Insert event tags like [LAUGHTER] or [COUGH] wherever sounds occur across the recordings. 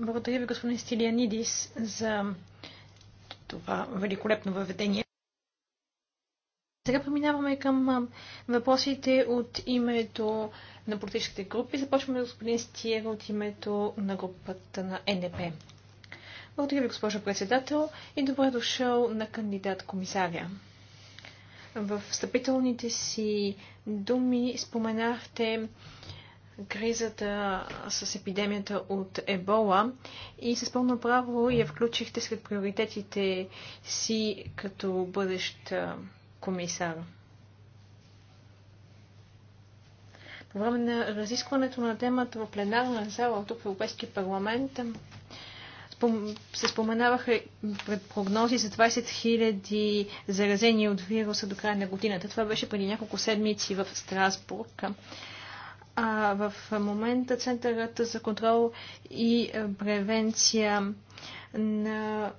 Благодаря ви, господин Стилианидис, за това великолепно въведение. Сега преминаваме към въпросите от името на политическите групи. Започваме с господин Стиер от името на групата на НДП. Благодаря ви, госпожо председател, и добре дошъл на кандидат комисаря. В встъпителните си думи споменахте кризата с епидемията от ебола и с пълно право я включихте сред приоритетите си като бъдещ комисар. По време на разискването на темата в пленарна зала тук в Европейския парламент се споменаваха пред прогнози за 20 000 заразени от вируса до края на годината. Това беше преди няколко седмици в Страсбург. А в момента Центърът за контрол и превенция на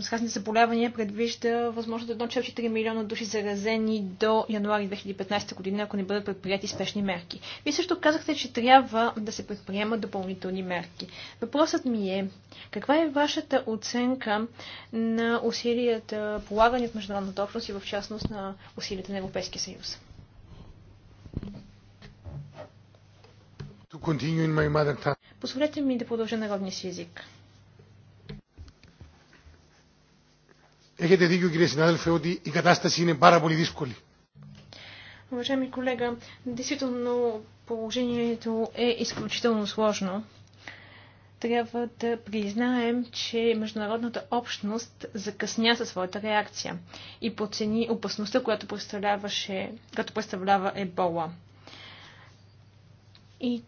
сказани заболявания предвижда възможно да 4 милиона души заразени до януари 2015 година, ако не бъдат предприяти спешни мерки. Вие също казахте, че трябва да се предприемат допълнителни мерки. Въпросът ми е, каква е вашата оценка на усилията, полагани от международната общност и в частност на усилията на Европейския съюз? Позволете ми да продължа народния си език. Έχετε δίκιο κύριε συνάδελφε ότι η κατάσταση είναι πάρα πολύ δύσκολη. Уважаеми колега, действително положението е изключително сложно. Трябва да признаем, че международната общност закъсня със своята реакция и подцени опасността, която, представляваше, която представлява ебола. И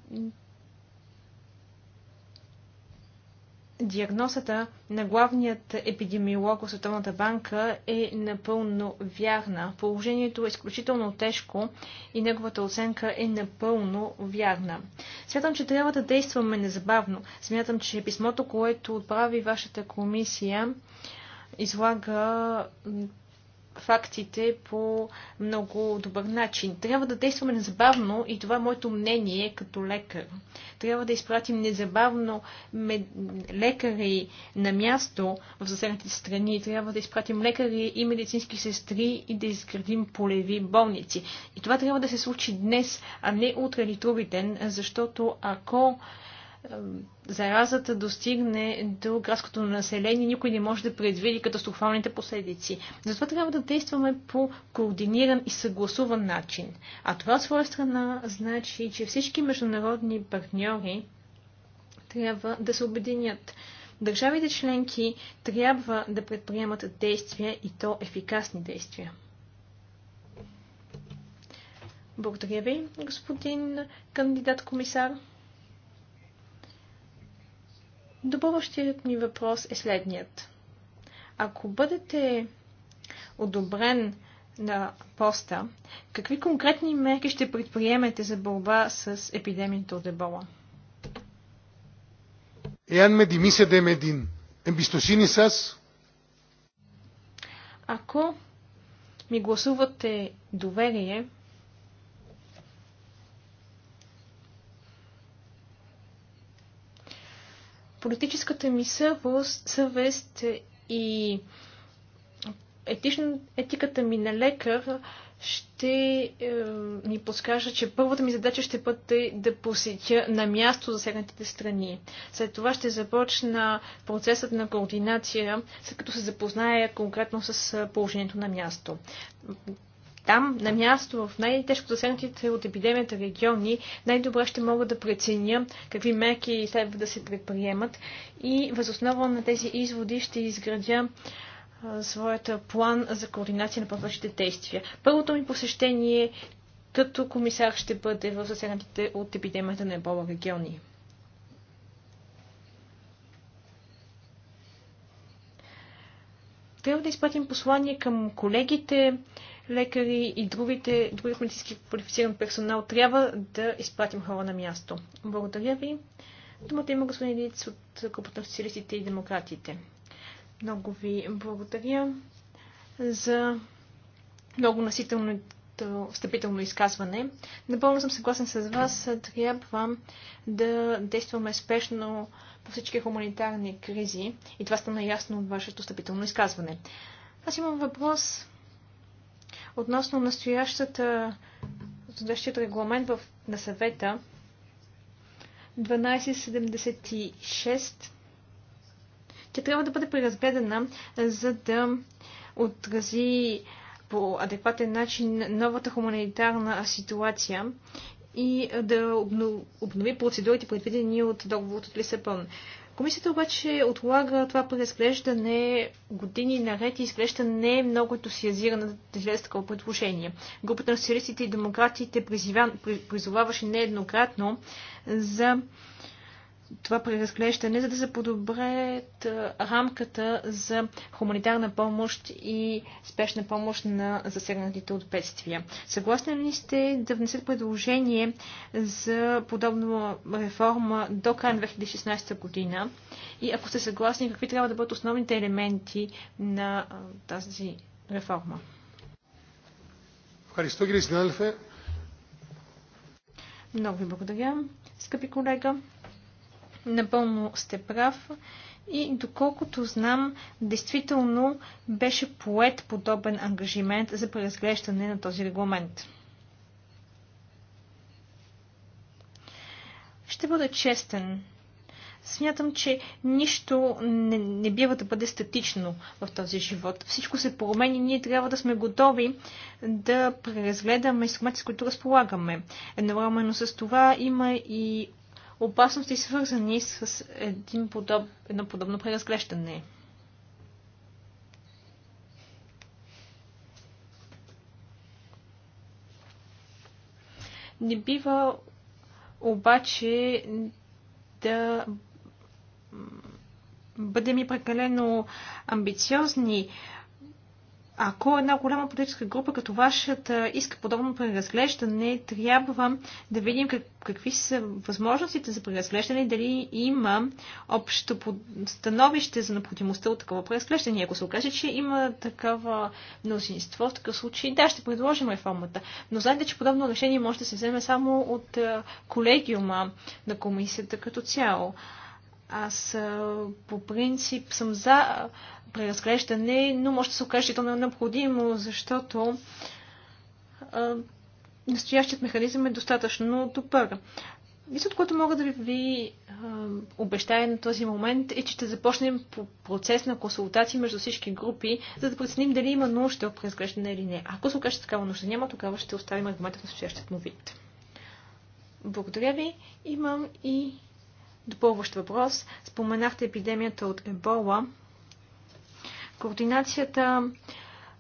диагнозата на главният епидемиолог от Световната банка е напълно вярна. Положението е изключително тежко и неговата оценка е напълно вярна. Смятам, че трябва да действаме незабавно. Смятам, че писмото, което отправи вашата комисия, излага фактите по много добър начин. Трябва да действаме незабавно и това е моето мнение като лекар. Трябва да изпратим незабавно лекари на място в засегнатите страни. Трябва да изпратим лекари и медицински сестри и да изградим полеви болници. И това трябва да се случи днес, а не утре или други ден, защото ако заразата достигне до градското население, никой не може да предвиди катастрофалните последици. Затова трябва да действаме по координиран и съгласуван начин. А това от своя страна значи, че всички международни партньори трябва да се обединят. Държавите членки трябва да предприемат действия и то ефикасни действия. Благодаря ви, господин кандидат комисар. Добъващият ми въпрос е следният. Ако бъдете одобрен на поста, какви конкретни мерки ще предприемете за борба с епидемията от ебола? Εάν με τιμήσετε με την εμπιστοσύνη σας, ако ми гласувате доверие, политическата ми съвост, съвест и етична, етиката ми на лекар ще е, ми подскажа, че първата ми задача ще бъде да посетя на място засегнатите страни. След това ще започна процесът на координация, след като се запозная конкретно с е, положението на място. Там, на място, в най-тежко засегнатите от епидемията региони, най-добре ще мога да преценя какви мерки следва да се предприемат и възоснова на тези изводи ще изградя своят план за координация на пътващите действия. Първото ми посещение като комисар ще бъде в засегнатите от епидемията на ебола региони. Трябва да изпратим послание към колегите, лекари и другите, другите медицински квалифициран персонал, трябва да изпратим хора на място. Благодаря ви. Думата има господин Лиц от групата на социалистите и демократите. Много ви благодаря за много насително встъпително изказване. Напълно съм съгласен с вас. Трябва да действаме спешно по всички хуманитарни кризи. И това стана ясно от вашето встъпително изказване. Аз имам въпрос относно настоящата настоящият регламент в, на съвета 1276. Тя трябва да бъде преразгледана, за да отрази по адекватен начин новата хуманитарна ситуация и да обнови процедурите, предвидени от договорът от Лисабон. Комисията обаче отлага това преразглеждане години наред и изглежда не е много ентусиазирана да излезе такова предложение. Групата на социалистите и демократите призоваваше нееднократно за това преразглеждане, за да се подобрят рамката за хуманитарна помощ и спешна помощ на засегнатите от бедствия. Съгласни ли сте да внесат предложение за подобна реформа до края на 2016 година? И ако сте съгласни, какви трябва да бъдат основните елементи на тази реформа? Много ви благодаря, скъпи колега. Напълно сте прав. И доколкото знам, действително беше поет подобен ангажимент за преразглеждане на този регламент. Ще бъда честен. Смятам, че нищо не, не бива да бъде статично в този живот. Всичко се промени. Ние трябва да сме готови да преразгледаме инструментите, с които разполагаме. Едновременно с това има и опасности, свързани с един подоб, едно подобно преразглеждане. Не бива обаче да бъдем и прекалено амбициозни ако една голяма политическа група като вашата иска подобно преразглеждане, трябва да видим как, какви са възможностите за преразглеждане и дали има общо становище за необходимостта от такова преразглеждане. Ако се окаже, че има такава мнозинство, в такъв случай да, ще предложим реформата. Но знаете, че подобно решение може да се вземе само от колегиума на комисията като цяло. Аз по принцип съм за преразглеждане, но може да се окаже, че то не е необходимо, защото а, настоящият механизъм е достатъчно добър. Мислото, което мога да ви, ви а, обещая на този момент е, че ще започнем по процес на консултации между всички групи, за да преценим дали има нужда от преразглеждане или не. Ако се окаже, че такава нужда няма, тогава ще оставим аргумента в настоящият му вид. Благодаря ви. Имам и Допълващ въпрос. Споменахте епидемията от ебола. Координацията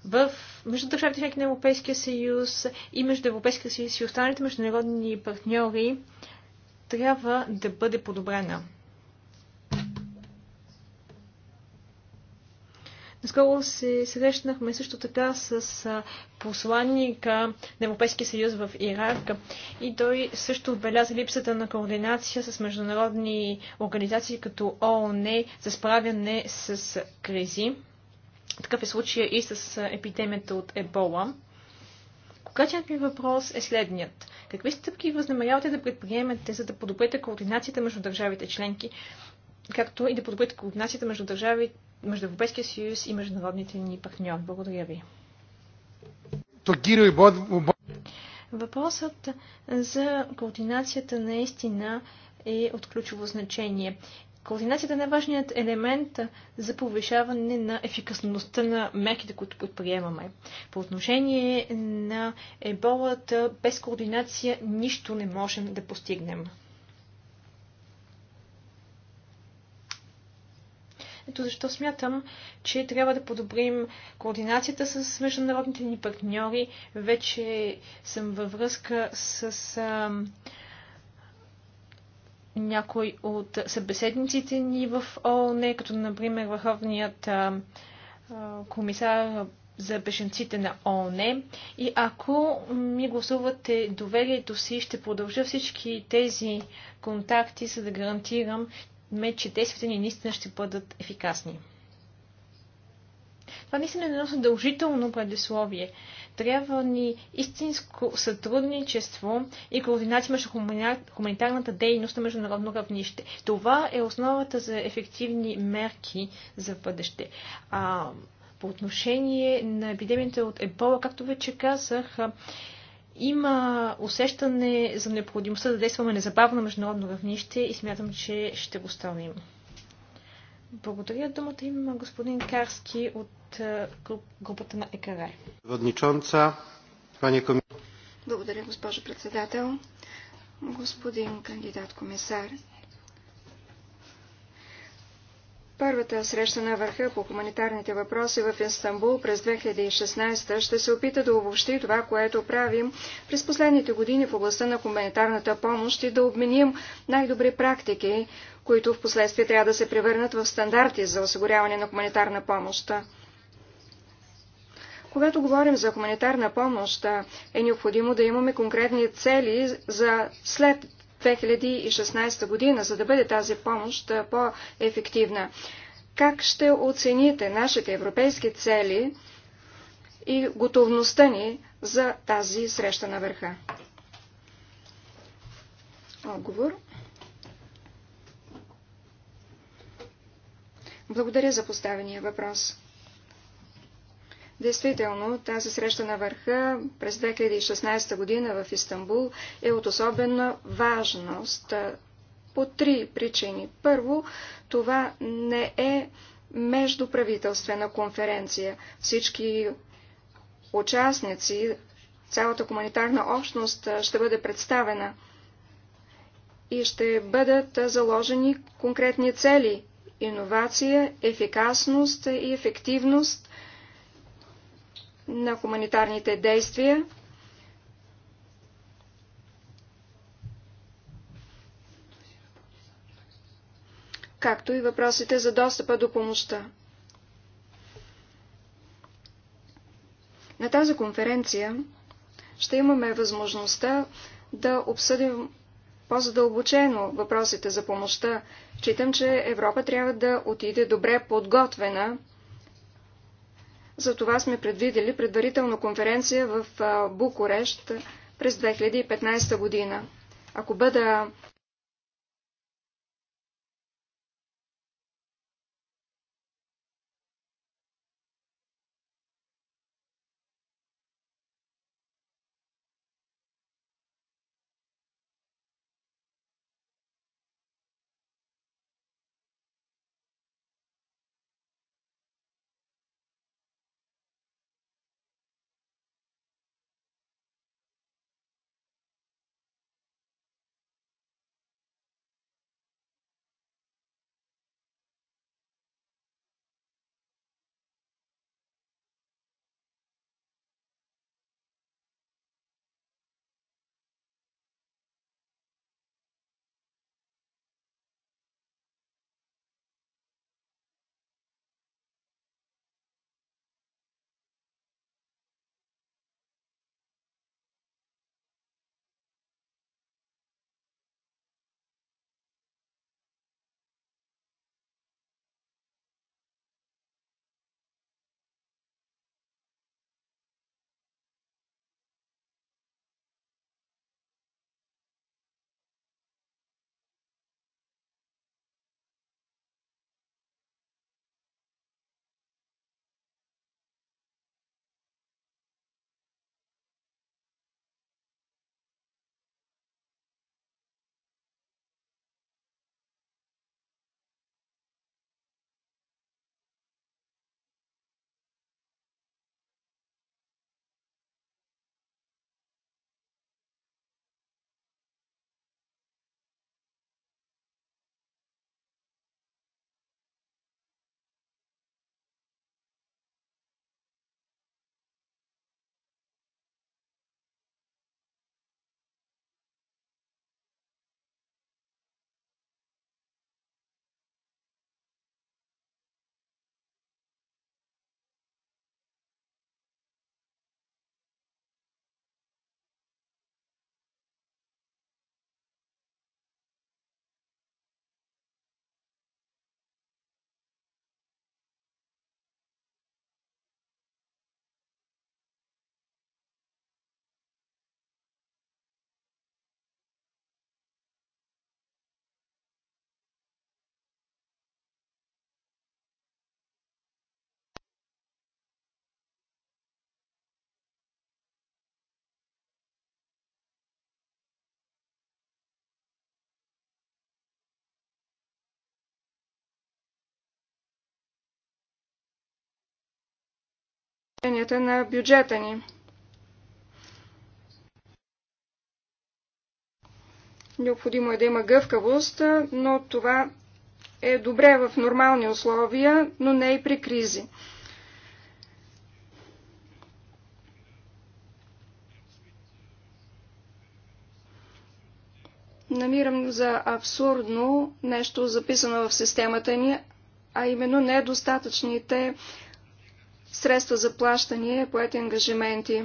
в между държавите членки на Европейския съюз и между Европейския съюз и останалите международни партньори трябва да бъде подобрена. Скоро се срещнахме също така с посланника на Европейския съюз в Ирак и той също отбеляза липсата на координация с международни организации като ООН за справяне с кризи. Такъв е случая и с епидемията от ебола. Конкретният ми въпрос е следният. Какви стъпки възнамерявате да предприемете, за да подобрите координацията между държавите членки, както и да подобрите координацията между държавите между Европейския съюз и международните ни партньори. Благодаря ви. Въпросът за координацията наистина е от ключово значение. Координацията е най-важният елемент за повишаване на ефикасността на мерките, които предприемаме. По отношение на еболата, без координация нищо не можем да постигнем. Ето защо смятам, че трябва да подобрим координацията с международните ни партньори. Вече съм във връзка с а, някой от събеседниците ни в ООН, като например върховният а, комисар за бешенците на ООН. И ако ми гласувате доверието си, ще продължа всички тези контакти, за да гарантирам, ме, че действията ни наистина ще бъдат ефикасни. Това наистина е едно задължително предисловие. Трябва ни истинско сътрудничество и координация между хуманитарната дейност на международно равнище. Това е основата за ефективни мерки за бъдеще. А по отношение на епидемията от ебола, както вече казах, има усещане за необходимостта да действаме незабавно на международно равнище и смятам, че ще го станем. Благодаря. Думата има господин Карски от е, групата на Коми. Благодаря, госпожо председател. Господин кандидат комисар, Първата среща на върха по хуманитарните въпроси в Истанбул през 2016 ще се опита да обобщи това, което правим през последните години в областта на хуманитарната помощ и да обменим най-добри практики, които в последствие трябва да се превърнат в стандарти за осигуряване на хуманитарна помощ. Когато говорим за хуманитарна помощ, е необходимо да имаме конкретни цели за след 2016 година, за да бъде тази помощ по-ефективна. Как ще оцените нашите европейски цели и готовността ни за тази среща на върха? Отговор. Благодаря за поставения въпрос. Действително, тази среща на върха през 2016 година в Истанбул е от особена важност по три причини. Първо, това не е междуправителствена конференция. Всички участници, цялата хуманитарна общност ще бъде представена и ще бъдат заложени конкретни цели – иновация, ефикасност и ефективност – на хуманитарните действия. както и въпросите за достъпа до помощта. На тази конференция ще имаме възможността да обсъдим по-задълбочено въпросите за помощта. Читам, че Европа трябва да отиде добре подготвена за това сме предвидели предварителна конференция в Букурещ през 2015 година. Ако бъда решенията на бюджета ни. Необходимо е да има гъвкавост, но това е добре в нормални условия, но не и при кризи. намирам за абсурдно нещо записано в системата ни, а именно недостатъчните средства за плащане, поети ангажименти.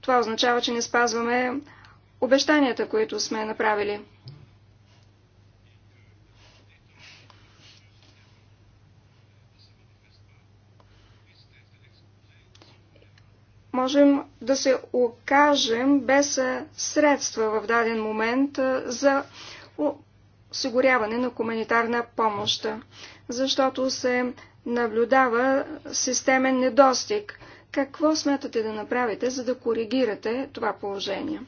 Това означава, че не спазваме обещанията, които сме направили. можем да се окажем без средства в даден момент за осигуряване на хуманитарна помощ, защото се наблюдава системен недостиг. Какво смятате да направите, за да коригирате това положение?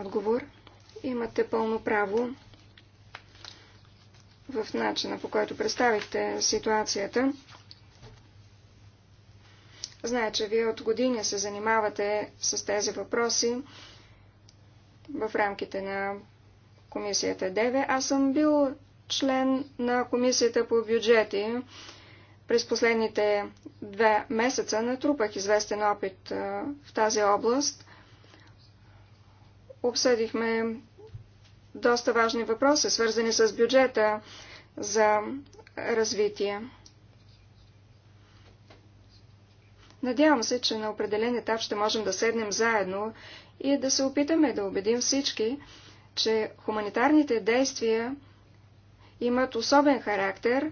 Отговор. Имате пълно право в начина по който представихте ситуацията. Зная, че вие от години се занимавате с тези въпроси в рамките на комисията ДВ. Аз съм бил член на комисията по бюджети. През последните две месеца натрупах известен опит в тази област. Обсъдихме доста важни въпроси, свързани с бюджета за развитие. Надявам се, че на определен етап ще можем да седнем заедно и да се опитаме да убедим всички, че хуманитарните действия имат особен характер,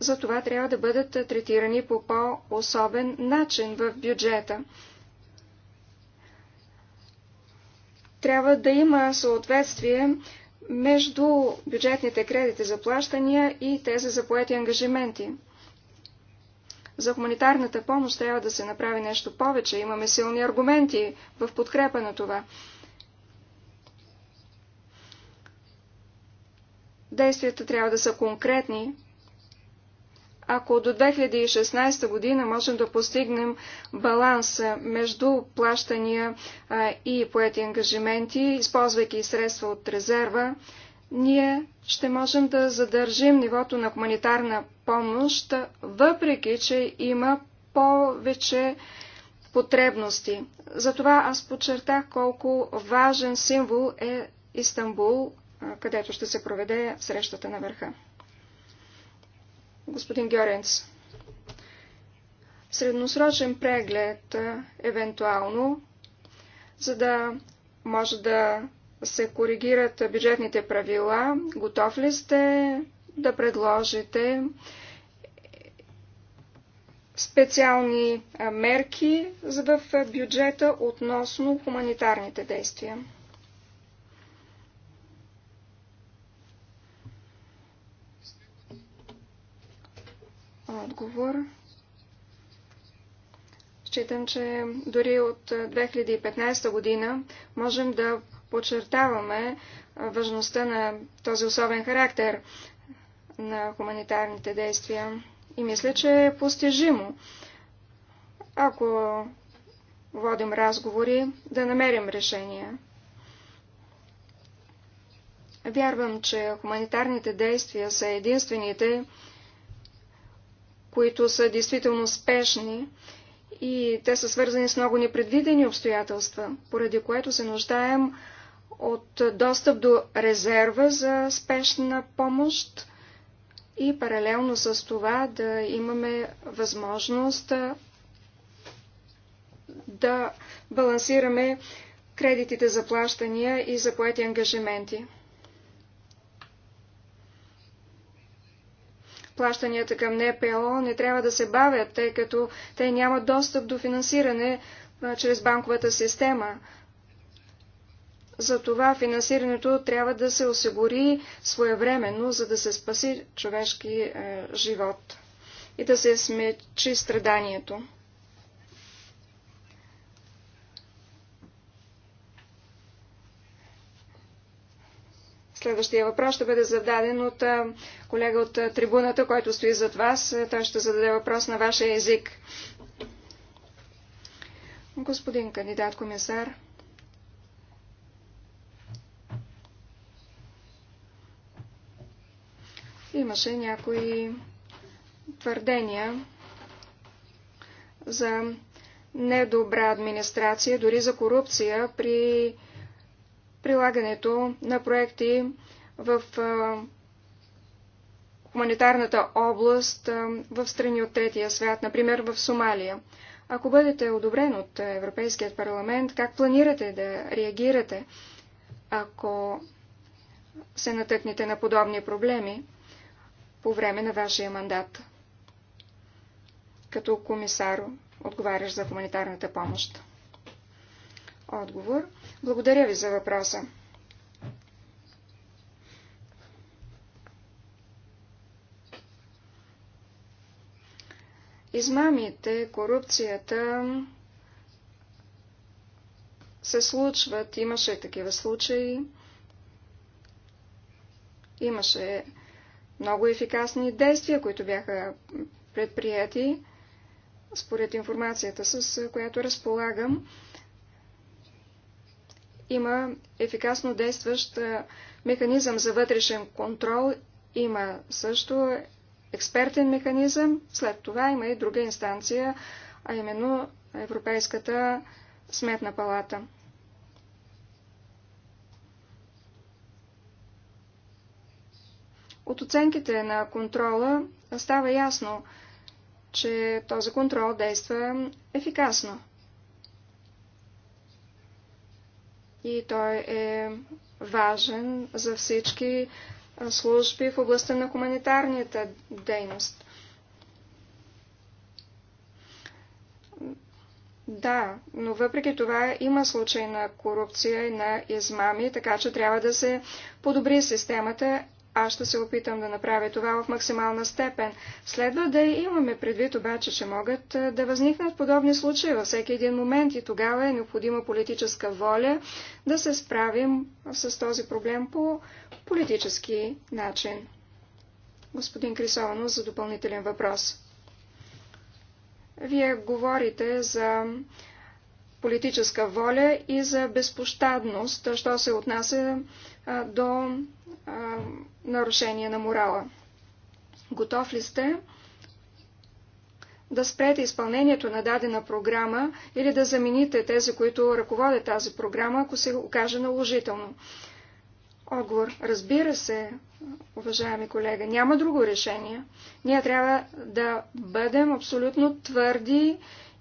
за това трябва да бъдат третирани по по-особен начин в бюджета. Трябва да има съответствие между бюджетните кредити за плащания и тези за поети ангажименти. За хуманитарната помощ трябва да се направи нещо повече. Имаме силни аргументи в подкрепа на това. Действията трябва да са конкретни. Ако до 2016 година можем да постигнем баланс между плащания и поети ангажименти, използвайки средства от резерва, ние ще можем да задържим нивото на хуманитарна помощ, въпреки че има повече потребности. Затова аз подчертах колко важен символ е Истанбул, където ще се проведе срещата на върха. Господин Гьоренц, средносрочен преглед, евентуално, за да може да се коригират бюджетните правила, готов ли сте да предложите специални мерки в бюджета относно хуманитарните действия? Отговор. Считам, че дори от 2015 година можем да подчертаваме важността на този особен характер на хуманитарните действия. И мисля, че е постижимо, ако водим разговори, да намерим решения. Вярвам, че хуманитарните действия са единствените, които са действително спешни и те са свързани с много непредвидени обстоятелства, поради което се нуждаем от достъп до резерва за спешна помощ и паралелно с това да имаме възможност да балансираме кредитите за плащания и за поети ангажименти. Плащанията към НПО не трябва да се бавят, тъй като те нямат достъп до финансиране чрез банковата система, затова финансирането трябва да се осигури своевременно, за да се спаси човешки е, живот и да се смечи страданието. Следващия въпрос ще бъде зададен от е, колега от е, трибуната, който стои зад вас. Е, той ще зададе въпрос на вашия език. Господин кандидат комисар. имаше някои твърдения за недобра администрация, дори за корупция при прилагането на проекти в хуманитарната област в страни от третия свят, например в Сомалия. Ако бъдете одобрен от Европейският парламент, как планирате да реагирате, ако се натъкнете на подобни проблеми? по време на вашия мандат като комисар, отговаряш за хуманитарната помощ? Отговор. Благодаря ви за въпроса. Измамите, корупцията се случват. Имаше такива случаи. Имаше много ефикасни действия, които бяха предприяти, според информацията, с която разполагам. Има ефикасно действащ механизъм за вътрешен контрол, има също експертен механизъм, след това има и друга инстанция, а именно Европейската сметна палата. От оценките на контрола става ясно, че този контрол действа ефикасно. И той е важен за всички служби в областта на хуманитарната дейност. Да, но въпреки това има случай на корупция и на измами, така че трябва да се подобри системата аз ще се опитам да направя това в максимална степен. Следва да имаме предвид обаче, че могат да възникнат подобни случаи във всеки един момент и тогава е необходима политическа воля да се справим с този проблем по политически начин. Господин Крисованов за допълнителен въпрос. Вие говорите за политическа воля и за безпощадност, що се отнася до нарушение на морала. Готов ли сте да спрете изпълнението на дадена програма или да замените тези, които ръководят тази програма, ако се окаже наложително? Отговор. Разбира се, уважаеми колега, няма друго решение. Ние трябва да бъдем абсолютно твърди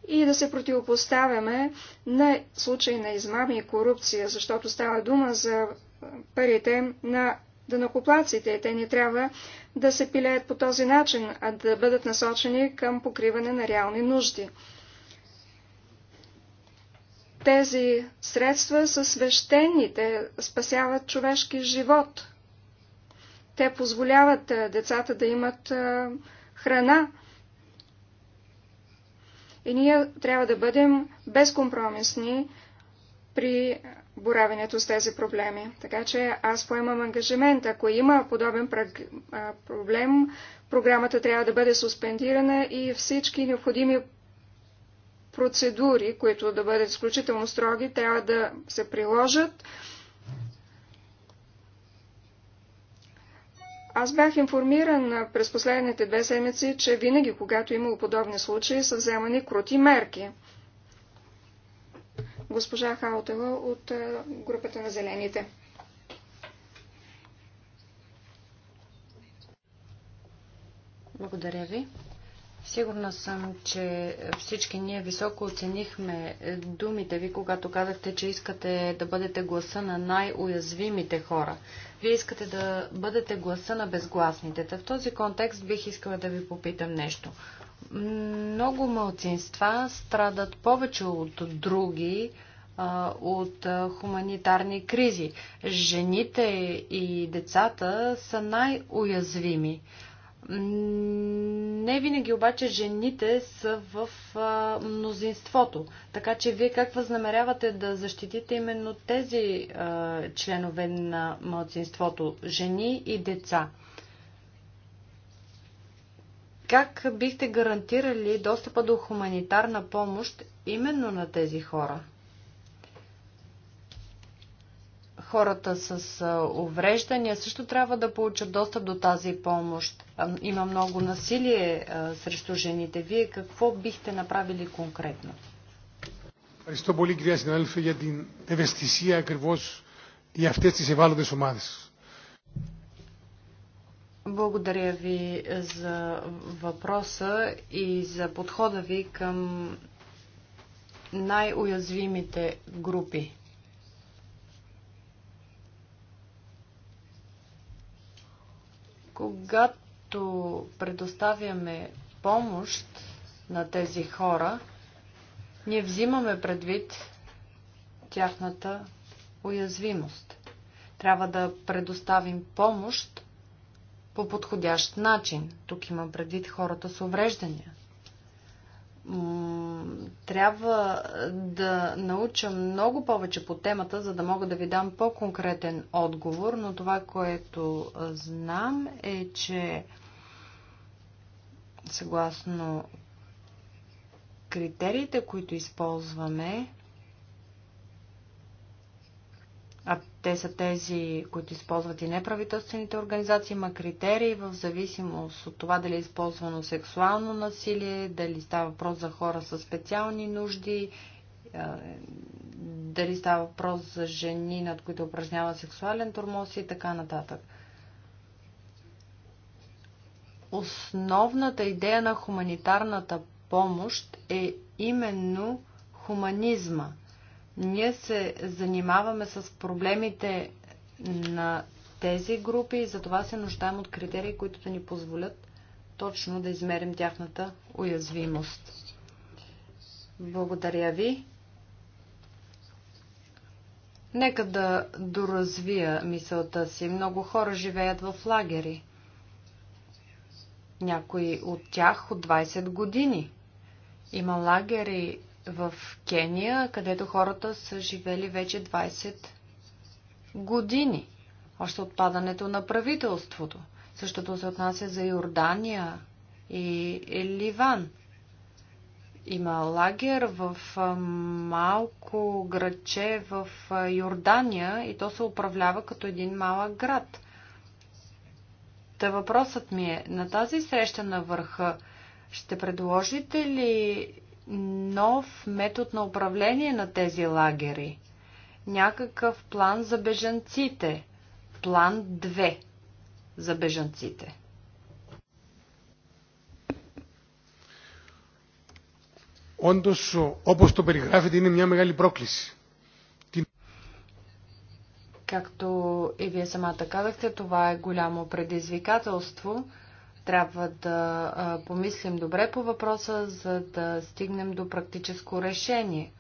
и да се противопоставяме на случай на измами и корупция, защото става дума за парите на дънакоплаците. Те не трябва да се пилеят по този начин, а да бъдат насочени към покриване на реални нужди. Тези средства са свещени, те спасяват човешки живот. Те позволяват децата да имат храна. И ние трябва да бъдем безкомпромисни при боравенето с тези проблеми. Така че аз поемам ангажимент. Ако има подобен проблем, програмата трябва да бъде суспендирана и всички необходими процедури, които да бъдат изключително строги, трябва да се приложат. Аз бях информиран през последните две седмици, че винаги, когато е имало подобни случаи, са вземани крути мерки – госпожа Хаутела от е, групата на зелените. Благодаря ви. Сигурна съм, че всички ние високо оценихме е, думите ви, когато казахте, че искате да бъдете гласа на най-уязвимите хора. Вие искате да бъдете гласа на безгласните. в този контекст бих искала да ви попитам нещо. Много мълцинства страдат повече от други от хуманитарни кризи. Жените и децата са най-уязвими. Не винаги обаче жените са в а, мнозинството. Така че вие как възнамерявате да защитите именно тези а, членове на младсинството, жени и деца? Как бихте гарантирали достъпа до хуманитарна помощ именно на тези хора? хората с увреждания също трябва да получат достъп до тази помощ. Има много насилие срещу жените. Вие какво бихте направили конкретно? Ευχαριστώ πολύ κυρία συνάδελφε για την ευαισθησία ακριβώς για αυτές τις ευάλωτες ομάδες. Благодаря ви за въпроса и за подхода ви към най-уязвимите групи. Когато предоставяме помощ на тези хора, ние взимаме предвид тяхната уязвимост. Трябва да предоставим помощ по подходящ начин. Тук имам предвид хората с увреждания. Трябва да науча много повече по темата, за да мога да ви дам по-конкретен отговор, но това, което знам е, че съгласно критериите, които използваме, а те са тези, които използват и неправителствените организации, има критерии в зависимост от това дали е използвано сексуално насилие, дали става въпрос за хора с специални нужди, е, дали става въпрос за жени, над които упражнява сексуален тормоз и така нататък. Основната идея на хуманитарната помощ е именно хуманизма – ние се занимаваме с проблемите на тези групи и затова се нуждаем от критерии, които да ни позволят точно да измерим тяхната уязвимост. Благодаря ви. Нека да доразвия мисълта си. Много хора живеят в лагери. Някои от тях от 20 години. Има лагери в Кения, където хората са живели вече 20 години, още от падането на правителството. Същото се отнася за Йордания и Ливан. Има лагер в малко градче в Йордания и то се управлява като един малък град. Та въпросът ми е, на тази среща на върха ще предложите ли нов метод на управление на тези лагери, някакъв план за бежанците, план 2 за бежанците. Όντως, όπως το περιγράφεται, είναι μια μεγάλη πρόκληση. Както и вие самата казахте, това е голямо предизвикателство трябва да помислим добре по въпроса, за да стигнем до практическо решение.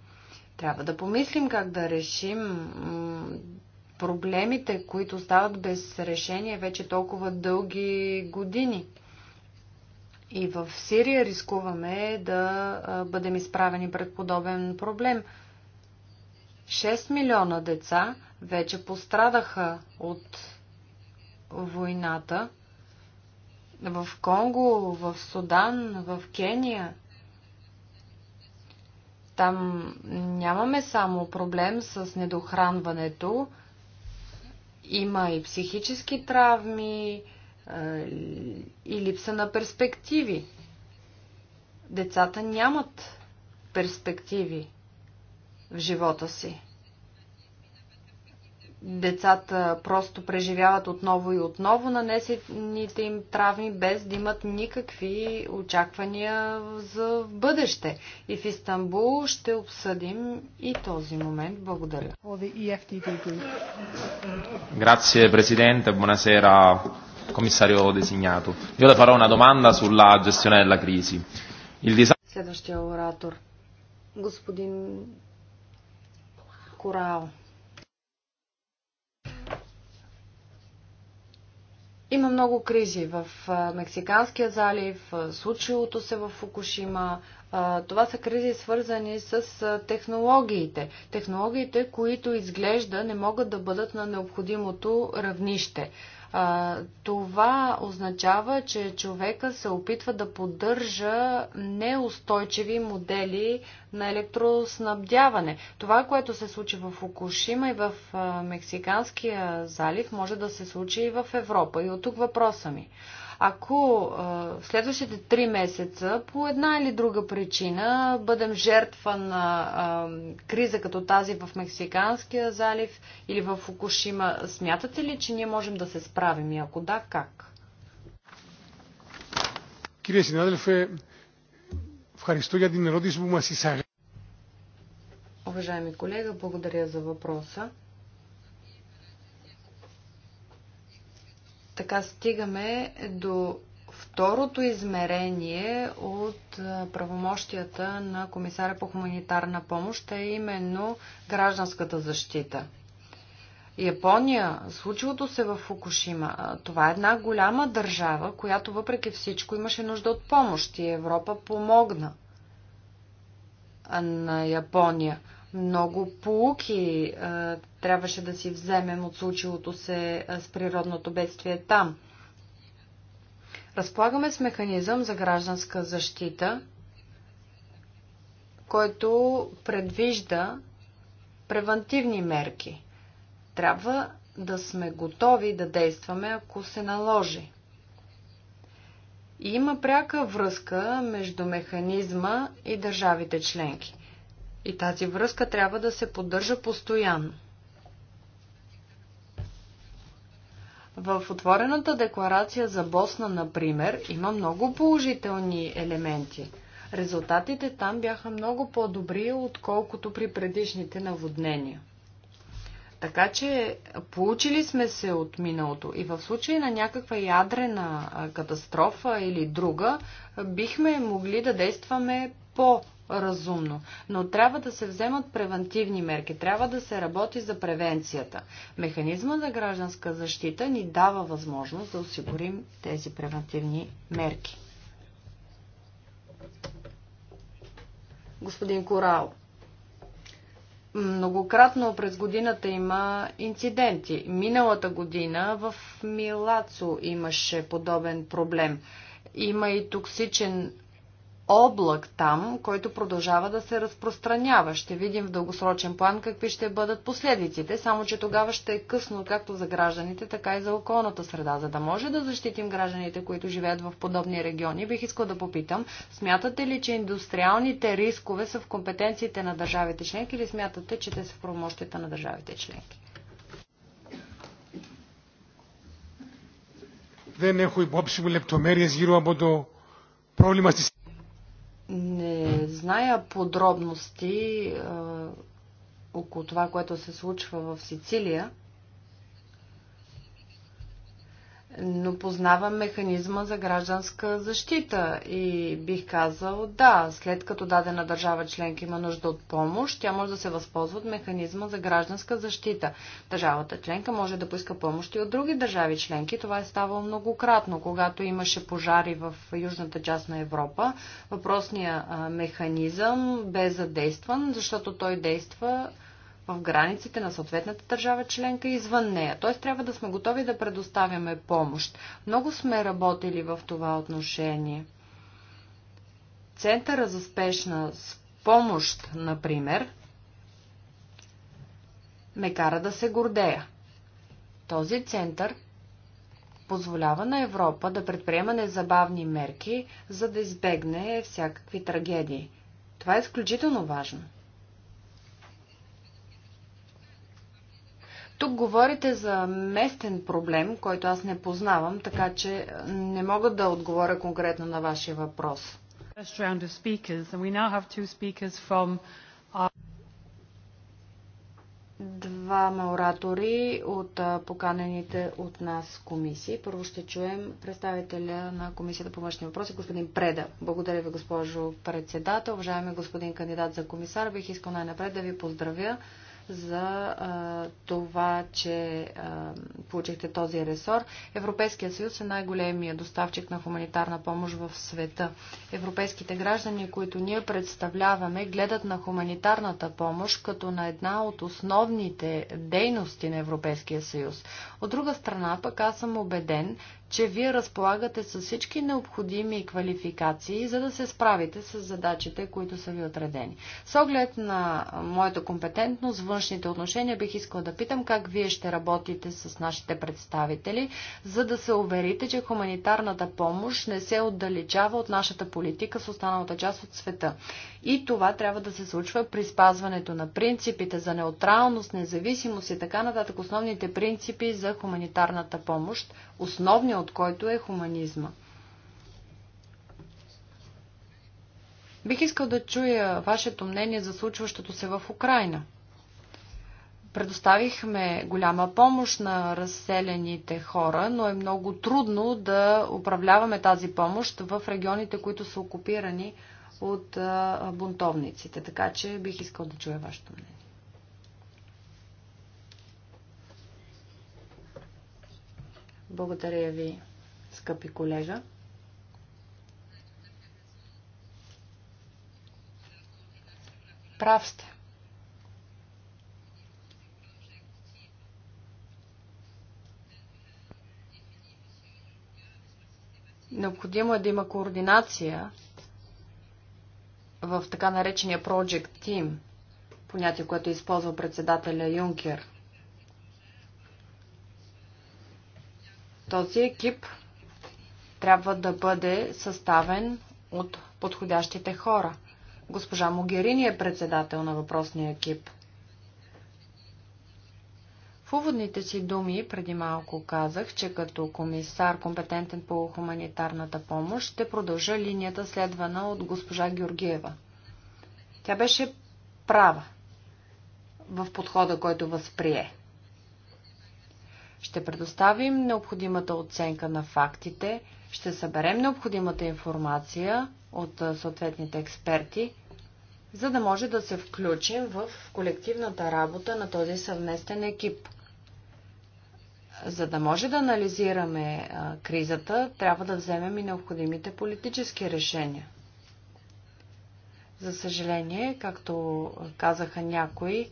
Трябва да помислим как да решим проблемите, които стават без решение вече толкова дълги години. И в Сирия рискуваме да бъдем изправени пред подобен проблем. 6 милиона деца вече пострадаха от войната в Конго, в Судан, в Кения. Там нямаме само проблем с недохранването, има и психически травми и липса на перспективи. Децата нямат перспективи в живота си децата просто преживяват отново и отново нанесените им травми, без да имат никакви очаквания за бъдеще. И в Истанбул ще обсъдим и този момент. Благодаря. Грация, e Presidente, Бонасера, комисарио designato. Я да фара una domanda sulla gestione della кризи. Следващия оратор. Господин Корал. Има много кризи в Мексиканския залив, случилото се в Фукушима. Това са кризи свързани с технологиите. Технологиите, които изглежда не могат да бъдат на необходимото равнище. Това означава, че човека се опитва да поддържа неустойчиви модели на електроснабдяване. Това, което се случи в Окушима и в Мексиканския залив, може да се случи и в Европа. И от тук въпроса ми. Ако в следващите три месеца по една или друга причина бъдем жертва на криза като тази в Мексиканския залив или в Фукушима, смятате ли, че ние можем да се справим и ако да, как? Κύριε συνάδελφε, ευχαριστώ για την ερώτηση που μας Уважаеми колега, благодаря за въпроса. така стигаме до второто измерение от правомощията на комисаря по хуманитарна помощ, а е именно гражданската защита. Япония, случилото се в Фукушима, това е една голяма държава, която въпреки всичко имаше нужда от помощ и Европа помогна на Япония. Много полуки трябваше да си вземем от случилото се с природното бедствие там. Разполагаме с механизъм за гражданска защита, който предвижда превантивни мерки. Трябва да сме готови да действаме, ако се наложи. И има пряка връзка между механизма и държавите членки. И тази връзка трябва да се поддържа постоянно. В отворената декларация за Босна, например, има много положителни елементи. Резултатите там бяха много по-добри, отколкото при предишните наводнения. Така че получили сме се от миналото и в случай на някаква ядрена катастрофа или друга, бихме могли да действаме по разумно Но трябва да се вземат превентивни мерки, трябва да се работи за превенцията. Механизма за гражданска защита ни дава възможност да осигурим тези превентивни мерки. Господин Корал, многократно през годината има инциденти. Миналата година в Милацо имаше подобен проблем. Има и токсичен облак там, който продължава да се разпространява. Ще видим в дългосрочен план какви ще бъдат последиците, само че тогава ще е късно както за гражданите, така и за околната среда. За да може да защитим гражданите, които живеят в подобни региони, бих искал да попитам, смятате ли, че индустриалните рискове са в компетенциите на държавите членки или смятате, че те са в промощите на държавите членки? Δεν έχω υπόψη μου λεπτομέρειες γύρω από το πρόβλημα στις не зная подробности а, около това, което се случва в Сицилия, но познавам механизма за гражданска защита и бих казал да, след като дадена държава членка има нужда от помощ, тя може да се възползва от механизма за гражданска защита. Държавата членка може да поиска помощ и от други държави членки. Това е ставало многократно. Когато имаше пожари в южната част на Европа, въпросният механизъм бе задействан, защото той действа в границите на съответната държава членка и извън нея. Т.е. трябва да сме готови да предоставяме помощ. Много сме работили в това отношение. Центъра за спешна помощ, например, ме кара да се гордея. Този център позволява на Европа да предприема незабавни мерки, за да избегне всякакви трагедии. Това е изключително важно. Тук говорите за местен проблем, който аз не познавам, така че е, не мога да отговоря конкретно на вашия въпрос. Двама оратори от поканените от нас комисии. Първо ще чуем представителя на Комисията по външни въпроси, господин Преда. Благодаря ви, госпожо председател. Уважаеми господин кандидат за комисар, бих искал най-напред да ви поздравя за а, това, че а, получихте този ресор. Европейския съюз е най-големия доставчик на хуманитарна помощ в света. Европейските граждани, които ние представляваме, гледат на хуманитарната помощ като на една от основните дейности на Европейския съюз. От друга страна, пък аз съм убеден, че вие разполагате с всички необходими квалификации, за да се справите с задачите, които са ви отредени. С оглед на моята компетентност, външните отношения, бих искала да питам как вие ще работите с нашите представители, за да се уверите, че хуманитарната помощ не се отдалечава от нашата политика с останалата част от света. И това трябва да се случва при спазването на принципите за неутралност, независимост и така нататък основните принципи за хуманитарната помощ, основния от който е хуманизма. Бих искал да чуя вашето мнение за случващото се в Украина. Предоставихме голяма помощ на разселените хора, но е много трудно да управляваме тази помощ в регионите, които са окупирани от бунтовниците. Така че бих искал да чуя вашето мнение. Благодаря ви, скъпи колега. Прав сте. Необходимо е да има координация в така наречения Project Team, понятие, което е използвал председателя Юнкер. Този екип трябва да бъде съставен от подходящите хора. Госпожа Могерини е председател на въпросния екип – в уводните си думи преди малко казах, че като комисар, компетентен по хуманитарната помощ, ще продължа линията следвана от госпожа Георгиева. Тя беше права в подхода, който възприе. Ще предоставим необходимата оценка на фактите, ще съберем необходимата информация от съответните експерти, за да може да се включим в колективната работа на този съвместен екип – за да може да анализираме а, кризата, трябва да вземем и необходимите политически решения. За съжаление, както казаха някои,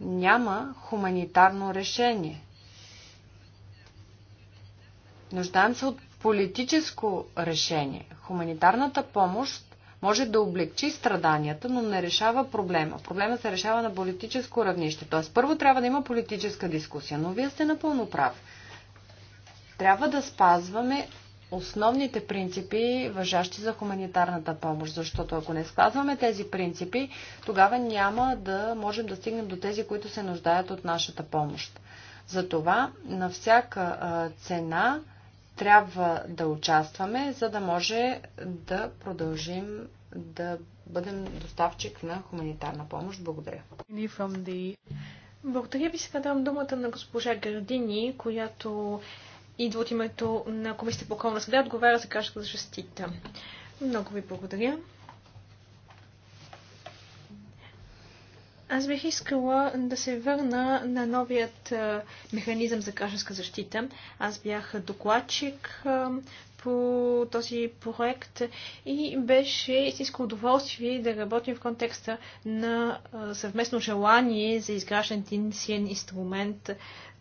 няма хуманитарно решение. Нуждаем се от политическо решение. Хуманитарната помощ може да облегчи страданията, но не решава проблема. Проблема се решава на политическо равнище. Т.е. първо трябва да има политическа дискусия, но вие сте напълно прав. Трябва да спазваме основните принципи, въжащи за хуманитарната помощ, защото ако не спазваме тези принципи, тогава няма да можем да стигнем до тези, които се нуждаят от нашата помощ. Затова на всяка цена трябва да участваме, за да може да продължим да бъдем доставчик на хуманитарна помощ. Благодаря. Благодаря ви. Сега давам думата на госпожа Гардини, която идва от името на Комисията по околна среда, отговаря за кашка за защита. Много ви благодаря. Аз бих искала да се върна на новият механизъм за гражданска защита. Аз бях докладчик по този проект и беше истинско удоволствие да работим в контекста на съвместно желание за изграждане един силен инструмент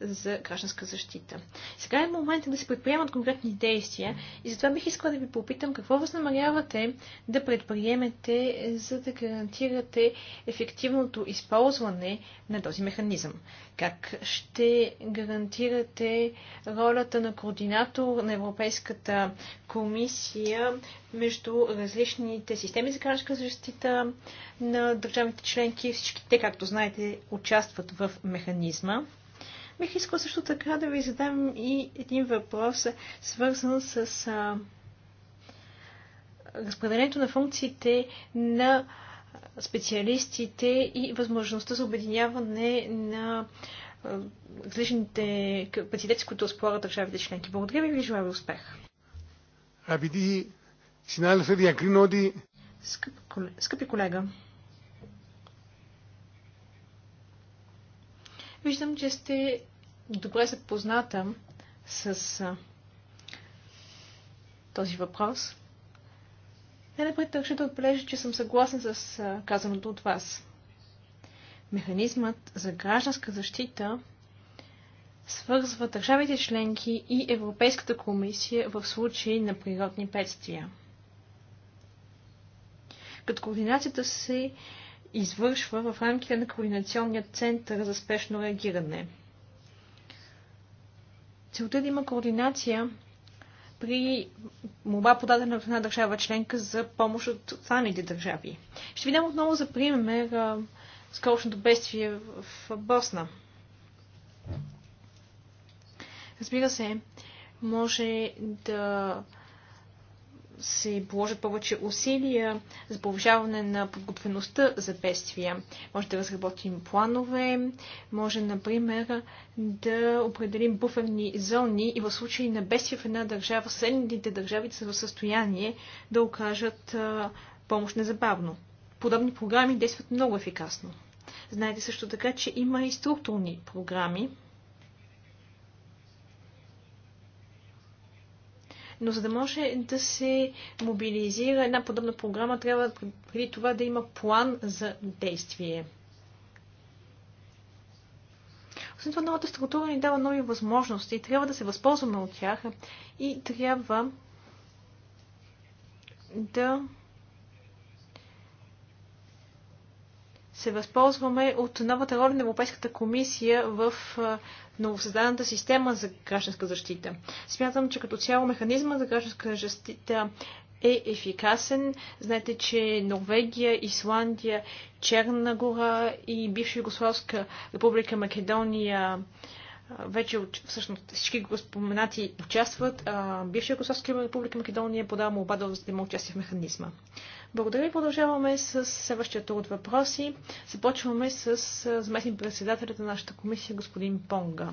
за гражданска защита. Сега е момента да се предприемат конкретни действия и затова бих искала да ви попитам какво възнамерявате да предприемете, за да гарантирате ефективното използване на този механизъм. Как ще гарантирате ролята на координатор на Европейската комисия между различните системи за гражданска защита на държавите членки. Всички те, както знаете, участват в механизма. Бих искал също така да ви задам и един въпрос, свързан с а, разпределението на функциите на специалистите и възможността за обединяване на различните капацитети, с които спорят държавите членки. Благодаря ви и ви желая успех. Скъпи колега, Виждам, че сте добре запозната с а, този въпрос. Най-напред държа да отбележа, че съм съгласен с а, казаното от вас. Механизмът за гражданска защита свързва държавите членки и Европейската комисия в случай на природни бедствия. Като координацията се извършва в рамките на Координационния център за спешно реагиране. Целта е да има координация при моба подадена в една държава членка за помощ от останалите държави. Ще ви дам отново за пример скорошното бедствие в Босна. Разбира се, може да се положат повече усилия за повишаване на подготвеността за бедствия. Може да разработим планове, може, например, да определим буферни зони и в случай на бедствия в една държава, следните държави са в състояние да окажат помощ незабавно. Подобни програми действат много ефикасно. Знаете също така, че има и структурни програми, но за да може да се мобилизира една подобна програма, трябва преди това да има план за действие. Освен това, новата структура ни дава нови възможности. Трябва да се възползваме от тях и трябва да се възползваме от новата роля на Европейската комисия в новосъздадената система за гражданска защита. Смятам, че като цяло механизма за гражданска защита е ефикасен. Знаете, че Норвегия, Исландия, Черна гора и бивша Югославска република Македония вече всъщност всички го споменати участват. Бивша Косовска република Македония подава молба да взема участие в механизма. Благодаря и продължаваме с следващия тур от въпроси. Започваме с заместник председателят на нашата комисия, господин Понга.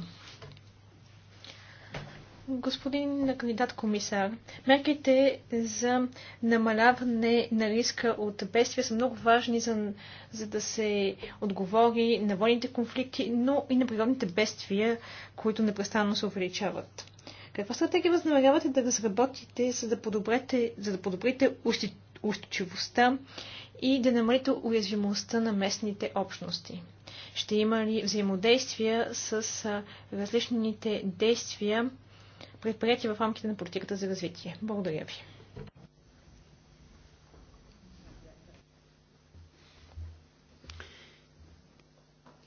Господин кандидат комисар, мерките за намаляване на риска от бедствия са много важни за, за да се отговори на военните конфликти, но и на природните бедствия, които непрестанно се увеличават. Каква стратегия възнамерявате да разработите, за да подобрите, за да подобрите устойчивостта и да намалите уязвимостта на местните общности? Ще има ли взаимодействия с различните действия, предприяти в рамките на политиката за развитие? Благодаря ви.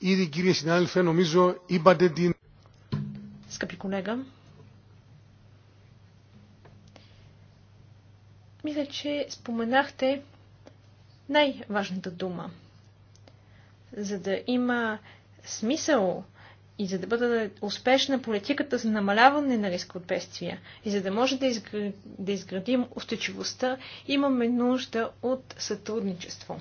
Ήδη κύριε συνάδελφε, νομίζω είπατε την... Скъпи колега, че споменахте най-важната дума. За да има смисъл и за да бъде успешна политиката за намаляване на риска от бедствия и за да може да, изгр... да изградим устойчивостта, имаме нужда от сътрудничество.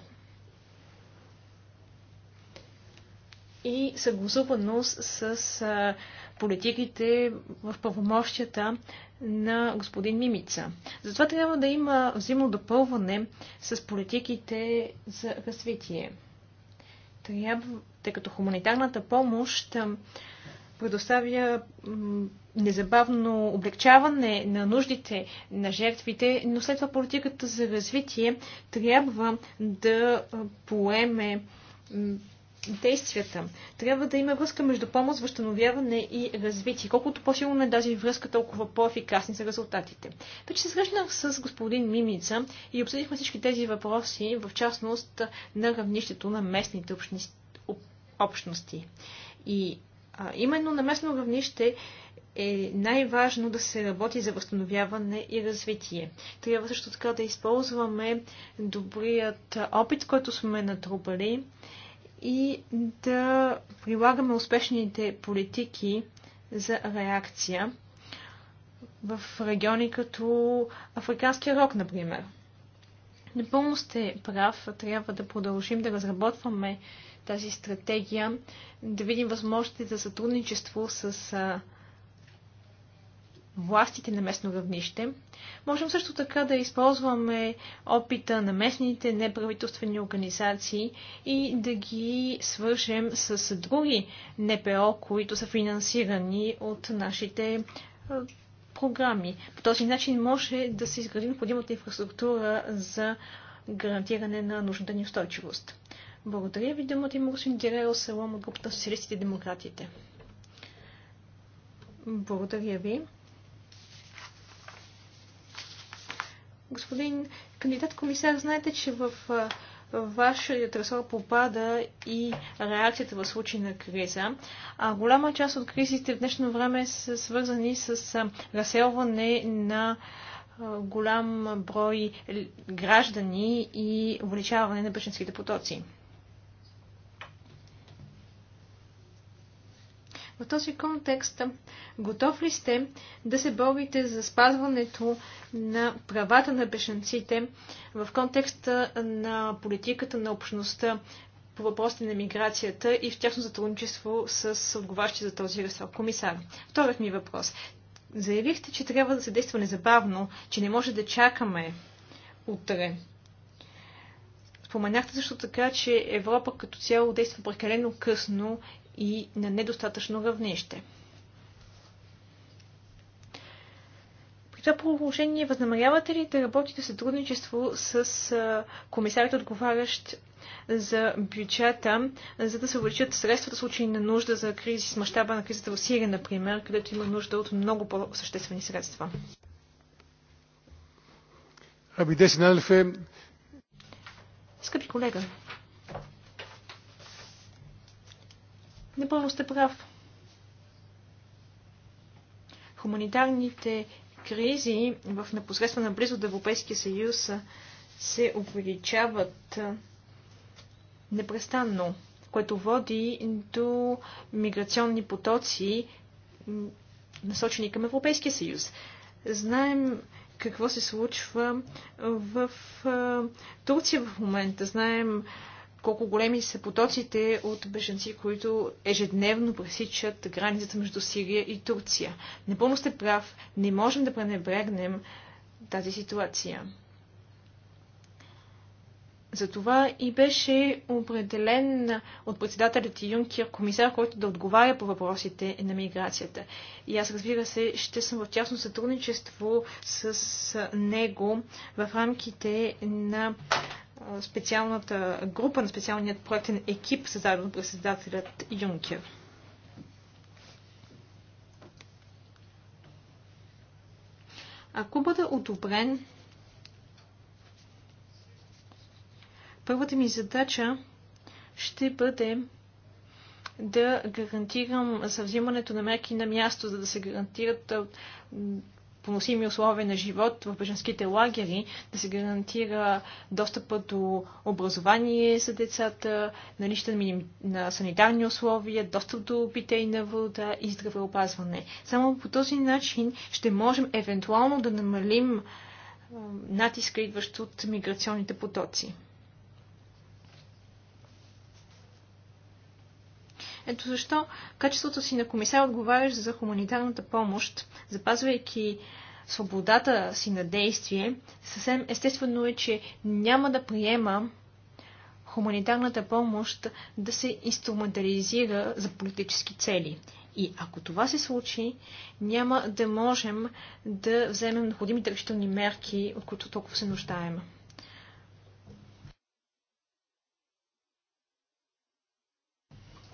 И съгласуваност с а, политиките в правомощията на господин Мимица. Затова трябва да има взаимно допълване с политиките за развитие. Трябва, тъй като хуманитарната помощ предоставя незабавно облегчаване на нуждите на жертвите, но след това политиката за развитие трябва да поеме действията. Трябва да има връзка между помощ, възстановяване и развитие. Колкото по-силна е тази връзка, толкова по-ефикасни са резултатите. Вече се срещнах с господин Мимица и обсъдихме всички тези въпроси, в частност на равнището на местните общни... общности. И а, именно на местно равнище е най-важно да се работи за възстановяване и развитие. Трябва също така да използваме добрият опит, който сме натрупали и да прилагаме успешните политики за реакция в региони като Африканския рок, например. Напълно сте прав, трябва да продължим да разработваме тази стратегия, да видим възможности за сътрудничество с властите на местно равнище. Можем също така да използваме опита на местните неправителствени организации и да ги свържем с други НПО, които са финансирани от нашите програми. По този начин може да се изгради необходимата инфраструктура за гарантиране на нужната ни устойчивост. Благодаря ви, думата има господин Дирел Салом от групата Социалистите и демократите. Благодаря ви. Господин кандидат комисар, знаете, че в вашият ресор попада и реакцията в случай на криза. А голяма част от кризите в днешно време са свързани с разселване на голям брой граждани и увеличаване на бъченските потоци. В този контекст, готов ли сте да се борите за спазването на правата на бешенците в контекста на политиката на общността по въпросите на миграцията и в тяхно сътрудничество с отговарящи за този ресор комисар? Вторият ми въпрос. Заявихте, че трябва да се действа незабавно, че не може да чакаме утре. Споменахте също така, че Европа като цяло действа прекалено късно и на недостатъчно равнище. При това положение възнамерявате ли да работите в сътрудничество с комисарят отговарящ за бюджета, за да се увеличат средствата в случай на нужда за кризи с мащаба на кризата в Сирия, например, където има нужда от много по-съществени средства? Скъпи колега, Непълно сте прав. Хуманитарните кризи в непосредствена близо до Европейския съюз се увеличават непрестанно, което води до миграционни потоци, насочени към Европейския съюз. Знаем какво се случва в Турция в момента. Знаем колко големи са потоците от беженци, които ежедневно пресичат границата между Сирия и Турция. Напълно сте прав, не можем да пренебрегнем тази ситуация. Затова и беше определен от председателят Юнкер комисар, който да отговаря по въпросите на миграцията. И аз разбира се, ще съм в тясно сътрудничество с него в рамките на специалната група, на специалният проектен екип, създаден от председателят Юнкер. Ако бъде одобрен, първата ми задача ще бъде да гарантирам съвзимането на мерки на място, за да се гарантират поносими условия на живот в беженските лагери, да се гарантира достъпа до образование за децата, наличие на, на санитарни условия, достъп до питейна вода и здравеопазване. Само по този начин ще можем евентуално да намалим натиска, идващ от миграционните потоци. Ето защо качеството си на комисар отговаряш за хуманитарната помощ, запазвайки свободата си на действие, съвсем естествено е, че няма да приема хуманитарната помощ да се инструментализира за политически цели. И ако това се случи, няма да можем да вземем необходимите решителни мерки, от които толкова се нуждаем.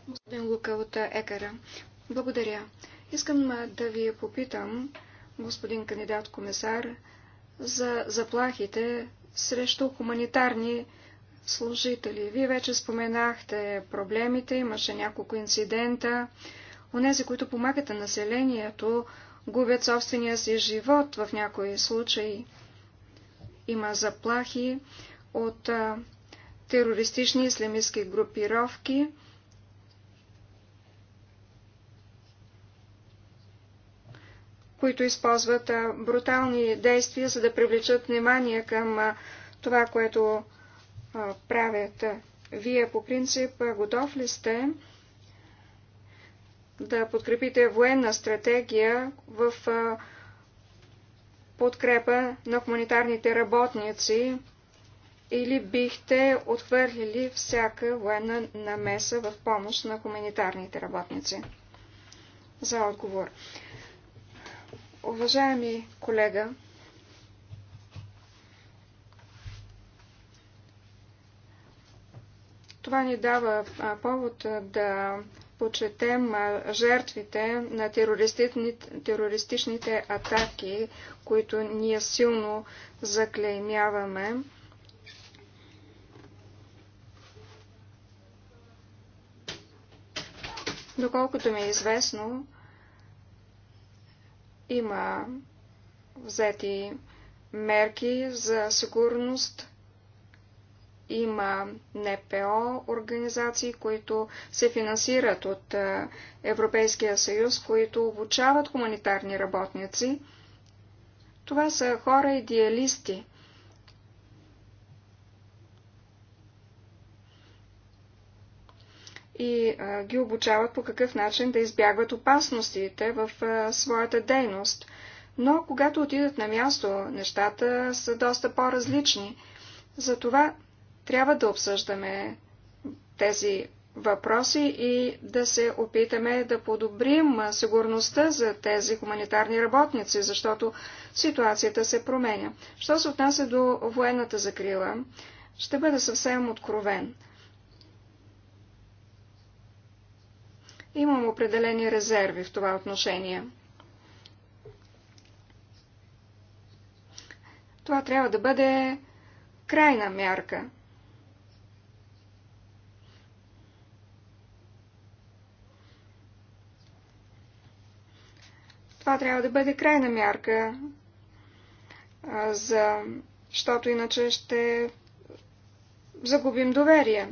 Господин Лука от Екара. Благодаря. Искам да ви попитам, господин кандидат комисар, за заплахите срещу хуманитарни служители. Вие вече споменахте проблемите, имаше няколко инцидента. Онези, които помагат на населението, губят собствения си живот в някои случаи. Има заплахи от терористични ислямистски групировки. които използват брутални действия, за да привлечат внимание към това, което правят. Вие по принцип готов ли сте да подкрепите военна стратегия в подкрепа на хуманитарните работници или бихте отхвърлили всяка военна намеса в помощ на хуманитарните работници? За отговор. Уважаеми колега, това ни дава повод да почетем жертвите на терористичните атаки, които ние силно заклеймяваме. Доколкото ми е известно, има взети мерки за сигурност. Има НПО организации, които се финансират от Европейския съюз, които обучават хуманитарни работници. Това са хора идеалисти, и а, ги обучават по какъв начин да избягват опасностите в а, своята дейност. Но когато отидат на място, нещата са доста по-различни. Затова трябва да обсъждаме тези въпроси и да се опитаме да подобрим сигурността за тези хуманитарни работници, защото ситуацията се променя. Що се отнася до военната закрила, ще бъда съвсем откровен. Имам определени резерви в това отношение. Това трябва да бъде крайна мярка. Това трябва да бъде крайна мярка, защото иначе ще загубим доверие.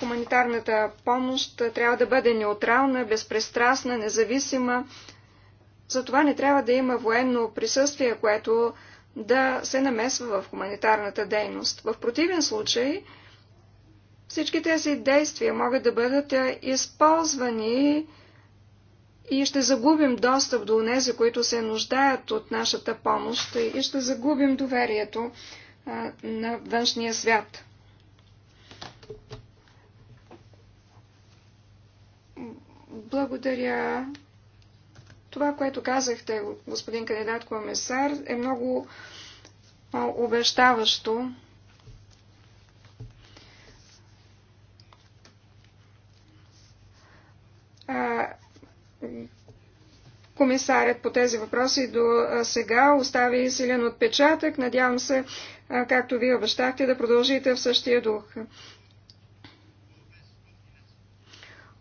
Хуманитарната помощ трябва да бъде неутрална, безпристрастна, независима. Затова не трябва да има военно присъствие, което да се намесва в хуманитарната дейност. В противен случай всички тези действия могат да бъдат е, използвани и ще загубим достъп до тези, които се нуждаят от нашата помощ и ще загубим доверието е, на външния свят. Благодаря. Това, което казахте, господин кандидат комесар, е много обещаващо. комисарят по тези въпроси до сега остави силен отпечатък. Надявам се, както вие обещахте, да продължите в същия дух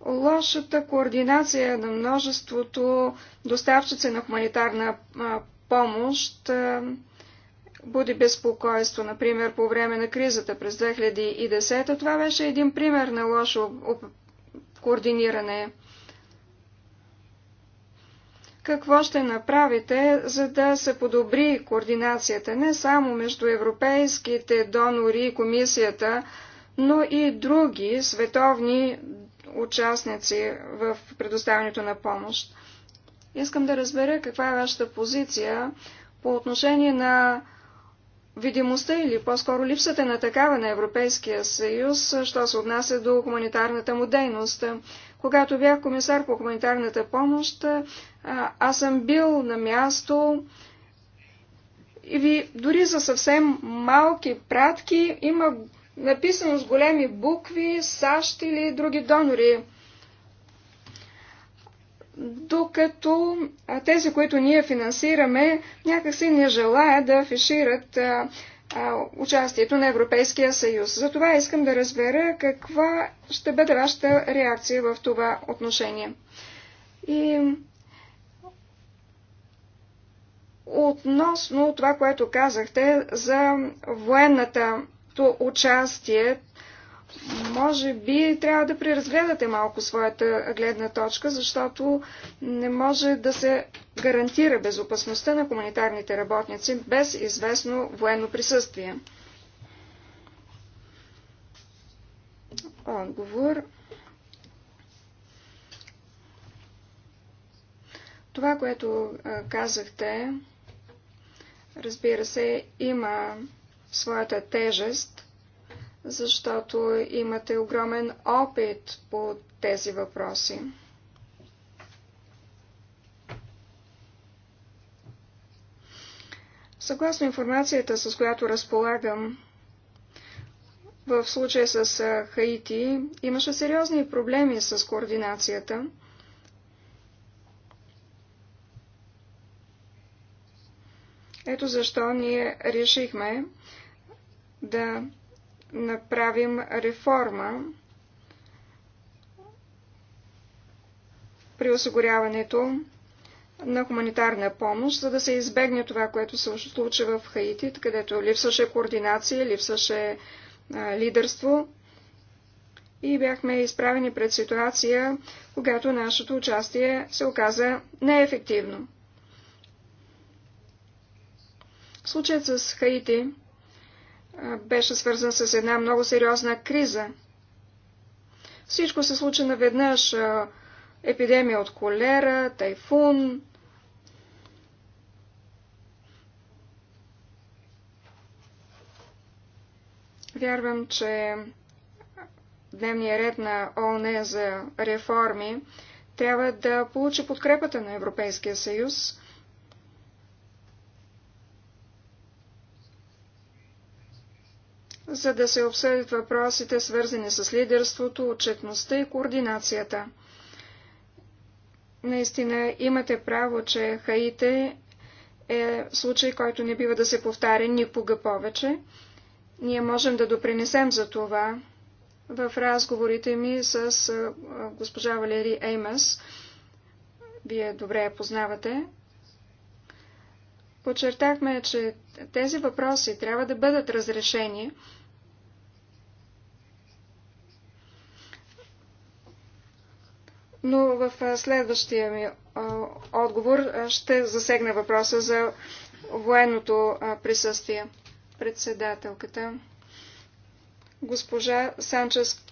лошата координация на множеството доставчици на хуманитарна помощ буди безпокойство. Например, по време на кризата през 2010 това беше един пример на лошо координиране. Какво ще направите, за да се подобри координацията не само между европейските донори и комисията, но и други световни участници в предоставянето на помощ. Искам да разбера каква е вашата позиция по отношение на видимостта или по-скоро липсата на такава на Европейския съюз, що се отнася до хуманитарната му дейност. Когато бях комисар по хуманитарната помощ, аз съм бил на място и ви дори за съвсем малки пратки има написано с големи букви САЩ или други донори. Докато тези, които ние финансираме, някакси не желаят да афишират участието на Европейския съюз. Затова искам да разбера каква ще бъде вашата реакция в това отношение. И относно това, което казахте за военната участие, може би трябва да преразгледате малко своята гледна точка, защото не може да се гарантира безопасността на хуманитарните работници без известно военно присъствие. Отговор. Това, което казахте, разбира се, има своята тежест, защото имате огромен опит по тези въпроси. Съгласно информацията, с която разполагам, в случая с Хаити имаше сериозни проблеми с координацията – Ето защо ние решихме да направим реформа при осигуряването на хуманитарна помощ, за да се избегне това, което се случи в Хаити, където липсваше координация, липсваше а, лидерство и бяхме изправени пред ситуация, когато нашето участие се оказа неефективно. Случаят с Хаити беше свързан с една много сериозна криза. Всичко се случи наведнъж. Епидемия от колера, тайфун. Вярвам, че дневния ред на ООН за реформи трябва да получи подкрепата на Европейския съюз за да се обсъдят въпросите, свързани с лидерството, отчетността и координацията. Наистина имате право, че Хаите е случай, който не бива да се повтаря никога повече. Ние можем да допринесем за това в разговорите ми с госпожа Валери Еймас. Вие добре я познавате. Подчертахме, че тези въпроси трябва да бъдат разрешени но в следващия ми отговор ще засегна въпроса за военното присъствие. Председателката госпожа Санчес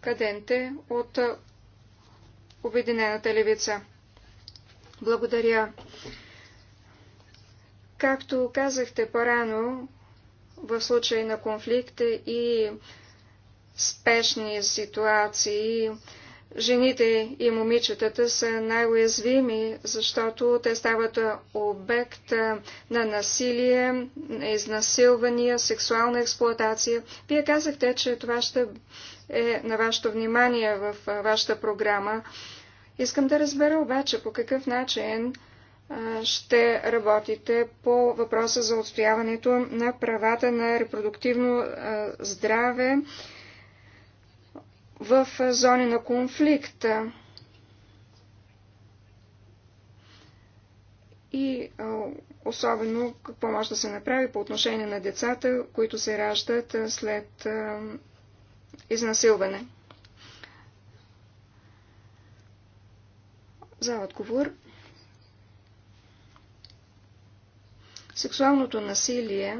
Каденте от Обединената левица. Благодаря. Както казахте по-рано, в случай на конфликт и спешни ситуации, Жените и момичетата са най-уязвими, защото те стават обект на насилие, изнасилвания, сексуална експлоатация. Вие казахте, че това ще е на вашето внимание в вашата програма. Искам да разбера обаче по какъв начин ще работите по въпроса за отстояването на правата на репродуктивно здраве в зони на конфликта. И особено какво може да се направи по отношение на децата, които се раждат след изнасилване. За отговор. Сексуалното насилие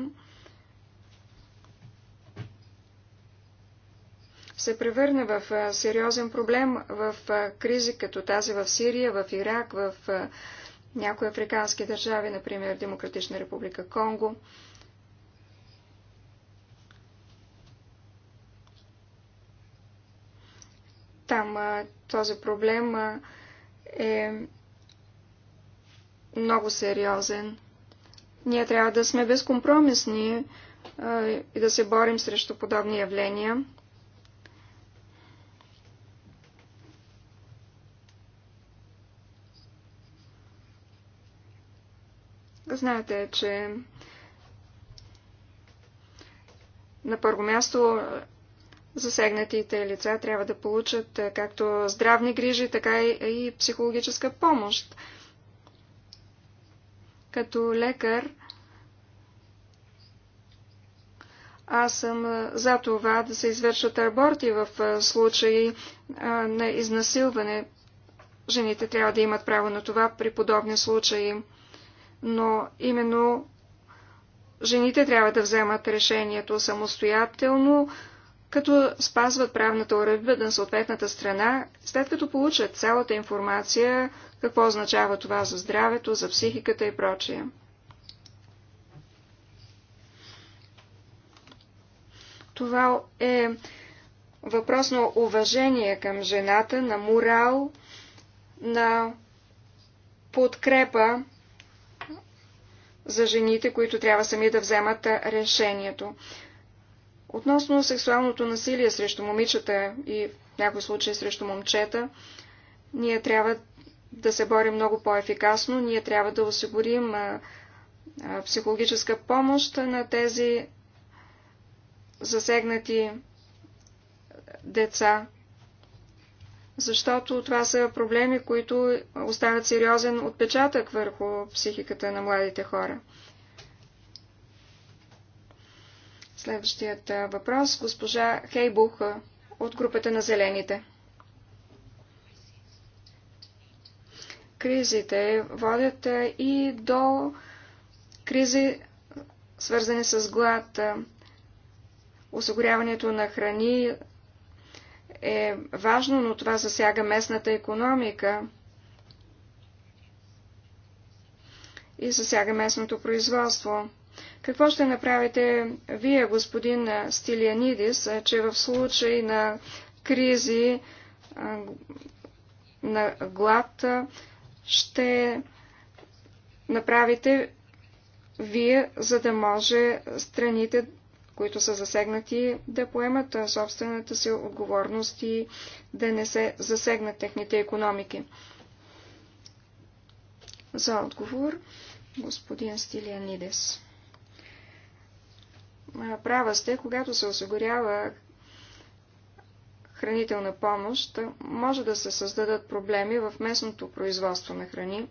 се превърне в сериозен проблем в кризи като тази в Сирия, в Ирак, в някои африкански държави, например Демократична република Конго. Там този проблем е много сериозен. Ние трябва да сме безкомпромисни и да се борим срещу подобни явления. Знаете, че на първо място засегнатите лица трябва да получат е, както здравни грижи, така и психологическа помощ. Като лекар аз съм е, за това да се извършат аборти в е, случаи на изнасилване. Жените трябва да имат право на това при подобни случаи но именно жените трябва да вземат решението самостоятелно, като спазват правната уредба на съответната страна, след като получат цялата информация, какво означава това за здравето, за психиката и прочие. Това е въпрос на уважение към жената, на морал, на подкрепа за жените, които трябва сами да вземат решението. Относно сексуалното насилие срещу момичета и в някои случаи срещу момчета, ние трябва да се борим много по-ефикасно, ние трябва да осигурим психологическа помощ на тези засегнати деца защото това са проблеми, които оставят сериозен отпечатък върху психиката на младите хора. Следващият въпрос госпожа Хейбуха от групата на зелените. Кризите водят и до кризи, свързани с глад, осигуряването на храни, е важно, но това засяга местната економика и засяга местното производство. Какво ще направите вие, господин Стилианидис, че в случай на кризи, на глад, ще направите вие, за да може страните които са засегнати, да поемат собствената си отговорност и да не се засегнат техните економики. За отговор господин Стилианидес. Права сте, когато се осигурява хранителна помощ, може да се създадат проблеми в местното производство на храни.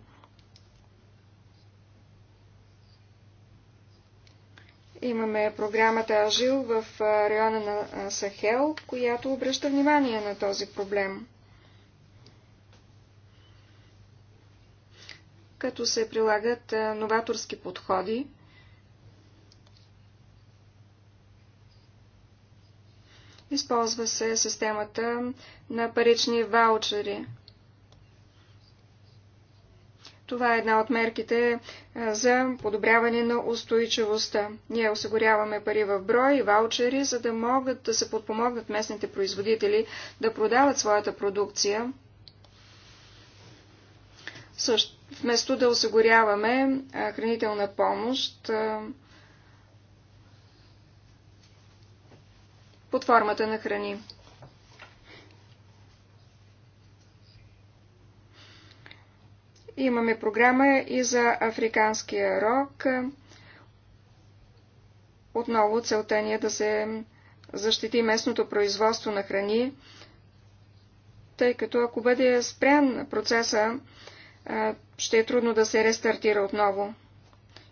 Имаме програмата Ажил в района на Сахел, която обръща внимание на този проблем. Като се прилагат новаторски подходи, използва се системата на парични ваучери – това е една от мерките за подобряване на устойчивостта. Ние осигуряваме пари в брой и ваучери, за да могат да се подпомогнат местните производители да продават своята продукция, вместо да осигуряваме хранителна помощ под формата на храни. Имаме програма и за африканския рок. Отново целта ни е да се защити местното производство на храни, тъй като ако бъде спрян процеса, ще е трудно да се рестартира отново.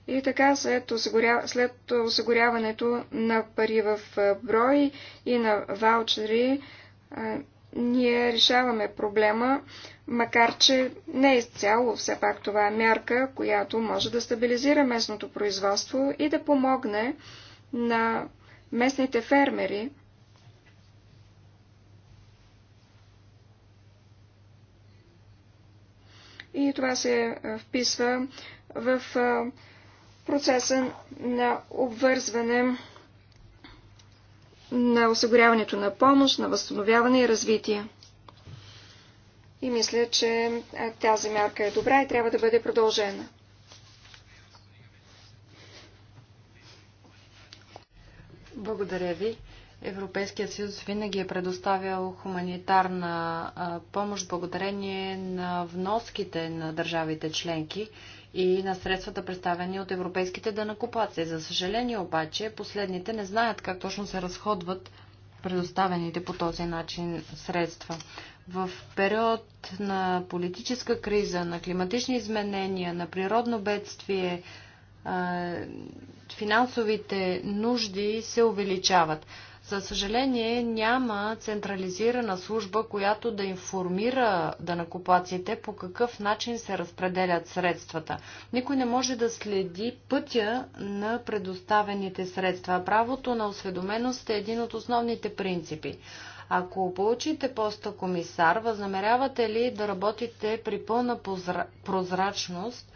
И така, след, осигуря... след осигуряването на пари в брой и на ваучери, ние решаваме проблема, макар че не е изцяло, все пак това е мярка, която може да стабилизира местното производство и да помогне на местните фермери и това се е, вписва в е, процеса на обвързване на осигуряването на помощ, на възстановяване и развитие. И мисля, че тази мярка е добра и трябва да бъде продължена. Благодаря ви. Европейският съюз винаги е предоставял хуманитарна помощ благодарение на вноските на държавите членки и на средствата представени от европейските данакопаци. За съжаление обаче, последните не знаят как точно се разходват предоставените по този начин средства. В период на политическа криза, на климатични изменения, на природно бедствие, финансовите нужди се увеличават. За съжаление няма централизирана служба, която да информира данакоплаците по какъв начин се разпределят средствата. Никой не може да следи пътя на предоставените средства. Правото на осведоменост е един от основните принципи. Ако получите поста комисар, възнамерявате ли да работите при пълна прозрачност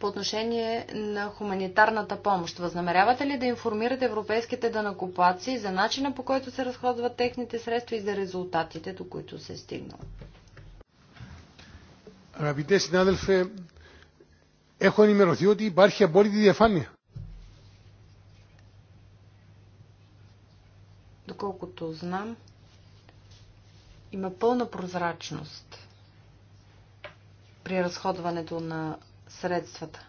по отношение на хуманитарната помощ. Възнамерявате ли да информирате европейските данакоплаци за начина по който се разходват техните средства и за резултатите, до които се е стигнало? Αγαπητέ συνάδελφε, έχω ενημερωθεί ότι υπάρχει απόλυτη διαφάνεια. Доколкото знам, има пълна прозрачност при разходването на средствата.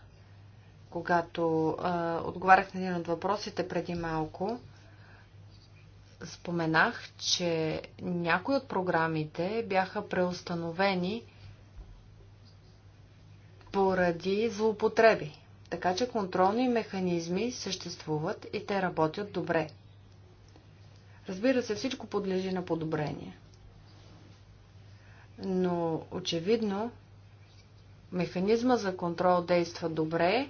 Когато а, отговарях на един от въпросите преди малко, споменах, че някои от програмите бяха преустановени поради злоупотреби. Така че контролни механизми съществуват и те работят добре. Разбира се, всичко подлежи на подобрение. Но очевидно механизма за контрол действа добре,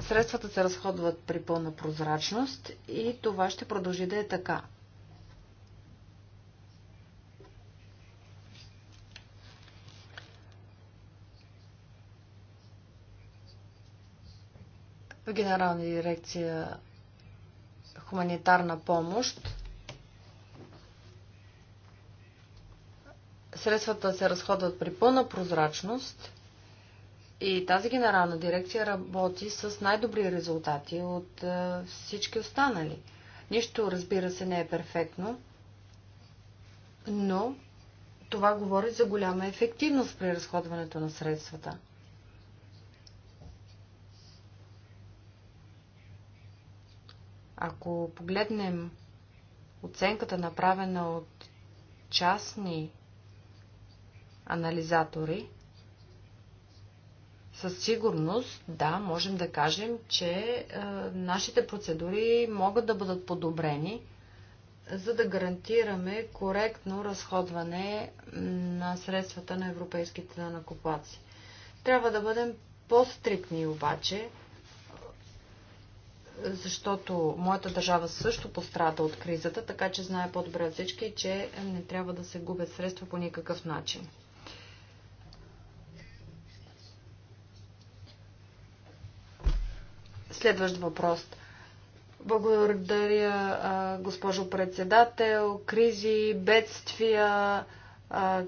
средствата се разходват при пълна прозрачност и това ще продължи да е така. в Генерална дирекция хуманитарна помощ средствата се разходват при пълна прозрачност и тази генерална дирекция работи с най-добри резултати от е, всички останали. Нищо, разбира се, не е перфектно, но това говори за голяма ефективност при разходването на средствата. Ако погледнем оценката, направена от частни анализатори. Със сигурност, да, можем да кажем, че е, нашите процедури могат да бъдат подобрени, за да гарантираме коректно разходване на средствата на европейските накопаци. Трябва да бъдем по-стрикни обаче, защото моята държава също пострада от кризата, така че знае по-добре от всички, че не трябва да се губят средства по никакъв начин. Следващ въпрос. Благодаря, госпожо председател. Кризи, бедствия,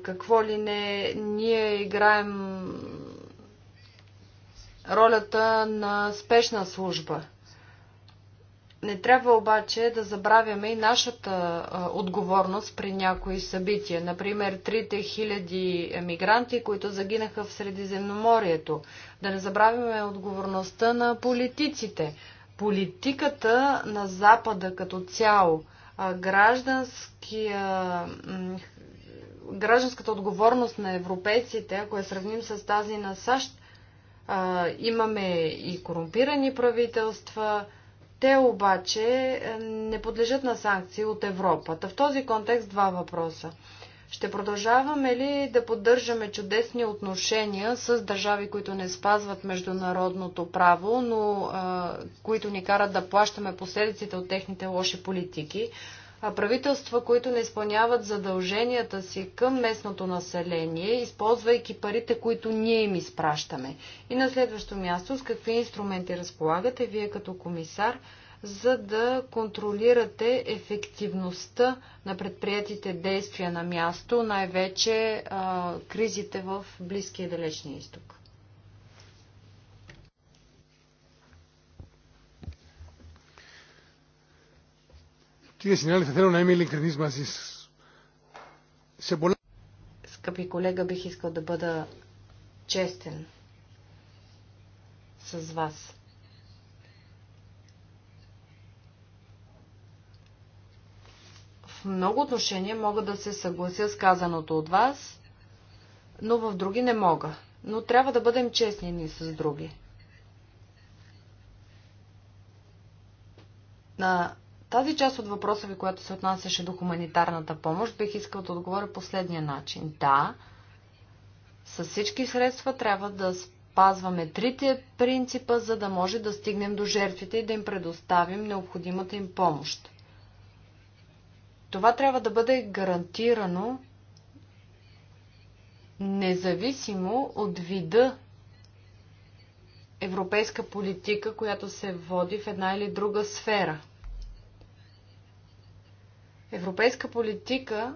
какво ли не, ние играем ролята на спешна служба – не трябва обаче да забравяме и нашата отговорност при някои събития. Например, трите хиляди мигранти, които загинаха в Средиземноморието. Да не забравяме отговорността на политиците. Политиката на Запада като цяло, гражданския, гражданската отговорност на европейците, ако я сравним с тази на САЩ, имаме и корумпирани правителства, те обаче е, не подлежат на санкции от Европата. В този контекст два въпроса. Ще продължаваме ли да поддържаме чудесни отношения с държави, които не спазват международното право, но а, е, които ни карат да плащаме последиците от техните лоши политики? правителства, които не изпълняват задълженията си към местното население, използвайки парите, които ние им изпращаме. И на следващо място, с какви инструменти разполагате вие като комисар, за да контролирате ефективността на предприятите действия на място, най-вече кризите в Близкия и Далечния изток? Κύριε θέλω να είμαι ειλικρινής μαζί σας. Σε πολλά... Скъпи колега, бих искал да бъда честен с вас. В много отношения мога да се съглася с казаното от вас, но в други не мога. Но трябва да бъдем честни ни с други. На тази част от въпроса ви, която се отнасяше до хуманитарната помощ, бих искал да отговоря последния начин. Да, с всички средства трябва да спазваме трите принципа, за да може да стигнем до жертвите и да им предоставим необходимата им помощ. Това трябва да бъде гарантирано независимо от вида европейска политика, която се води в една или друга сфера – европейска политика,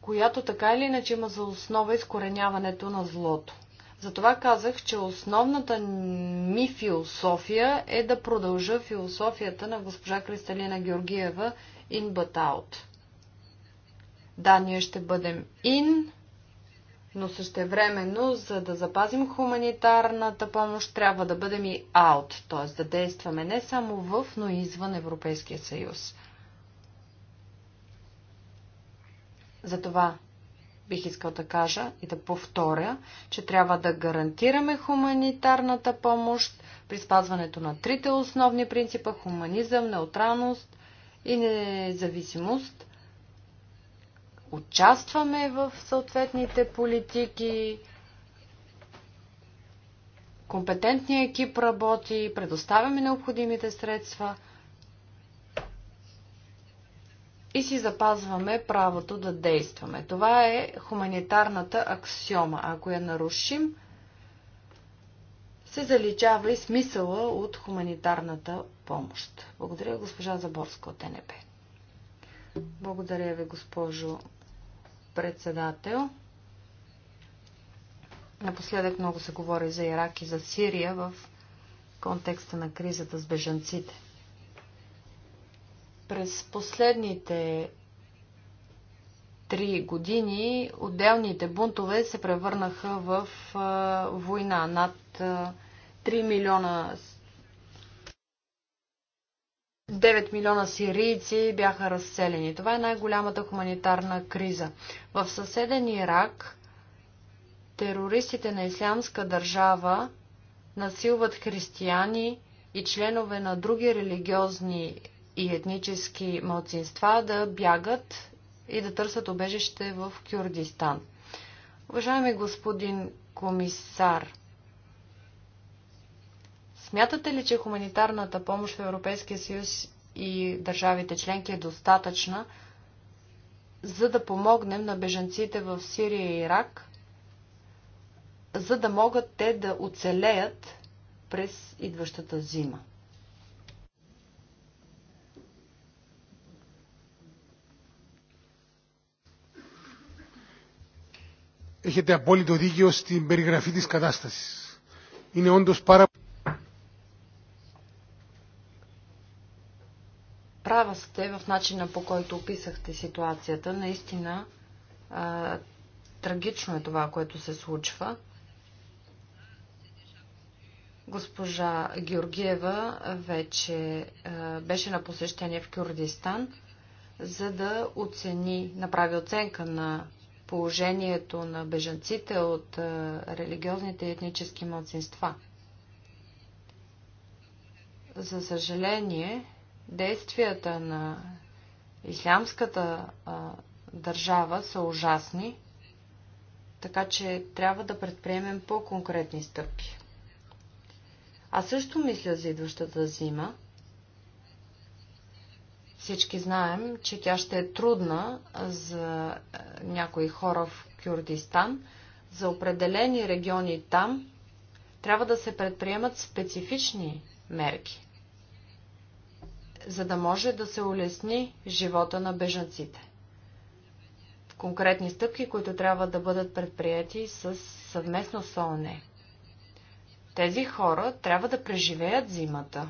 която така или иначе има за основа изкореняването на злото. Затова казах, че основната ми философия е да продължа философията на госпожа Кристалина Георгиева in but out. Да, ние ще бъдем in, но същевременно, за да запазим хуманитарната помощ, трябва да бъдем и out, т.е. да действаме не само в, но и извън Европейския съюз. Затова бих искал да кажа и да повторя, че трябва да гарантираме хуманитарната помощ при спазването на трите основни принципа хуманизъм, неутралност и независимост. Участваме в съответните политики, компетентният екип работи, предоставяме необходимите средства – и си запазваме правото да действаме. Това е хуманитарната аксиома. Ако я нарушим, се заличава и смисъла от хуманитарната помощ. Благодаря госпожа Заборска от НП. Благодаря ви, госпожо председател. Напоследък много се говори за Ирак и за Сирия в контекста на кризата с бежанците. През последните три години отделните бунтове се превърнаха в война. Над 3 милиона 9 милиона сирийци бяха разселени. Това е най-голямата хуманитарна криза. В съседен Ирак терористите на ислямска държава насилват християни и членове на други религиозни и етнически младсинства да бягат и да търсят обежище в Кюрдистан. Уважаеми господин комисар, смятате ли, че хуманитарната помощ в Европейския съюз и държавите членки е достатъчна, за да помогнем на бежанците в Сирия и Ирак, за да могат те да оцелеят през идващата зима? έχετε απόλυτο δίκιο στην περιγραφή της κατάστασης. Είναι όντως πάρα Права сте в начина по който описахте ситуацията. Наистина а, трагично е това, което се случва. Госпожа Георгиева вече а, беше на посещение в Кюрдистан, за да оцени, направи оценка на положението на бежанците от религиозните и етнически младсинства. За съжаление, действията на ислямската държава са ужасни, така че трябва да предприемем по-конкретни стъпки. А също мисля за идващата зима, всички знаем, че тя ще е трудна за е, някои хора в Кюрдистан. За определени региони там трябва да се предприемат специфични мерки, за да може да се улесни живота на бежанците. Конкретни стъпки, които трябва да бъдат предприяти с съвместно с Тези хора трябва да преживеят зимата.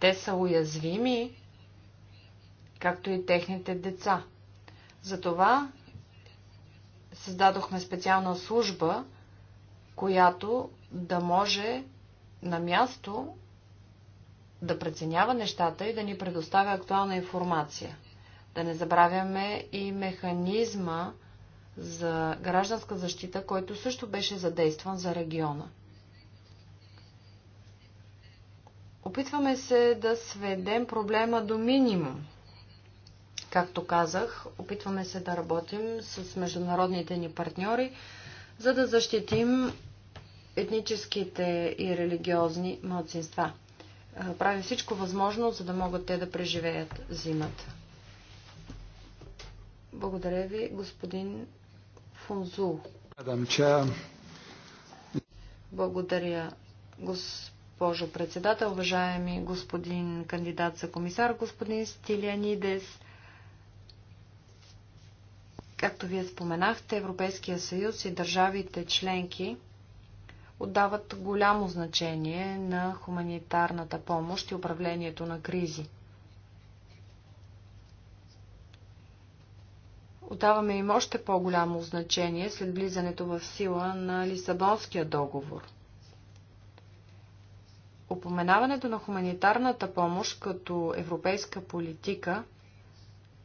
Те са уязвими, както и техните деца. Затова създадохме специална служба, която да може на място да преценява нещата и да ни предоставя актуална информация. Да не забравяме и механизма за гражданска защита, който също беше задействан за региона. Опитваме се да сведем проблема до минимум. Както казах, опитваме се да работим с международните ни партньори, за да защитим етническите и религиозни младсинства. Е, правим всичко възможно, за да могат те да преживеят зимата. Благодаря ви, господин Фунзул. Благодаря, господин госпожо председател, уважаеми господин кандидат за комисар, господин Стилианидес, Както вие споменахте, Европейския съюз и държавите членки отдават голямо значение на хуманитарната помощ и управлението на кризи. Отдаваме им още по-голямо значение след влизането в сила на Лисабонския договор – Опоменаването на хуманитарната помощ като европейска политика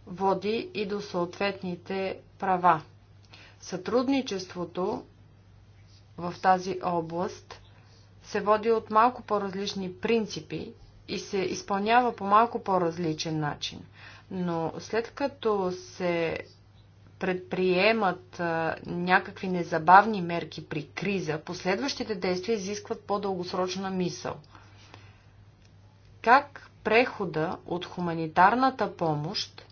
води и до съответните права. Сътрудничеството в тази област се води от малко по-различни принципи и се изпълнява по малко по-различен начин. Но след като се предприемат а, някакви незабавни мерки при криза, последващите действия изискват по-дългосрочна мисъл – как прехода от хуманитарната помощ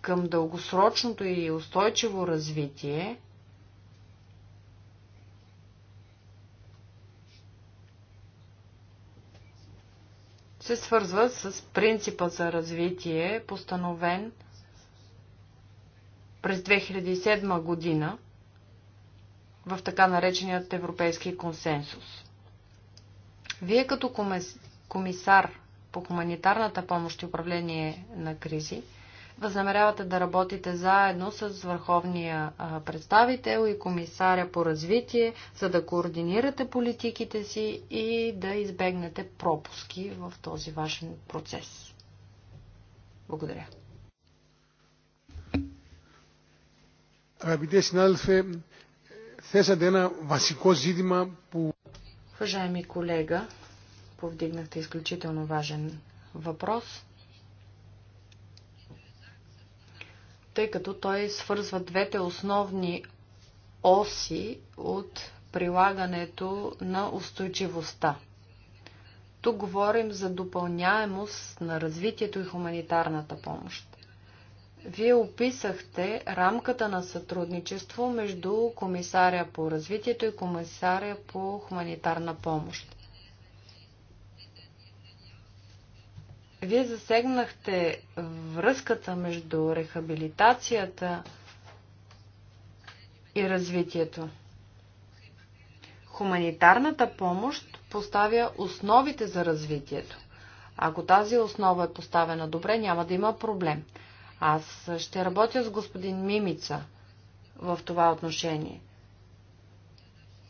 към дългосрочното и устойчиво развитие се свързва с принципа за развитие, постановен през 2007 година в така нареченият европейски консенсус. Вие като комисар по хуманитарната помощ и управление на кризи, възнамерявате да работите заедно с върховния представител и комисаря по развитие, за да координирате политиките си и да избегнете пропуски в този важен процес. Благодаря. Αγαπητέ συνάδελφε, θέσατε ένα βασικό ζήτημα που... Уважаеми колега, Повдигнахте изключително важен въпрос, тъй като той свързва двете основни оси от прилагането на устойчивостта. Тук говорим за допълняемост на развитието и хуманитарната помощ. Вие описахте рамката на сътрудничество между комисаря по развитието и комисаря по хуманитарна помощ. Вие засегнахте връзката между рехабилитацията и развитието. Хуманитарната помощ поставя основите за развитието. Ако тази основа е поставена добре, няма да има проблем. Аз ще работя с господин Мимица в това отношение.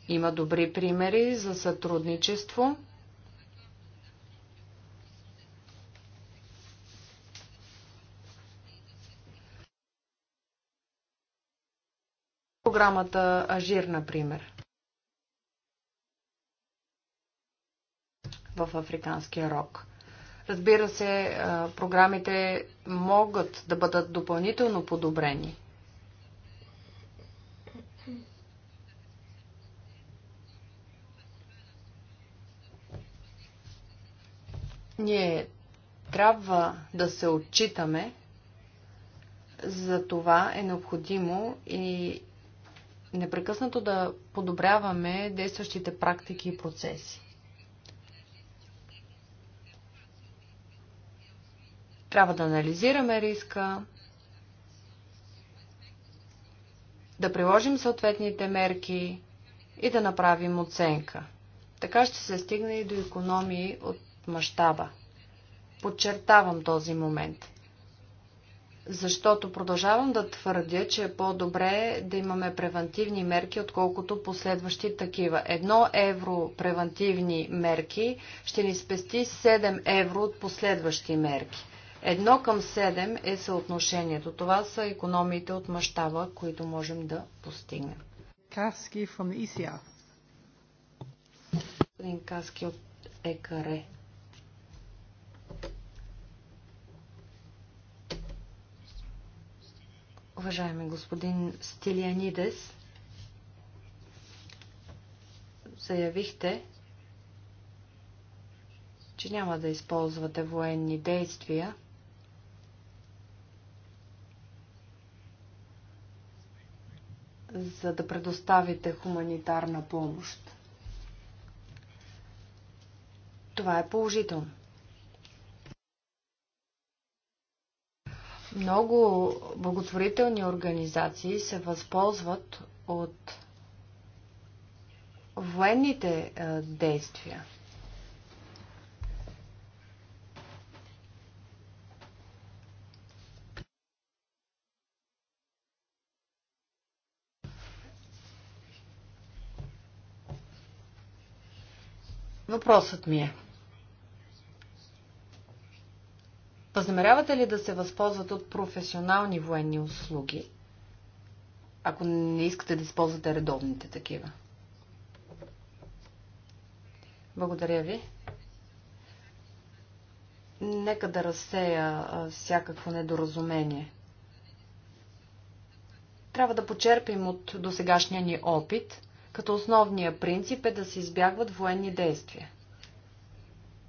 Има добри примери за сътрудничество програмата Ажир, например, в Африканския рок. Разбира се, програмите могат да бъдат допълнително подобрени. Ние трябва да се отчитаме, за това е необходимо и непрекъснато да подобряваме действащите практики и процеси. Трябва да анализираме риска, да приложим съответните мерки и да направим оценка. Така ще се стигне и до економии от мащаба. Подчертавам този момент – защото продължавам да твърдя, че е по-добре да имаме превентивни мерки, отколкото последващи такива. Едно евро превентивни мерки ще ни спести 7 евро от последващи мерки. Едно към 7 е съотношението. Това са економиите от мащаба, които можем да постигнем. Каски from ECR. E Господин Каски от ЕКАРЕ. Уважаеми господин Стилианидес, заявихте, че няма да използвате военни действия, за да предоставите хуманитарна помощ. Това е положително. Много благотворителни организации се възползват от военните е, действия. Въпросът ми е. Възнамерявате ли да се възползвате от професионални военни услуги, ако не искате да използвате редовните такива? Благодаря ви. Нека да разсея всякакво недоразумение. Трябва да почерпим от досегашния ни опит, като основния принцип е да се избягват военни действия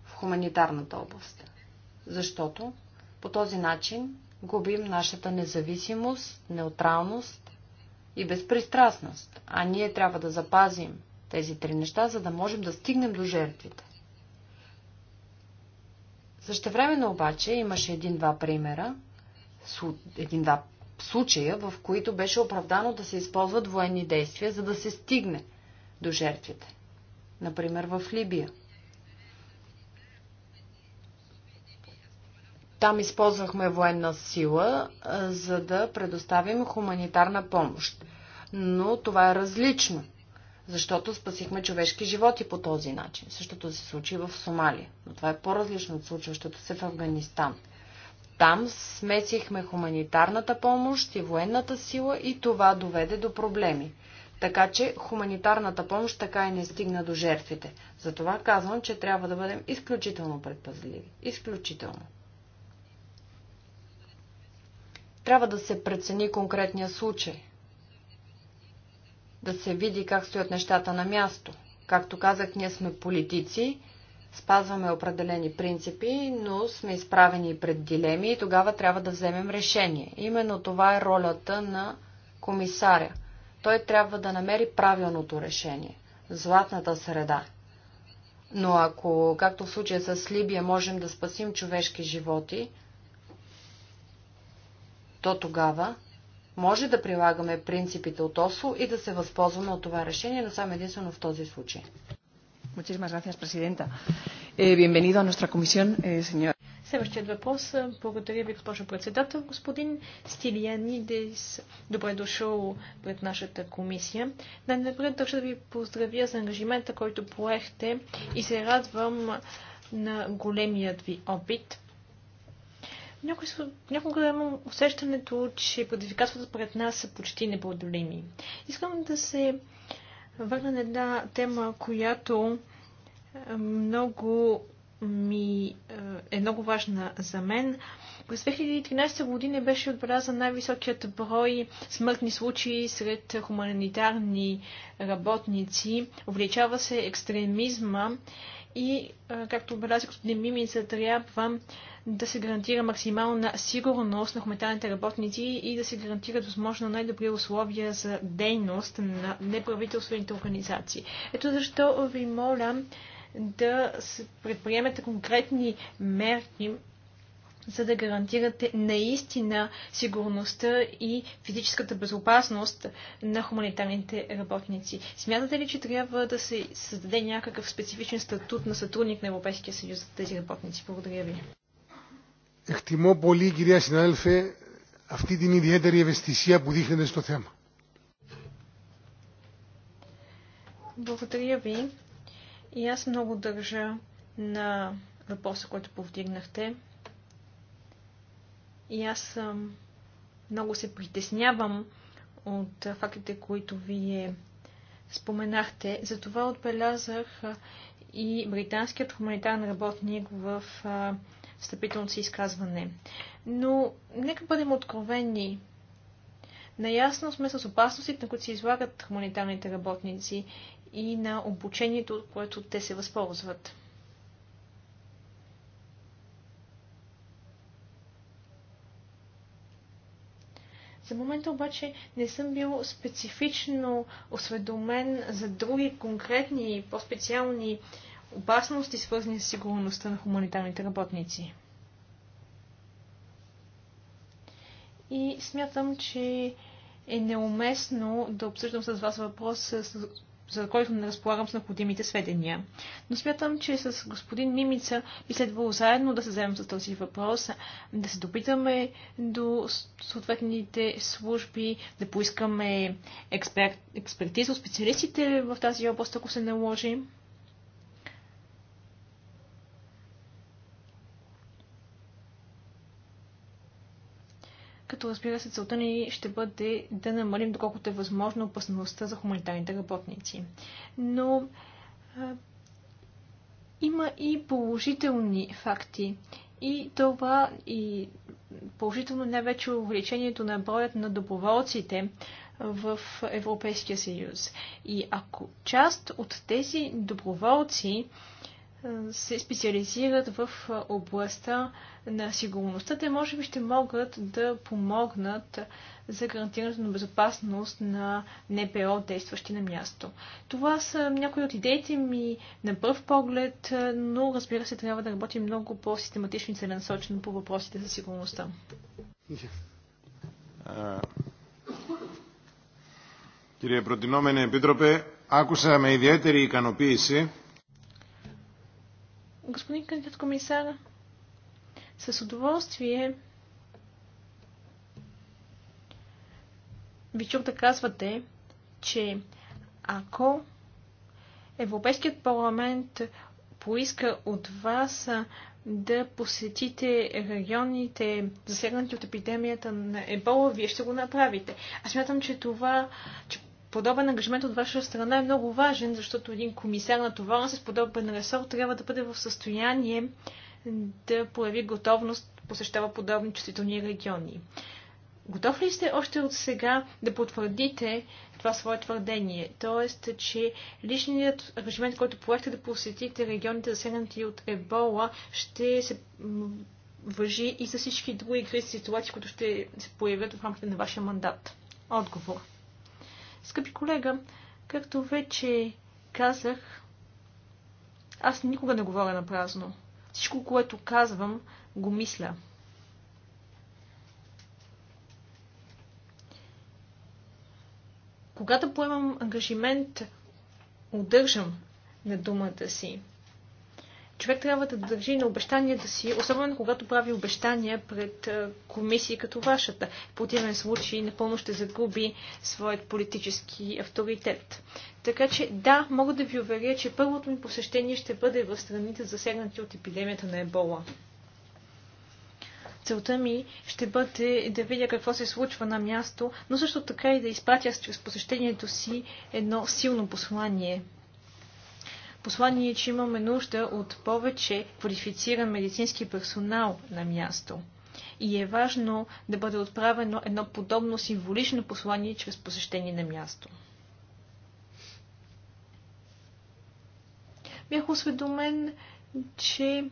в хуманитарната област защото по този начин губим нашата независимост, неутралност и безпристрастност, а ние трябва да запазим тези три неща, за да можем да стигнем до жертвите. Същевременно обаче имаше един-два примера, един-два случая, в които беше оправдано да се използват военни действия, за да се стигне до жертвите. Например, в Либия – Там използвахме военна сила, за да предоставим хуманитарна помощ. Но това е различно, защото спасихме човешки животи по този начин. Същото се случи в Сомалия, но това е по-различно от случващото се в Афганистан. Там смесихме хуманитарната помощ и военната сила и това доведе до проблеми. Така че хуманитарната помощ така и не стигна до жертвите. Затова казвам, че трябва да бъдем изключително предпазливи. Изключително. Трябва да се прецени конкретния случай. Да се види как стоят нещата на място. Както казах, ние сме политици, спазваме определени принципи, но сме изправени пред дилеми и тогава трябва да вземем решение. Именно това е ролята на комисаря. Той трябва да намери правилното решение. Златната среда. Но ако, както в случая с Либия, можем да спасим човешки животи, то тогава може да прилагаме принципите от осо и да се възползваме от това решение, но само единствено в този случай. Muchísimas gracias, Presidenta. Eh, bienvenido a nuestra comisión, eh, señor. Следващият въпрос. Благодаря ви, госпожо председател. Господин Стилианидис, добре дошъл пред нашата комисия. Най-напред държа да ви поздравя за ангажимента, който поехте и се радвам на големият ви опит. Някой, някога имам усещането, че предизвикателствата пред нас са почти непреодолими. Искам да се върна на една тема, която много ми е много важна за мен. През 2013 година беше отбелязан най-високият брой смъртни случаи сред хуманитарни работници. Увеличава се екстремизма и, както отбеляза господин Мимица, трябва да се гарантира максимална сигурност на хуманитарните работници и да се гарантират възможно най-добри условия за дейност на неправителствените организации. Ето защо ви моля да предприемете конкретни мерки за да гарантирате наистина сигурността и физическата безопасност на хуманитарните работници. Смятате ли, че трябва да се създаде някакъв специфичен статут на сътрудник на Европейския съюз за тези работници? Благодаря ви. Εκτιμώ πολύ, κυρία συνάδελφε, αυτή την ιδιαίτερη ευαισθησία που δείχνετε στο θέμα. Благодаря ви. И аз много държа на въпроса, който повдигнахте. И аз много се притеснявам от фактите, които вие споменахте. Затова отбелязах и британският хуманитарен работник в встъпителното си изказване. Но нека бъдем откровени. Наясно сме с опасностите, на които се излагат хуманитарните работници и на обучението, от което те се възползват. За момента обаче не съм бил специфично осведомен за други конкретни, по-специални опасности, свързани с сигурността на хуманитарните работници. И смятам, че е неуместно да обсъждам с вас въпрос, за който не разполагам с необходимите сведения. Но смятам, че с господин Мимица би следвало заедно да се вземем с този въпрос, да се допитаме до съответните служби, да поискаме експерт, експертиза от специалистите в тази област, ако се наложи. като разбира се целта ни ще бъде да намалим доколкото е възможно опасността за хуманитарните работници. Но а, има и положителни факти. И това и положително не вече увеличението на броят на доброволците в Европейския съюз. И ако част от тези доброволци се специализират в областта на сигурността. Те може би ще могат да помогнат за гарантирането на безопасност на НПО, действащи на място. Това са някои от идеите ми на пръв поглед, но разбира се, трябва да работим много по-систематично и целенасочено по въпросите за сигурността. Κύριε Προτινόμενε Επίτροπε, άκουσα με ιδιαίτερη ικανοποίηση Господин кандидат комисар, с удоволствие ви чух да казвате, че ако Европейският парламент поиска от вас да посетите регионите, засегнати от епидемията на ебола, вие ще го направите. Аз смятам, че това, че подобен ангажимент от ваша страна е много важен, защото един комисар на това с подобен ресор трябва да бъде в състояние да появи готовност да посещава подобни чувствителни региони. Готов ли сте още от сега да потвърдите това свое твърдение? Тоест, че личният ангажимент, който поехте да посетите регионите засегнати от ебола, ще се въжи и за всички други кризи ситуации, които ще се появят в рамките на вашия мандат? Отговор. Скъпи колега, както вече казах, аз никога не говоря на празно. Всичко, което казвам, го мисля. Когато поемам ангажимент, удържам на думата си човек трябва да държи на обещанията си, особено когато прави обещания пред комисии като вашата. В противен случай напълно ще загуби своят политически авторитет. Така че да, мога да ви уверя, че първото ми посещение ще бъде в страните засегнати от епидемията на ебола. Целта ми ще бъде да видя какво се случва на място, но също така и да изпратя чрез посещението си едно силно послание – послание, че имаме нужда от повече квалифициран медицински персонал на място. И е важно да бъде отправено едно подобно символично послание чрез посещение на място. Бях осведомен, че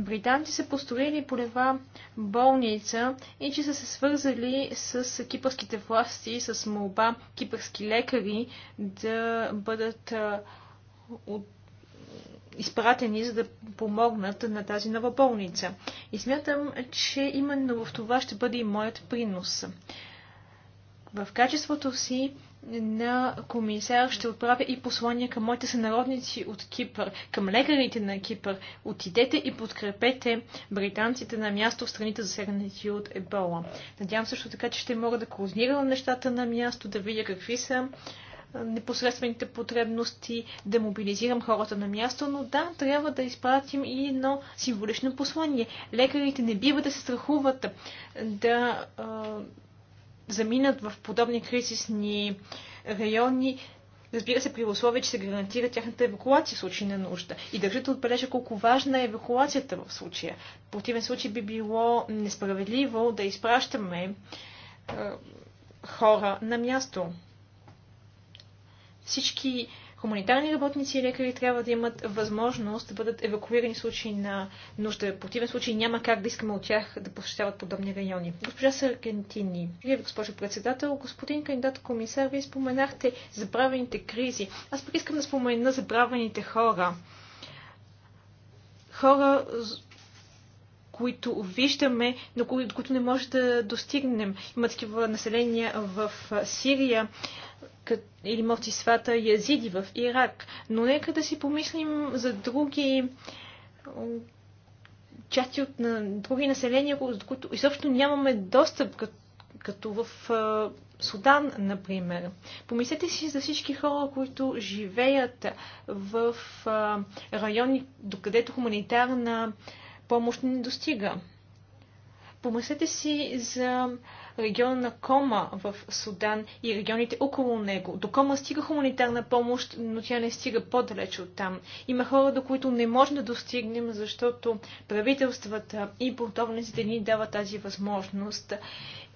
британци са построили полева болница и че са се свързали с кипърските власти с молба кипърски лекари да бъдат от изпратени, за да помогнат на тази нова болница. И смятам, че именно в това ще бъде и моят принос. В качеството си на комисар ще отправя и послания към моите сънародници от Кипър, към лекарите на Кипър. Отидете и подкрепете британците на място в страните засегнати от Ебола. Надявам също така, че ще мога да координирам нещата на място, да видя какви са непосредствените потребности, да мобилизирам хората на място, но да, трябва да изпратим и едно символично послание. Лекарите не бива да се страхуват да заминат в подобни кризисни райони, разбира се, при условие, че се гарантира тяхната евакуация в случай на нужда. И държа да отбележа колко важна е евакуацията в случая. В противен случай би било несправедливо да изпращаме е, хора на място. Всички Хуманитарни работници и лекари трябва да имат възможност да бъдат евакуирани в случай на нужда. В противен случай няма как да искаме от тях да посещават подобни райони. Госпожа Саргентини, вие, госпожо председател, господин кандидат комисар, вие споменахте забравените кризи. Аз пък искам да спомена забравените хора. Хора, които виждаме, но които не може да достигнем. Има такива населения в Сирия, или мълцисвата язиди в Ирак. Но нека да си помислим за други части от на, други населения, до които изобщо нямаме достъп, като, като в а, Судан, например. Помислете си за всички хора, които живеят в а, райони, докъдето хуманитарна помощ не достига. Помислете си за региона на Кома в Судан и регионите около него. До Кома стига хуманитарна помощ, но тя не стига по-далече от там. Има хора, до които не можем да достигнем, защото правителствата и бунтовниците ни дават тази възможност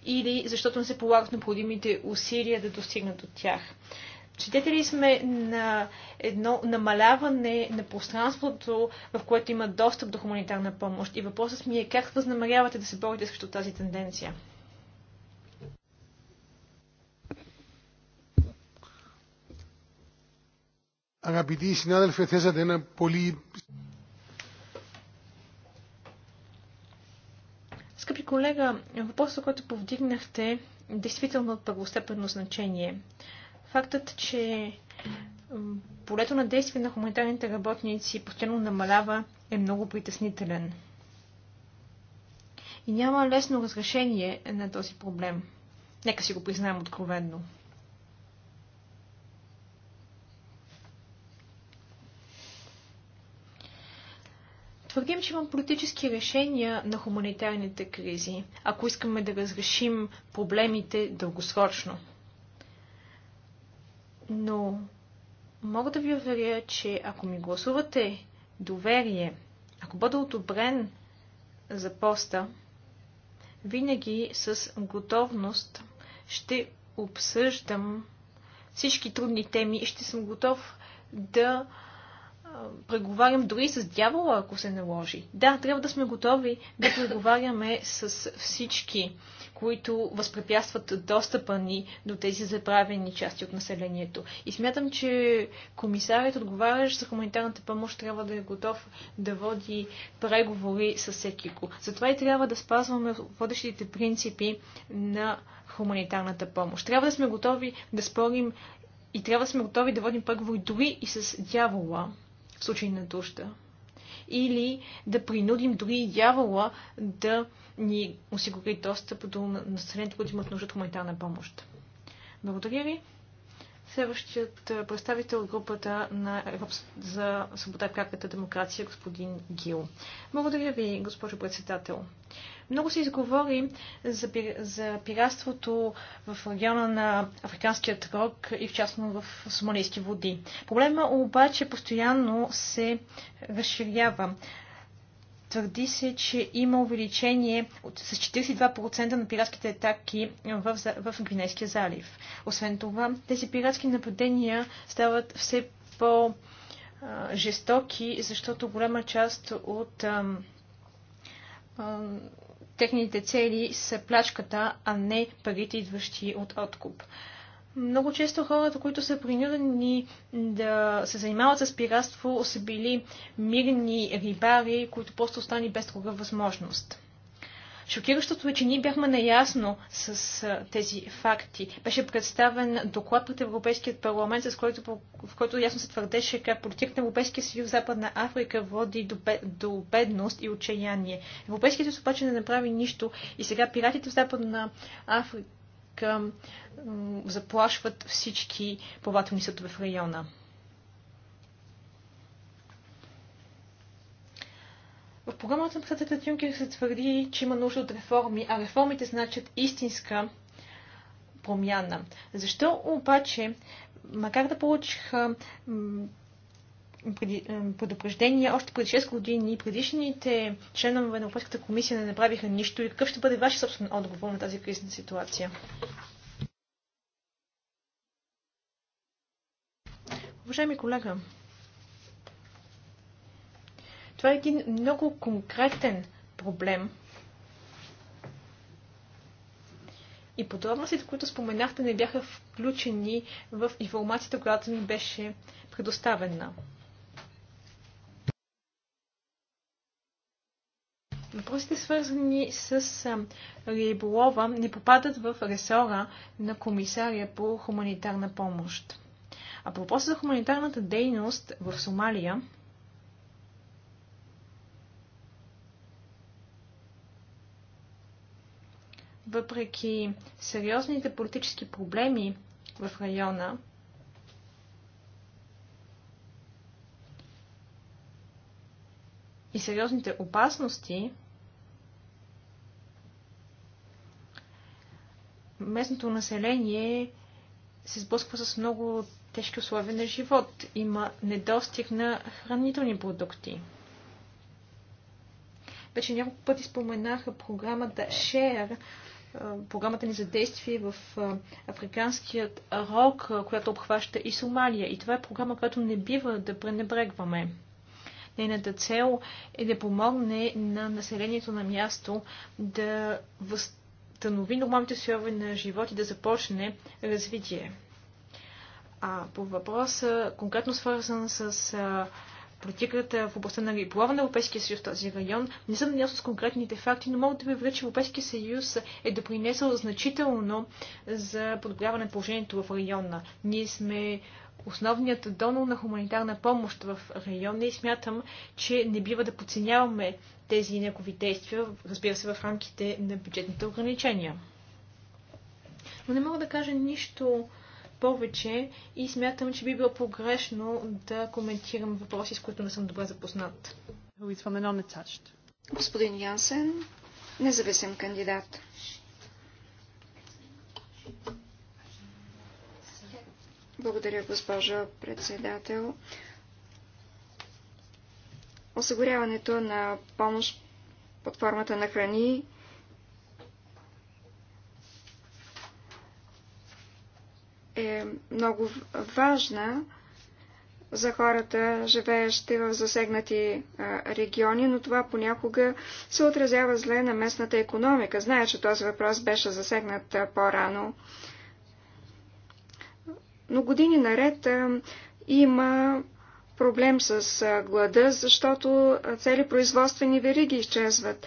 или защото не се полагат необходимите усилия да достигнат до тях. Свидетели сме на едно намаляване на пространството, в което има достъп до хуманитарна помощ. И въпросът ми е как възнамерявате да се борите срещу тази тенденция? Αγαπητοί συνάδελφοι, θέσατε ένα πολύ... Скъпи колега, въпросът, който повдигнахте, е действително от първостепенно значение. Фактът, че полето на действие на хуманитарните работници постоянно намалява е много притеснителен. И няма лесно разрешение на този проблем. Нека си го признаем откровенно. Твърдим, че има политически решения на хуманитарните кризи, ако искаме да разрешим проблемите дългосрочно. Но мога да ви уверя, че ако ми гласувате доверие, ако бъда одобрен за поста, винаги с готовност ще обсъждам всички трудни теми и ще съм готов да преговарям дори с дявола, ако се наложи. Да, трябва да сме готови да преговаряме с всички, които възпрепятстват достъпа ни до тези забравени части от населението. И смятам, че комисарят, отговарящ за хуманитарната помощ, трябва да е готов да води преговори с всеки го. Затова и трябва да спазваме водещите принципи на хуманитарната помощ. Трябва да сме готови да спорим и трябва да сме готови да водим преговори дори и с дявола случай на нужда. Или да принудим дори дявола да ни осигури достъп до населението, които имат нужда от хуманитарна помощ. Благодаря ви. Следващият е, представител от групата на Европс... за свобода и пряката демокрация, господин Гил. Благодаря ви, госпожо председател. Много се изговори за, пир... за пиратството в региона на Африканският рог и в частно в сомалийски води. Проблема обаче постоянно се разширява. Твърди се, че има увеличение от, с 42% на пиратските атаки в, в Гвинейския залив. Освен това, тези пиратски нападения стават все по-жестоки, защото голяма част от ам, ам, техните цели са плачката, а не парите, идващи от откуп. Много често хората, които са принудени да се занимават с пиратство, са били мирни рибари, които просто остани без друга възможност. Шокиращото е, че ние бяхме наясно с а, тези факти. Беше представен доклад пред Европейският парламент, с който, в който ясно се твърдеше как политиката на Европейския съюз в Западна Африка води до, до бедност и отчаяние. Европейският съюз обаче не направи нищо и сега пиратите в Западна Африка сметка заплашват всички плавателни съдове в района. В програмата на председателят Юнкер се твърди, че има нужда от реформи, а реформите значат истинска промяна. Защо обаче, макар да получиха. Е, предупреждения още преди 6 години предишните членове на Европейската комисия не направиха нищо и какъв ще бъде ваш собствен отговор на тази кризисна ситуация? Уважаеми колега, това е един много конкретен проблем. И подробностите, които споменахте, не бяха включени в информацията, която ми беше предоставена. Въпросите, свързани с риболова, не попадат в ресора на комисария по хуманитарна помощ. А по въпроса за хуманитарната дейност в Сомалия, въпреки сериозните политически проблеми в района, и сериозните опасности, местното население се сблъсква с много тежки условия на живот. Има недостиг на хранителни продукти. Вече няколко пъти споменаха програмата Share, програмата ни за действие в африканският рок, която обхваща и Сомалия. И това е програма, която не бива да пренебрегваме. Нейната цел е да помогне на населението на място да възстановим възстанови нормалните сфери на живот и да започне развитие. А по въпроса, конкретно свързан с а, политиката в областта на риболова на Европейския съюз в този район. Не съм наясно с конкретните факти, но мога да ви уверя, че Европейския съюз е допринесъл значително за подобряване на положението в района. Ние сме основният донор на хуманитарна помощ в района и смятам, че не бива да подценяваме тези негови действия, разбира се, в рамките на бюджетните ограничения. Но не мога да кажа нищо повече и смятам, че би било погрешно да коментирам въпроси, с които не съм добре запознат. Господин Янсен, независим кандидат. Благодаря, госпожо председател осигуряването на помощ под формата на храни е много важна за хората, живеещи в засегнати региони, но това понякога се отразява зле на местната економика. Зная, че този въпрос беше засегнат по-рано. Но години наред има проблем с глада, защото цели производствени вериги изчезват.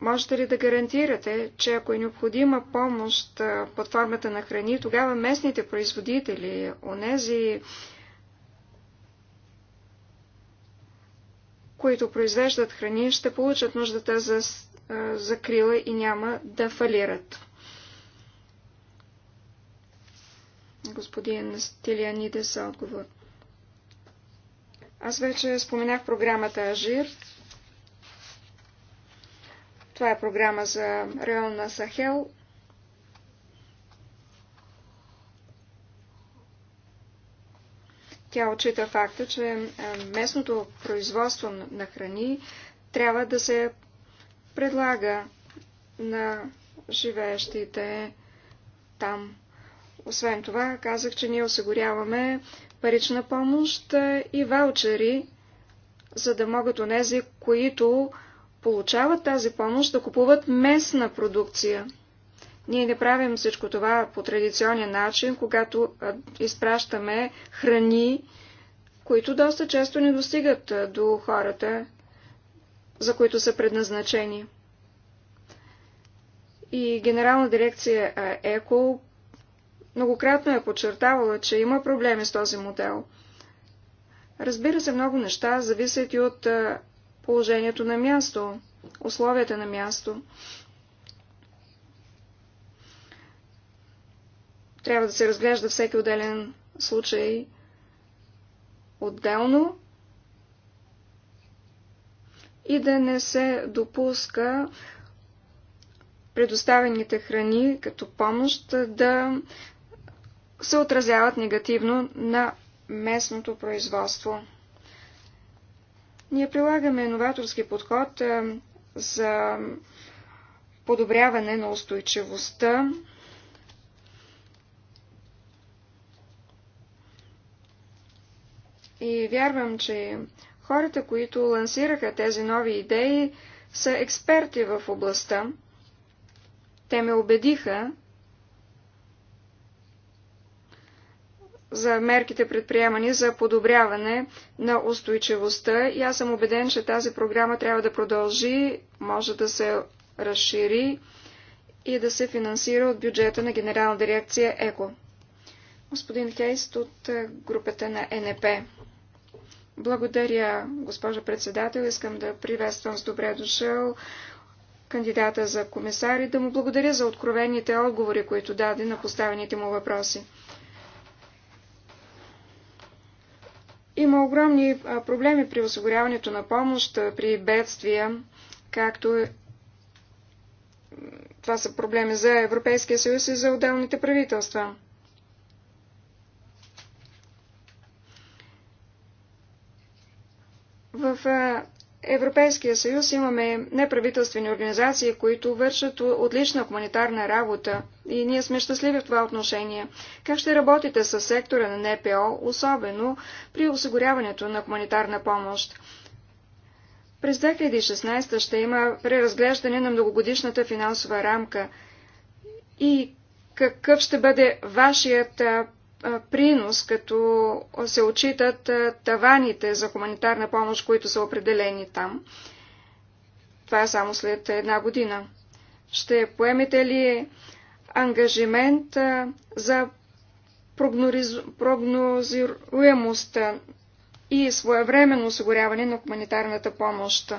Можете ли да гарантирате, че ако е необходима помощ под формата на храни, тогава местните производители, онези, които произвеждат храни, ще получат нуждата за закрила и няма да фалират? Господин Стилианидес отговор. Аз вече споменах програмата Ажир. Това е програма за район на Сахел. Тя отчита факта, че е, местното производство на храни трябва да се предлага на живеещите там. Освен това, казах, че ние осигуряваме парична помощ и ваучери, за да могат онези, които получават тази помощ, да купуват местна продукция. Ние не правим всичко това по традиционен начин, когато изпращаме храни, които доста често не достигат до хората, за които са предназначени. И Генерална дирекция ЕКО Многократно е подчертавала, че има проблеми с този модел. Разбира се, много неща зависят и от положението на място, условията на място. Трябва да се разглежда всеки отделен случай отделно и да не се допуска предоставените храни като помощ да се отразяват негативно на местното производство. Ние прилагаме новаторски подход е, за подобряване на устойчивостта и вярвам, че хората, които лансираха тези нови идеи, са експерти в областта. Те ме убедиха, за мерките предприемани за подобряване на устойчивостта и аз съм убеден, че тази програма трябва да продължи, може да се разшири и да се финансира от бюджета на Генерална дирекция ЕКО. Господин Хейст от е, групата на НП. Благодаря, госпожа председател. Искам да приветствам с добре дошъл кандидата за комисар и да му благодаря за откровените отговори, които даде на поставените му въпроси. Има огромни проблеми при осигуряването на помощ при бедствия, както е, това са проблеми за Европейския съюз и за отделните правителства. В Европейския съюз имаме неправителствени организации, които вършат отлична хуманитарна работа и ние сме щастливи в това отношение. Как ще работите с сектора на НПО, особено при осигуряването на хуманитарна помощ? През 2016 ще има преразглеждане на многогодишната финансова рамка и какъв ще бъде вашият принос, като се отчитат таваните за хуманитарна помощ, които са определени там. Това е само след една година. Ще поемете ли ангажимент за прогнориз... прогнозируемостта и своевременно осигуряване на хуманитарната помощ?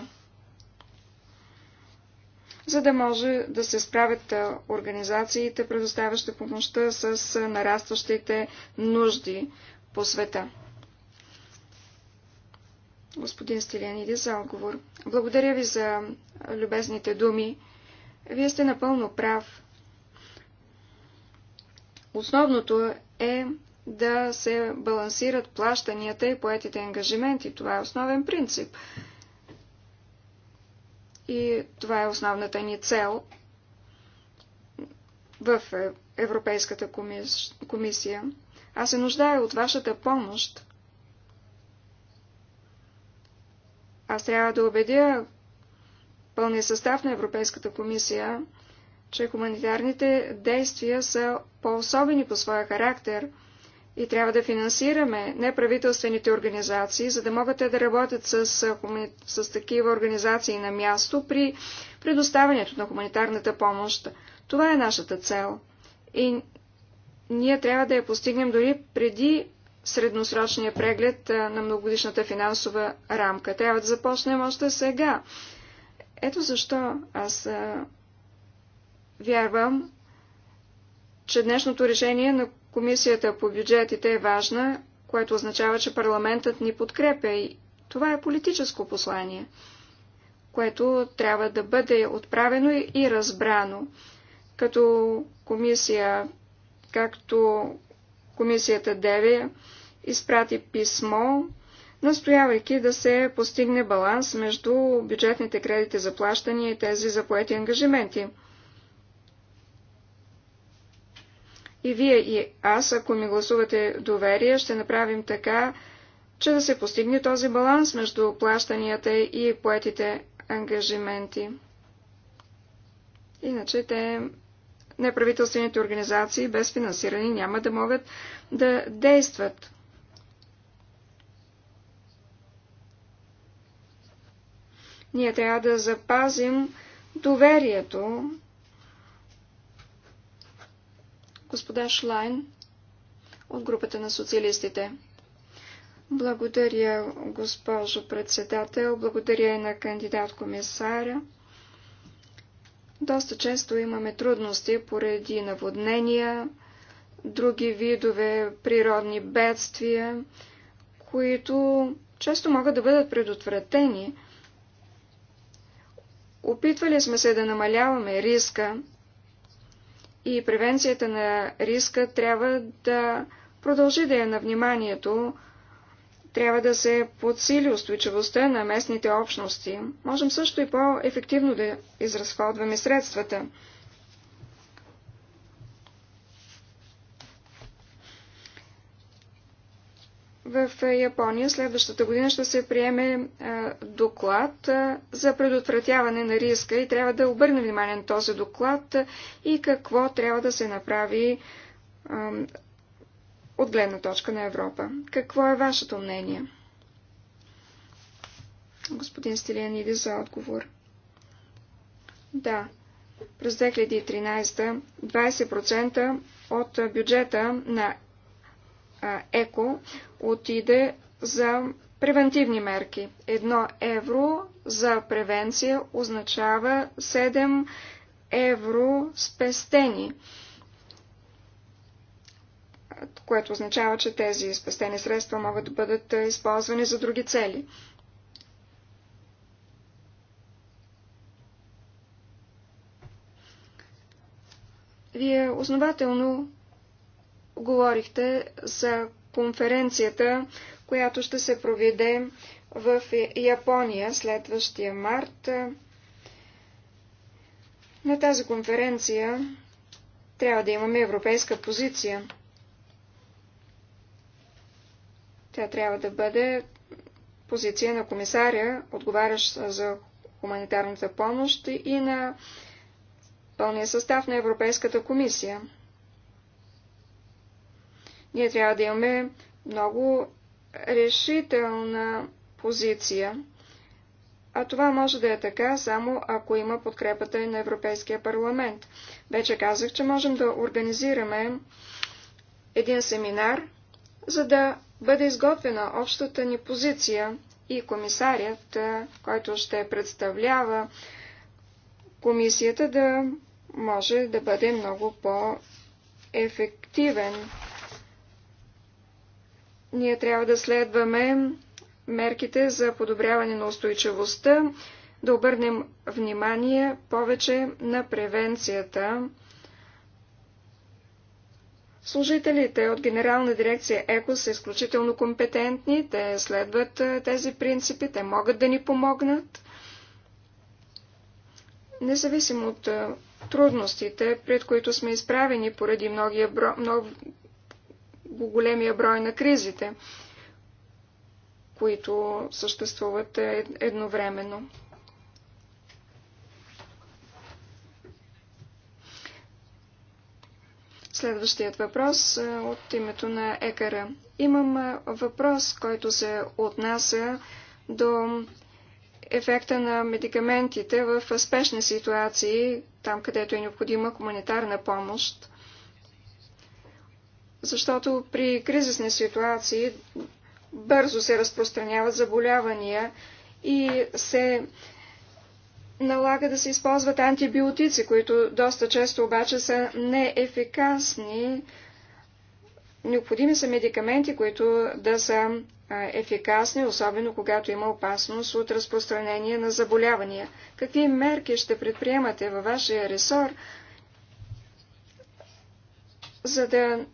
за да може да се справят организациите, предоставящи помощта с нарастващите нужди по света. Господин Стилениди за отговор. Благодаря ви за любезните думи. Вие сте напълно прав. Основното е да се балансират плащанията и поетите ангажименти. Това е основен принцип. И това е основната ни цел в е, Европейската комисия. Аз се нуждая от вашата помощ. Аз трябва да убедя пълния състав на Европейската комисия, че хуманитарните действия са по-особени по своя характер – и трябва да финансираме неправителствените организации, за да могат те да работят с, с такива организации на място при предоставянето на хуманитарната помощ. Това е нашата цел. И ние трябва да я постигнем дори преди средносрочния преглед на многогодишната финансова рамка. Трябва да започнем още сега. Ето защо аз вярвам, че днешното решение на Комисията по бюджетите е важна, което означава, че парламентът ни подкрепя и това е политическо послание, което трябва да бъде отправено и разбрано. Като комисия, както комисията Деве изпрати писмо, настоявайки да се постигне баланс между бюджетните кредити за плащания и тези за поети ангажименти. И вие и аз, ако ми гласувате доверие, ще направим така, че да се постигне този баланс между плащанията и поетите ангажименти. Иначе те, неправителствените организации без финансиране няма да могат да действат. Ние трябва да запазим доверието Господа Шлайн от групата на социалистите. Благодаря, госпожо председател. Благодаря и на кандидат-комисаря. Доста често имаме трудности поради наводнения, други видове природни бедствия, които често могат да бъдат предотвратени. Опитвали сме се да намаляваме риска, и превенцията на риска трябва да продължи да е на вниманието, трябва да се подсили устойчивостта на местните общности. Можем също и по-ефективно да изразходваме средствата. в е, Япония следващата година ще се приеме е, доклад е, за предотвратяване на риска и трябва да обърне внимание на този доклад и какво трябва да се направи от гледна точка на Европа. Какво е вашето мнение? Господин Стилиан иде за отговор. Да. През 2013 20% от бюджета на ЕКО отиде за превентивни мерки. Едно евро за превенция означава 7 евро спестени, което означава, че тези спестени средства могат да бъдат използвани за други цели. Вие основателно говорихте за конференцията, която ще се проведе в Япония следващия март. На тази конференция трябва да имаме европейска позиция. Тя трябва да бъде позиция на комисаря, отговарящ за хуманитарната помощ и на пълния състав на Европейската комисия. Ние трябва да имаме много решителна позиция. А това може да е така, само ако има подкрепата и на Европейския парламент. Вече казах, че можем да организираме един семинар, за да бъде изготвена общата ни позиция и комисарят, който ще представлява комисията, да може да бъде много по-ефективен. Ние трябва да следваме мерките за подобряване на устойчивостта, да обърнем внимание повече на превенцията. Служителите от Генерална дирекция ЕКО са изключително компетентни, те следват тези принципи, те могат да ни помогнат. Независимо от трудностите, пред които сме изправени поради многия бро големия брой на кризите, които съществуват е, едновременно. Следващият въпрос е, от името на Екара. Имам е, въпрос, който се отнася до ефекта на медикаментите в спешни ситуации, там където е необходима хуманитарна помощ защото при кризисни ситуации бързо се разпространяват заболявания и се налага да се използват антибиотици, които доста често обаче са неефикасни. Необходими са медикаменти, които да са ефикасни, особено когато има опасност от разпространение на заболявания. Какви мерки ще предприемате във вашия ресор, за да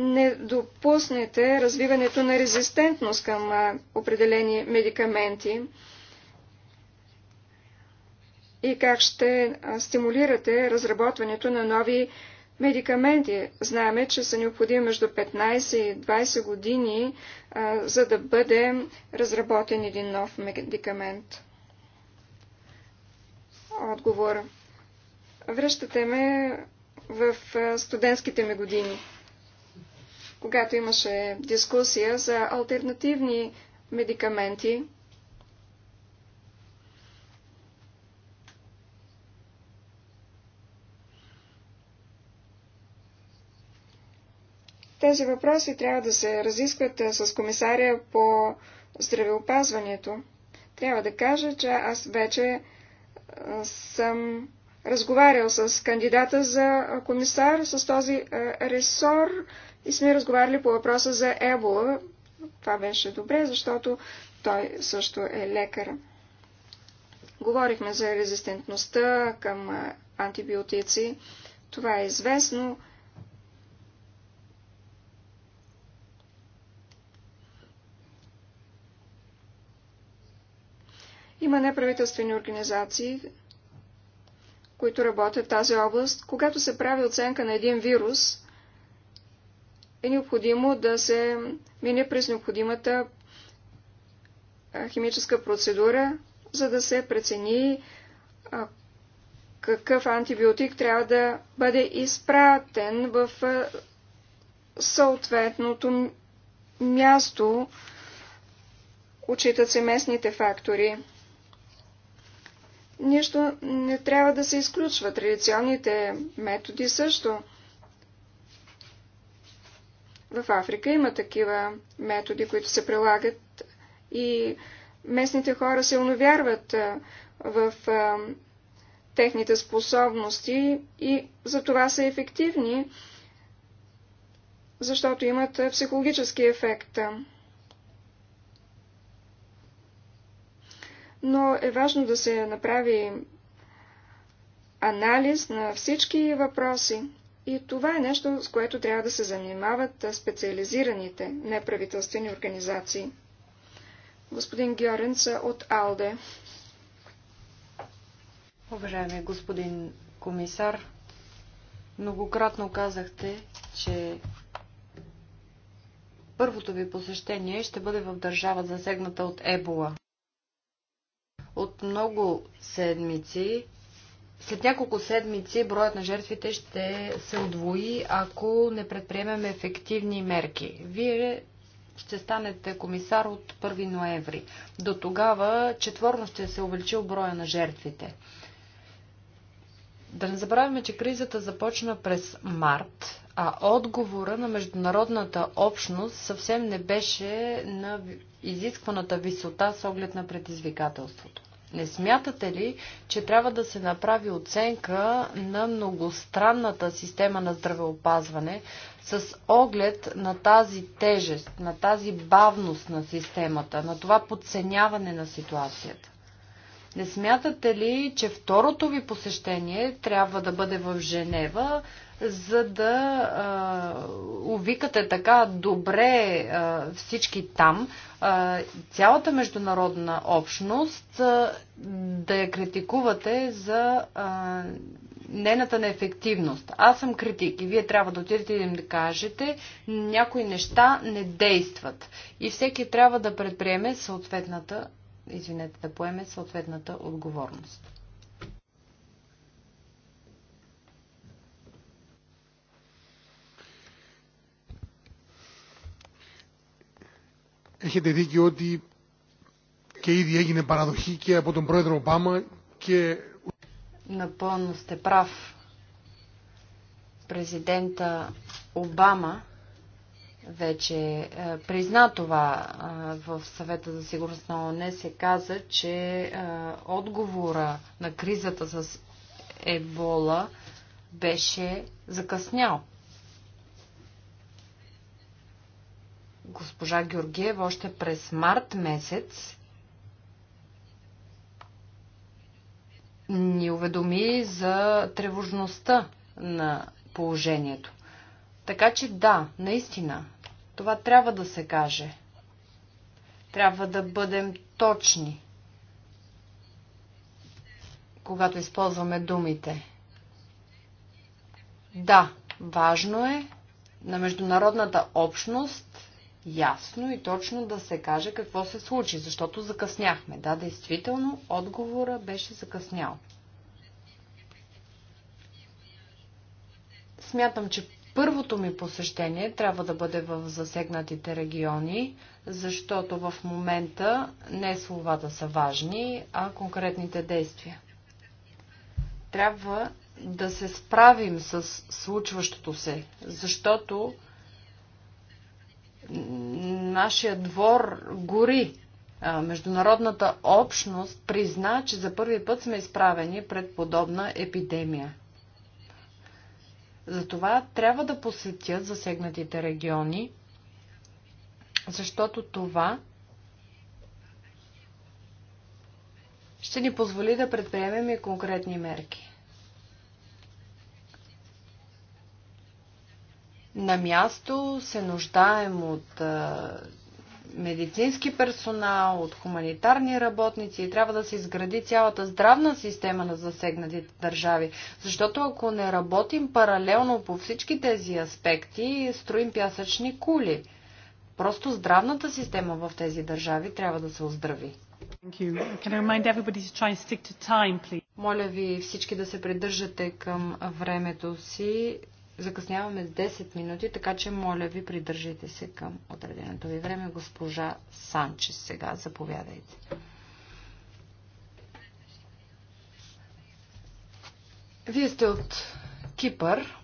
не допуснете развиването на резистентност към определени медикаменти и как ще стимулирате разработването на нови медикаменти. Знаеме, че са необходими между 15 и 20 години, за да бъде разработен един нов медикамент. Отговор. Връщате ме в студентските ми години когато имаше дискусия за альтернативни медикаменти, Тези въпроси трябва да се разискват е, с комисаря по здравеопазването. Трябва да кажа, че аз вече е, съм разговарял с кандидата за комисар с този е, ресор и сме разговаряли по въпроса за Ебола. Това беше добре, защото той също е лекар. Говорихме за резистентността към антибиотици. Това е известно. Има неправителствени организации, които работят в тази област. Когато се прави оценка на един вирус, е необходимо да се мине през необходимата химическа процедура, за да се прецени какъв антибиотик трябва да бъде изпратен в съответното място. Учитат се местните фактори. Нищо не трябва да се изключва. Традиционните методи също. В Африка има такива методи, които се прилагат и местните хора силно вярват в техните способности и за това са ефективни, защото имат психологически ефект. Но е важно да се направи анализ на всички въпроси. И това е нещо, с което трябва да се занимават специализираните неправителствени организации. Господин Гьоренц от АЛДЕ. Уважаеми господин комисар, многократно казахте, че първото ви посещение ще бъде в държава засегната от Ебола. От много седмици след няколко седмици броят на жертвите ще се удвои, ако не предприемем ефективни мерки. Вие ще станете комисар от 1 ноември. До тогава четворно ще се увеличил броя на жертвите. Да не забравяме, че кризата започна през март, а отговора на международната общност съвсем не беше на изискваната висота с оглед на предизвикателството. Не смятате ли, че трябва да се направи оценка на многостранната система на здравеопазване с оглед на тази тежест, на тази бавност на системата, на това подценяване на ситуацията? Не смятате ли, че второто ви посещение трябва да бъде в Женева, за да а, увикате така добре а, всички там, а, цялата международна общност, а, да я критикувате за а, на неефективност. Аз съм критик и вие трябва да отидете и им да кажете, някои неща не действат. И всеки трябва да предприеме съответната, извинете, да поеме съответната отговорност. έχετε δίκιο ότι και ήδη έγινε παραδοχή και από τον πρόεδρο Ομπάμα και... Напълно είστε πράφ. Президента Обама вече е, призна това е, в съвета за сигурност на ОНЕ се каза, че е, отговора на кризата с Ебола беше закъснял. госпожа Георгиева още през март месец ни уведоми за тревожността на положението. Така че да, наистина, това трябва да се каже. Трябва да бъдем точни, когато използваме думите. Да, важно е на международната общност ясно и точно да се каже какво се случи, защото закъсняхме. Да, действително, отговора беше закъснял. Смятам, че първото ми посещение трябва да бъде в засегнатите региони, защото в момента не е словата са важни, а конкретните действия. Трябва да се справим с случващото се, защото нашия двор гори. Международната общност призна, че за първи път сме изправени пред подобна епидемия. Затова трябва да посетят засегнатите региони, защото това ще ни позволи да предприемем и конкретни мерки. На място се нуждаем от медицински персонал, от хуманитарни работници и трябва да се изгради цялата здравна система на засегнатите държави. Защото ако не работим паралелно по всички тези аспекти, строим пясъчни кули. Просто здравната система в тези държави трябва да се оздрави. Моля ви всички да се придържате към времето си. Закъсняваме с 10 минути, така че моля ви, придържайте се към отреденото ви време. Госпожа Санчес, сега заповядайте. Вие сте от Кипър.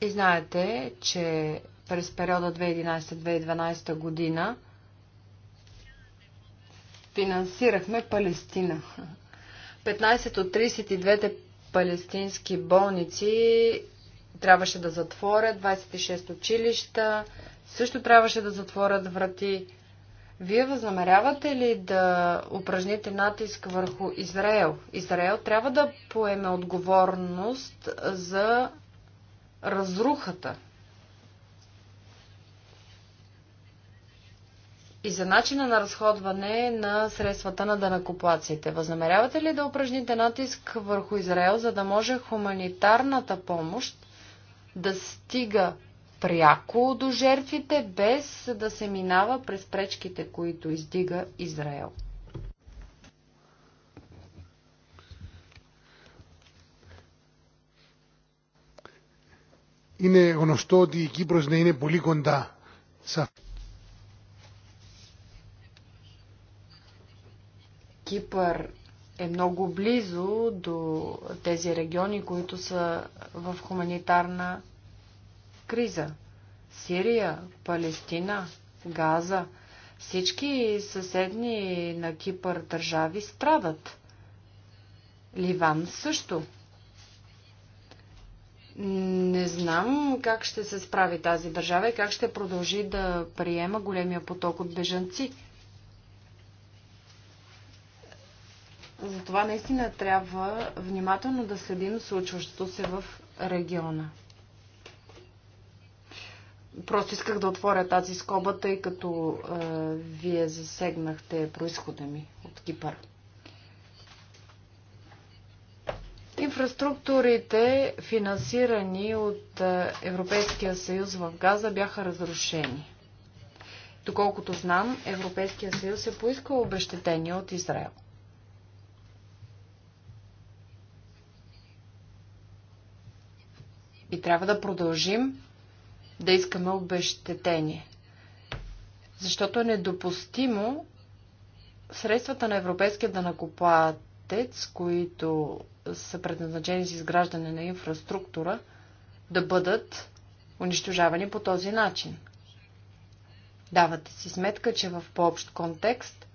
И знаете, че през периода 2011-2012 година финансирахме Палестина. 15 от 32-те палестински болници трябваше да затворят, 26 училища също трябваше да затворят врати. Вие възнамерявате ли да упражните натиск върху Израел? Израел трябва да поеме отговорност за разрухата и за начина на разходване на средствата на данакоплаците. Възнамерявате ли да упражните натиск върху Израел, за да може хуманитарната помощ да стига пряко до жертвите, без да се минава през пречките, които издига Израел? Είναι γνωστό ότι η Κύπρος να είναι πολύ κοντά σε αυτό. Кипър е много близо до тези региони, които са в хуманитарна криза. Сирия, Палестина, Газа. Всички съседни на Кипър държави страдат. Ливан също. Не знам как ще се справи тази държава и как ще продължи да приема големия поток от бежанци. Затова наистина трябва внимателно да следим случващото се в региона. Просто исках да отворя тази скоба, тъй като е, вие засегнахте происхода ми от Кипър. Инфраструктурите, финансирани от е, Европейския съюз в Газа, бяха разрушени. Доколкото знам, Европейския съюз е поискал обещетение от Израел. И трябва да продължим да искаме обещетение. Защото е недопустимо средствата на европейския данакоплатец, които са предназначени за изграждане на инфраструктура, да бъдат унищожавани по този начин. Давате си сметка, че в по-общ контекст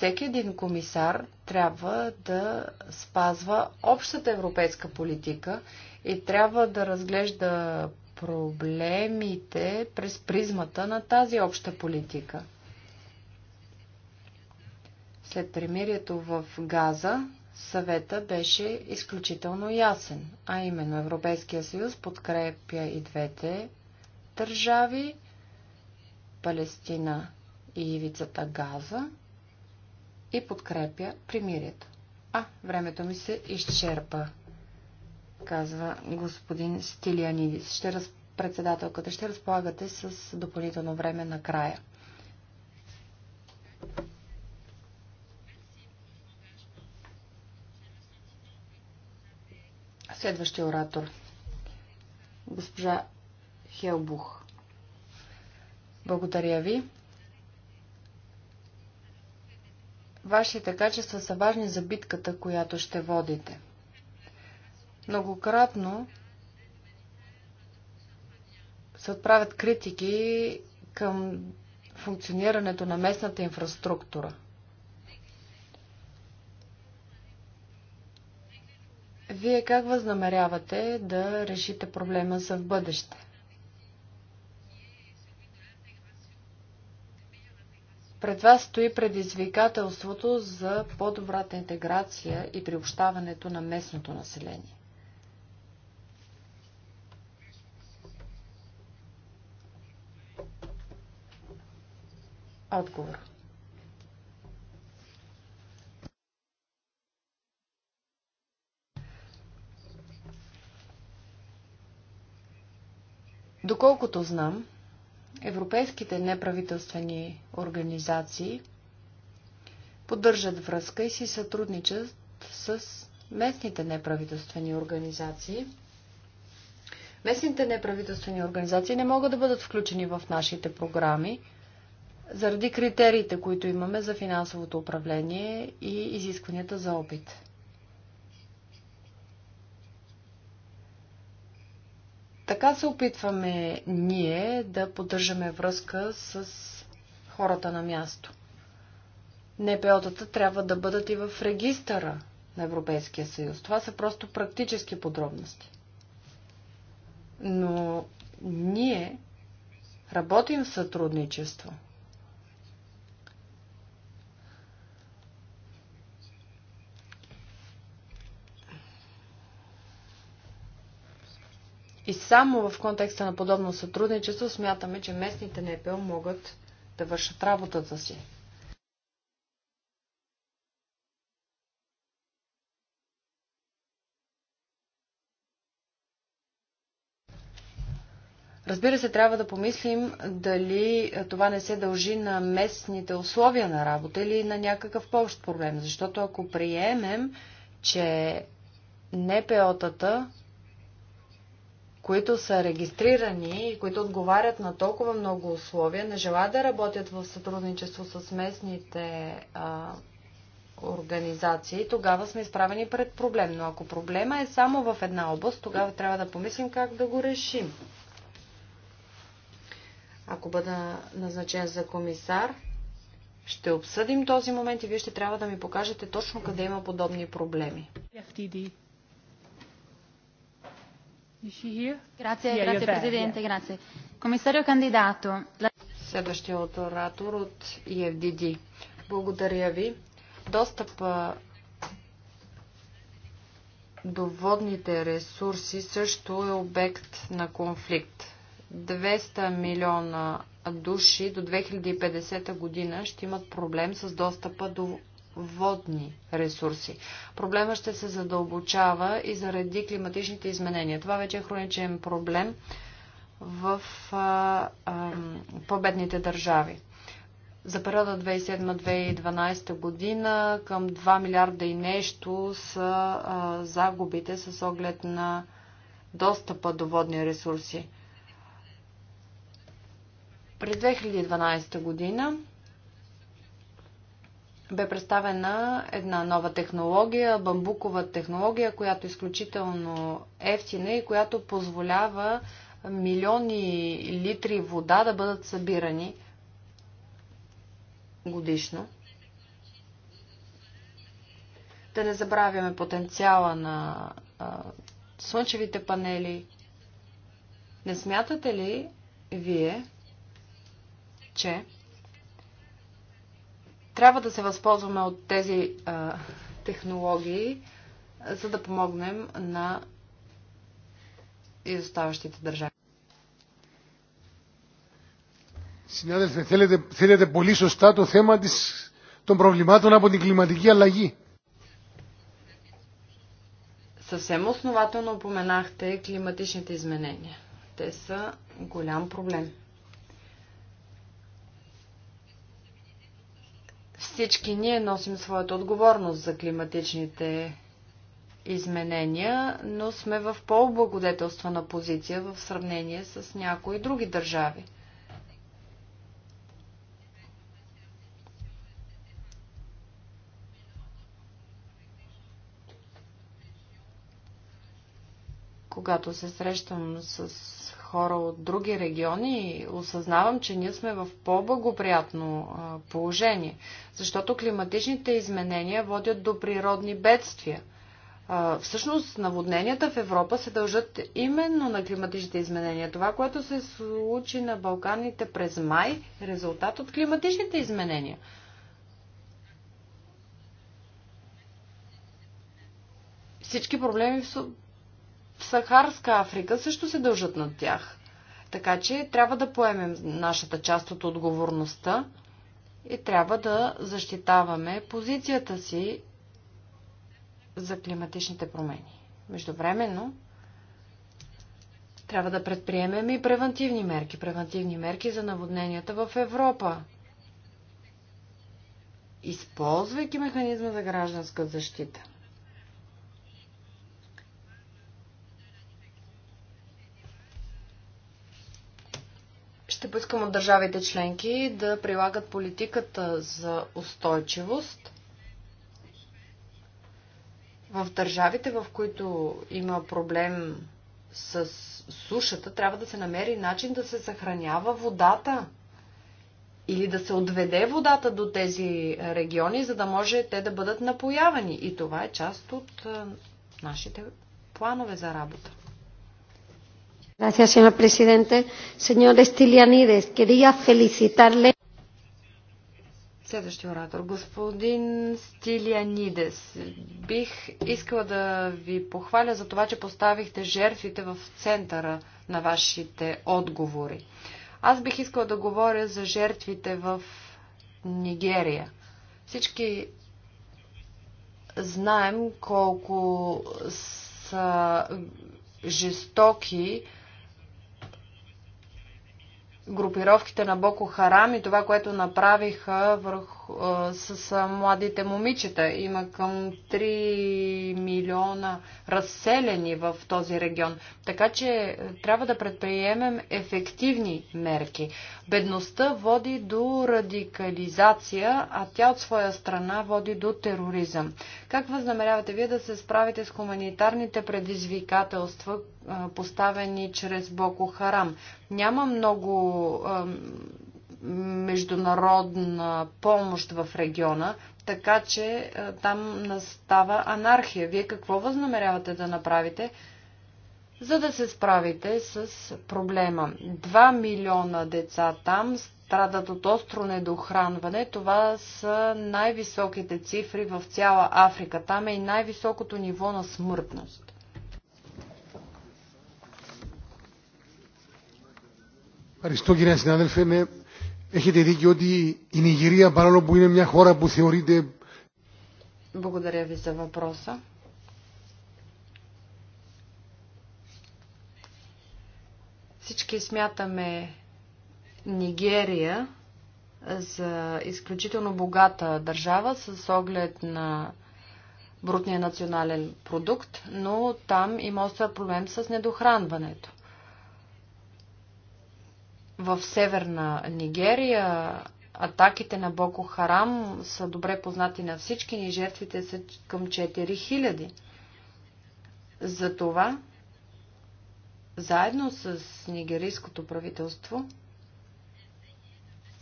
всеки един комисар трябва да спазва общата европейска политика и трябва да разглежда проблемите през призмата на тази обща политика. След премирието в Газа, съвета беше изключително ясен, а именно Европейския съюз подкрепя и двете държави, Палестина и ивицата Газа, и подкрепя примирието. А, времето ми се изчерпа, казва господин Стилианидис. Ще раз... Председателката, ще разполагате с допълнително време на края. Следващия оратор. Госпожа Хелбух. Благодаря ви. Вашите качества са важни за битката, която ще водите. Многократно се отправят критики към функционирането на местната инфраструктура. Вие как възнамерявате да решите проблема за в бъдеще? Пред вас стои предизвикателството за по-добрата интеграция и приобщаването на местното население. Отговор. Доколкото знам, Европейските неправителствени организации поддържат връзка и си сътрудничат с местните неправителствени организации. Местните неправителствени организации не могат да бъдат включени в нашите програми заради критериите, които имаме за финансовото управление и изискванията за опит. Така се опитваме ние да поддържаме връзка с хората на място. НПО-тата трябва да бъдат и в регистъра на Европейския съюз. Това са просто практически подробности. Но ние работим в сътрудничество – И само в контекста на подобно сътрудничество смятаме, че местните НПО могат да вършат работата си. Разбира се, трябва да помислим дали това не се дължи на местните условия на работа или на някакъв по-общ проблем. Защото ако приемем, че НПО-тата които са регистрирани и които отговарят на толкова много условия, не желаят да работят в сътрудничество с местните а, организации, тогава сме изправени пред проблем. Но ако проблема е само в една област, тогава трябва да помислим как да го решим. Ако бъда назначен за комисар, ще обсъдим този момент и вие ще трябва да ми покажете точно къде има подобни проблеми. Grazie, grazie. Комисарио кандидато. Следващия оратор от EFDD. Благодаря ви. Достъп до водните ресурси също е обект на конфликт. 200 милиона души до 2050 година ще имат проблем с достъпа до водни ресурси. Проблема ще се задълбочава и заради климатичните изменения. Това вече е хроничен проблем в а, а, победните държави. За периода 2007-2012 година към 2 милиарда и нещо са а, загубите с оглед на достъпа до водни ресурси. През 2012 година бе представена една нова технология, бамбукова технология, която е изключително ефтина и която позволява милиони литри вода да бъдат събирани годишно. Да не забравяме потенциала на а, слънчевите панели. Не смятате ли вие, че трябва да се възползваме от тези а, технологии, за да помогнем на изоставащите държави. Συνάδελφε, θέλετε, θέλετε πολύ σωστά το θέμα της, των προβλημάτων από την κλιματική αλλαγή. Съвсем основателно упоменахте климатичните изменения. Те са голям проблем. Всички ние носим своята отговорност за климатичните изменения, но сме в по-облагодетелствана позиция в сравнение с някои други държави. когато се срещам с хора от други региони и осъзнавам, че ние сме в по-благоприятно положение, защото климатичните изменения водят до природни бедствия. Всъщност наводненията в Европа се дължат именно на климатичните изменения. Това, което се случи на Балканите през май, е резултат от климатичните изменения. Всички проблеми в Сахарска Африка също се дължат на тях. Така че трябва да поемем нашата част от отговорността и трябва да защитаваме позицията си за климатичните промени. Междувременно, трябва да предприемем и превентивни мерки. Превентивни мерки за наводненията в Европа. Използвайки механизма за гражданска защита. ще поискам от държавите членки да прилагат политиката за устойчивост в държавите, в които има проблем с сушата, трябва да се намери начин да се съхранява водата или да се отведе водата до тези региони, за да може те да бъдат напоявани. И това е част от нашите планове за работа señor presidente. Señor stylianides quería felicitarle. Следващия оратор. Господин Стилианидес, бих искала да ви похваля за това, че поставихте жертвите в центъра на вашите отговори. Аз бих искала да говоря за жертвите в Нигерия. Всички знаем колко са жестоки групировките на Боко Харам и това, което направиха върху с младите момичета. Има към 3 милиона разселени в този регион. Така че е, трябва да предприемем ефективни мерки. Бедността води до радикализация, а тя от своя страна води до тероризъм. Как възнамерявате вие да се справите с хуманитарните предизвикателства, поставени чрез Боко Харам? Няма много международна помощ в региона, така че е, там настава анархия. Вие какво възнамерявате да направите, за да се справите с проблема? 2 милиона деца там страдат от остро недохранване. Това са най-високите цифри в цяла Африка. Там е и най-високото ниво на смъртност. Ευχαριστώ κύριε συνάδελφε. Έχετε δίκιο ότι η Νιγηρία, παρόλο που είναι μια χώρα που θεωρείται. Благодаря ви за въпроса. Всички смятаме Нигерия за изключително богата държава с оглед на брутния национален продукт, но там има остър проблем с недохранването в Северна Нигерия атаките на Боко Харам са добре познати на всички ни, жертвите са към 4000. Затова, заедно с нигерийското правителство,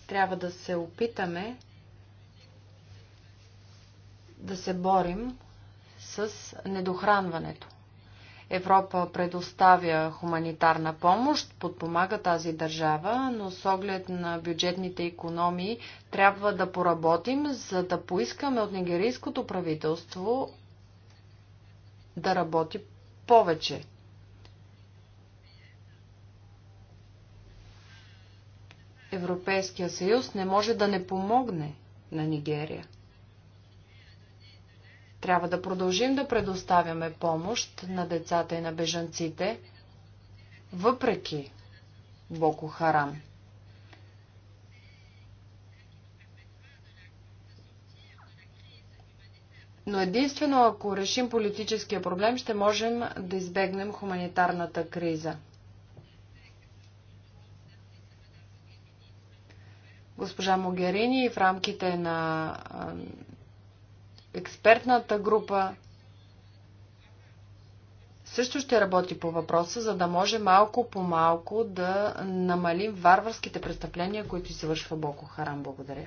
трябва да се опитаме да се борим с недохранването. Европа предоставя хуманитарна помощ, подпомага тази държава, но с оглед на бюджетните економии трябва да поработим, за да поискаме от нигерийското правителство да работи повече. Европейския съюз не може да не помогне на Нигерия. Трябва да продължим да предоставяме помощ на децата и на бежанците, въпреки Боко Харам. Но единствено ако решим политическия проблем, ще можем да избегнем хуманитарната криза. Госпожа Могерини в рамките на експертната група също ще работи по въпроса, за да може малко по малко да намалим варварските престъпления, които извършва Боко Харам. Благодаря.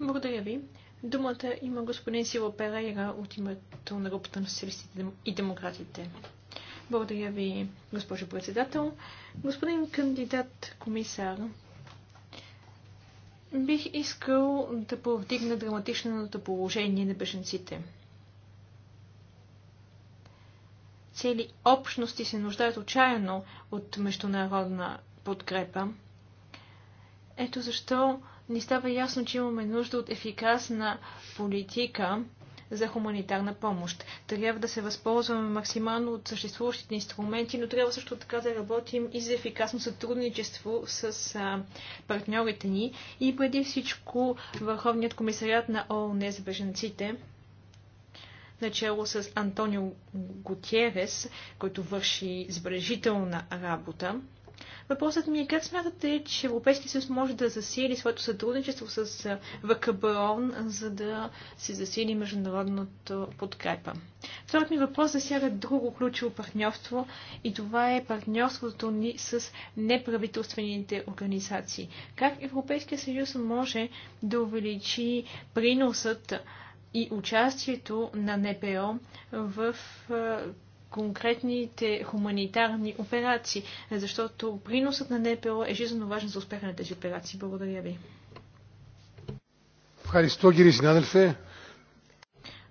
Благодаря ви. Думата има господин Сиво Перейра от името на групата на социалистите и демократите. Благодаря ви, госпожо председател. Господин кандидат комисар, Бих искал да повдигна драматичното положение на беженците. Цели общности се нуждаят отчаяно от международна подкрепа. Ето защо ни става ясно, че имаме нужда от ефикасна политика, за хуманитарна помощ. Трябва да се възползваме максимално от съществуващите инструменти, но трябва също така да работим и за ефикасно сътрудничество с а, партньорите ни и преди всичко Върховният комисариат на ООН за беженците начало с Антонио Готиерес, който върши забележителна работа. Въпросът ми е как смятате, че Европейския съюз може да засили своето сътрудничество с ВКБОН, за да се засили международното подкрепа? Вторият ми въпрос засяга друго ключово партньорство и това е партньорството ни с неправителствените организации. Как Европейския съюз може да увеличи приносът и участието на НПО в конкретните хуманитарни операции, защото приносът на НПО е жизненно важен за успеха на тези операции. Благодаря ви.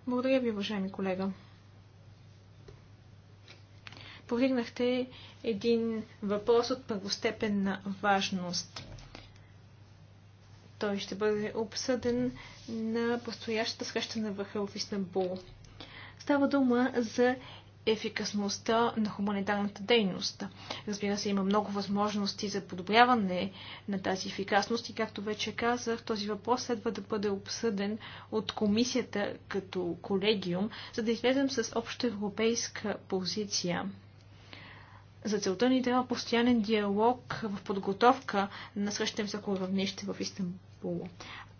Благодаря ви, уважаеми колега. Повдигнахте един въпрос от първостепенна важност. Той ще бъде обсъден на предстоящата среща на върха в Истанбул. Става дума за ефикасността на хуманитарната дейност. Разбира се, има много възможности за подобряване на тази ефикасност и, както вече казах, този въпрос следва да бъде обсъден от комисията като колегиум, за да излезем с общо европейска позиция. За целта ни трябва постоянен диалог в подготовка на срещам високо равнище в Истанбул.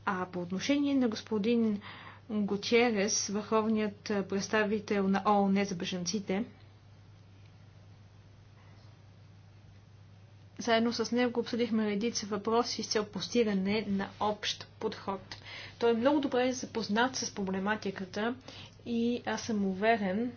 А по отношение на господин Гутерес, върховният представител на ООН за бежанците, Заедно с него обсъдихме редица въпроси с цел постигане на общ подход. Той е много добре запознат с проблематиката и аз съм уверен,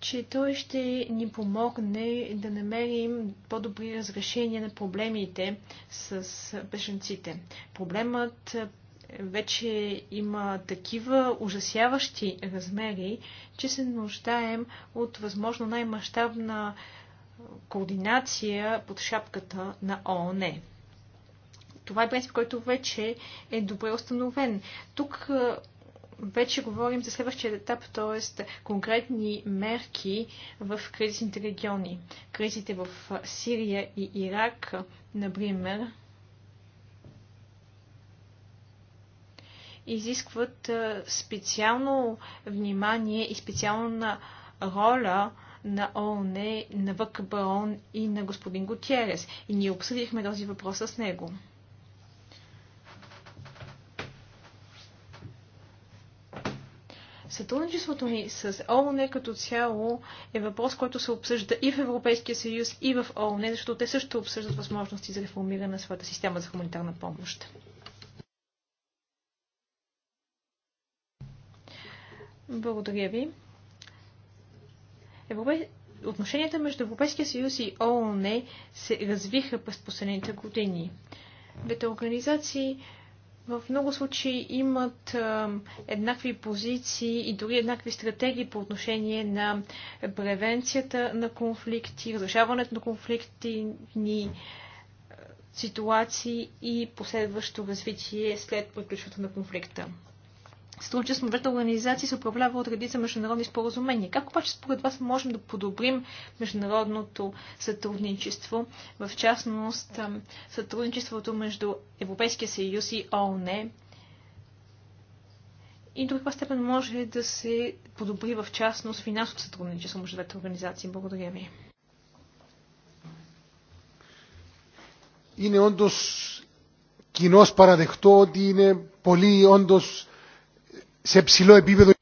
че той ще ни помогне да намерим по-добри разрешения на проблемите с беженците. Проблемът вече има такива ужасяващи размери, че се нуждаем от възможно най-мащабна координация под шапката на ООН. Това е принцип, който вече е добре установен. Тук вече говорим за следващия етап, т.е. конкретни мерки в кризисните региони. Кризите в Сирия и Ирак, например, изискват специално внимание и специална роля на ООН, на ВКБОН и на господин Гутиерес. И ние обсъдихме този въпрос с него. Сътрудничеството ни с ООН като цяло е въпрос, който се обсъжда и в Европейския съюз, и в ООН, защото те също обсъждат възможности за реформиране на своята система за хуманитарна помощ. Благодаря ви. Европе... Отношенията между Европейския съюз и ООН се развиха през последните години. Двете организации в много случаи имат а, еднакви позиции и дори еднакви стратегии по отношение на превенцията на конфликти, разрешаването на конфликти, ни ситуации и последващо развитие след приключването на конфликта сътрудничество на двете организации се управлява от редица международни споразумения. Как обаче според вас можем да подобрим международното сътрудничество, в частност сътрудничеството между Европейския съюз и ООН? И до каква степен може да се подобри в частност финансовото сътрудничество между двете организации? Благодаря ви. Είναι όντως κοινός παραδεχτό ότι είναι πολύ όντως σε ψηλό επίπεδο.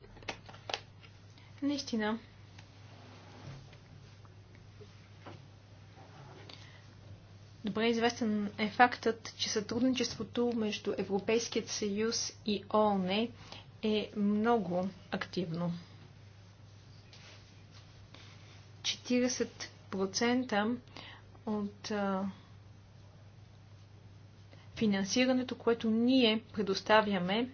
Наистина. Добре известен е фактът, че сътрудничеството между Европейският съюз и ООН е много активно. 40% от а, финансирането, което ние предоставяме,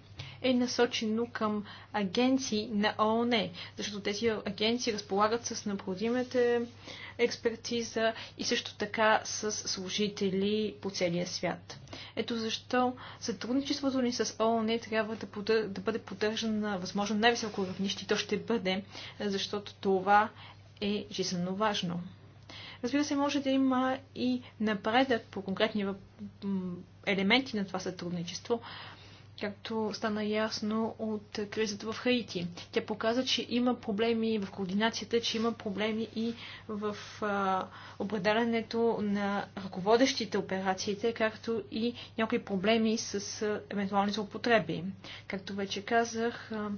е насочено към агенции на ООН, защото тези агенции разполагат с необходимите експертиза и също така с служители по целия свят. Ето защо сътрудничеството ни с ООН трябва да, подър... да бъде поддържано на възможно най-високо равнище и то ще бъде, защото това е жизненно важно. Разбира се, може да има и напредък по конкретни елементи на това сътрудничество, както стана ясно от кризата в Хаити. Тя показа, че има проблеми в координацията, че има проблеми и в а, определенето на ръководещите операциите, както и някои проблеми с а, евентуални злоупотреби. Както вече казах, а,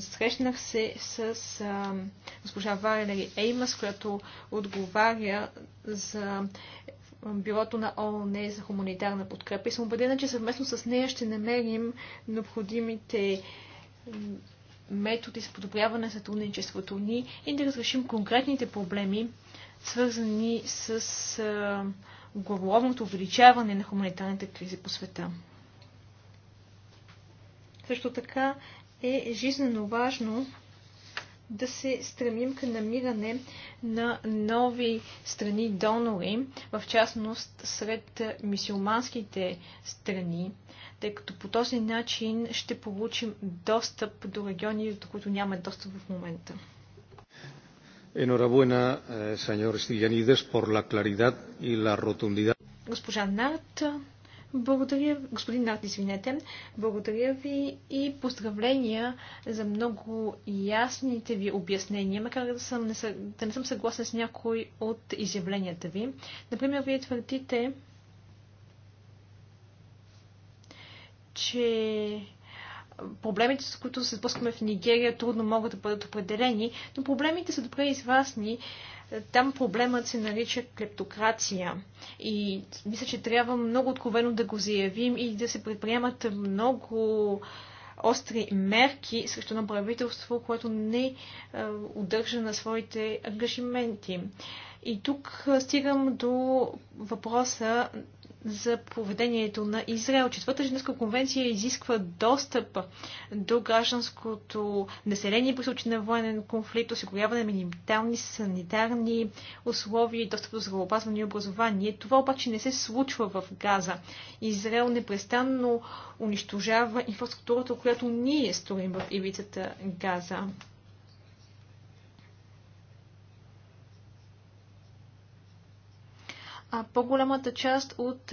срещнах се с а, госпожа Валери Еймас, която отговаря за бюрото на ООН за хуманитарна подкрепа и съм убедена, че съвместно с нея ще намерим необходимите методи за подобряване на сътрудничеството ни и да разрешим конкретните проблеми, свързани с главоломното увеличаване на хуманитарните кризи по света. Също така е жизненно важно да се стремим към намиране на нови страни донори, в частност сред мисиоманските страни, тъй като по този начин ще получим достъп до региони, до които нямаме достъп в момента. Enhorabuena, eh, señor Stylianides, por la claridad y la rotundidad. Госпожа Нарт, благодаря, господин Нарт, извинете. Благодаря ви и поздравления за много ясните ви обяснения, макар да, съм, да не съм съгласна с някой от изявленията ви. Например, вие твърдите, че проблемите, с които се сблъскваме в Нигерия, трудно могат да бъдат определени, но проблемите са добре известни там проблемът се нарича клептокрация. И мисля, че трябва много откровено да го заявим и да се предприемат много остри мерки срещу на правителство, което не е, удържа на своите ангажименти. И тук е, стигам до въпроса за поведението на Израел. Четвърта женска конвенция изисква достъп до гражданското население при случай на военен конфликт, осигуряване на минимални санитарни условия и достъп до здравеопазване и образование. Това обаче не се случва в Газа. Израел непрестанно унищожава инфраструктурата, която ние строим в ивицата Газа. а по-голямата част от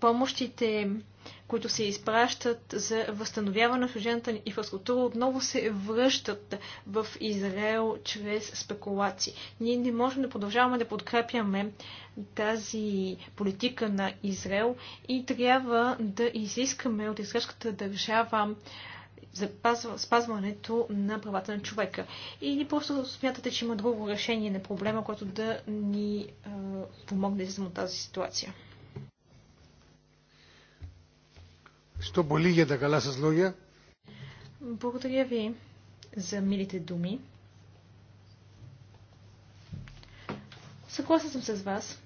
помощите, които се изпращат за възстановяване на служената инфраструктура, отново се връщат в Израел чрез спекулации. Ние не можем да продължаваме да подкрепяме тази политика на Израел и трябва да изискаме от израелската държава за спазването на правата на човека. Или просто смятате, че има друго решение на проблема, което да ни а, помогне за тази ситуация. Що боли я е да кала с логия? Благодаря ви за милите думи. Съгласен съм с вас.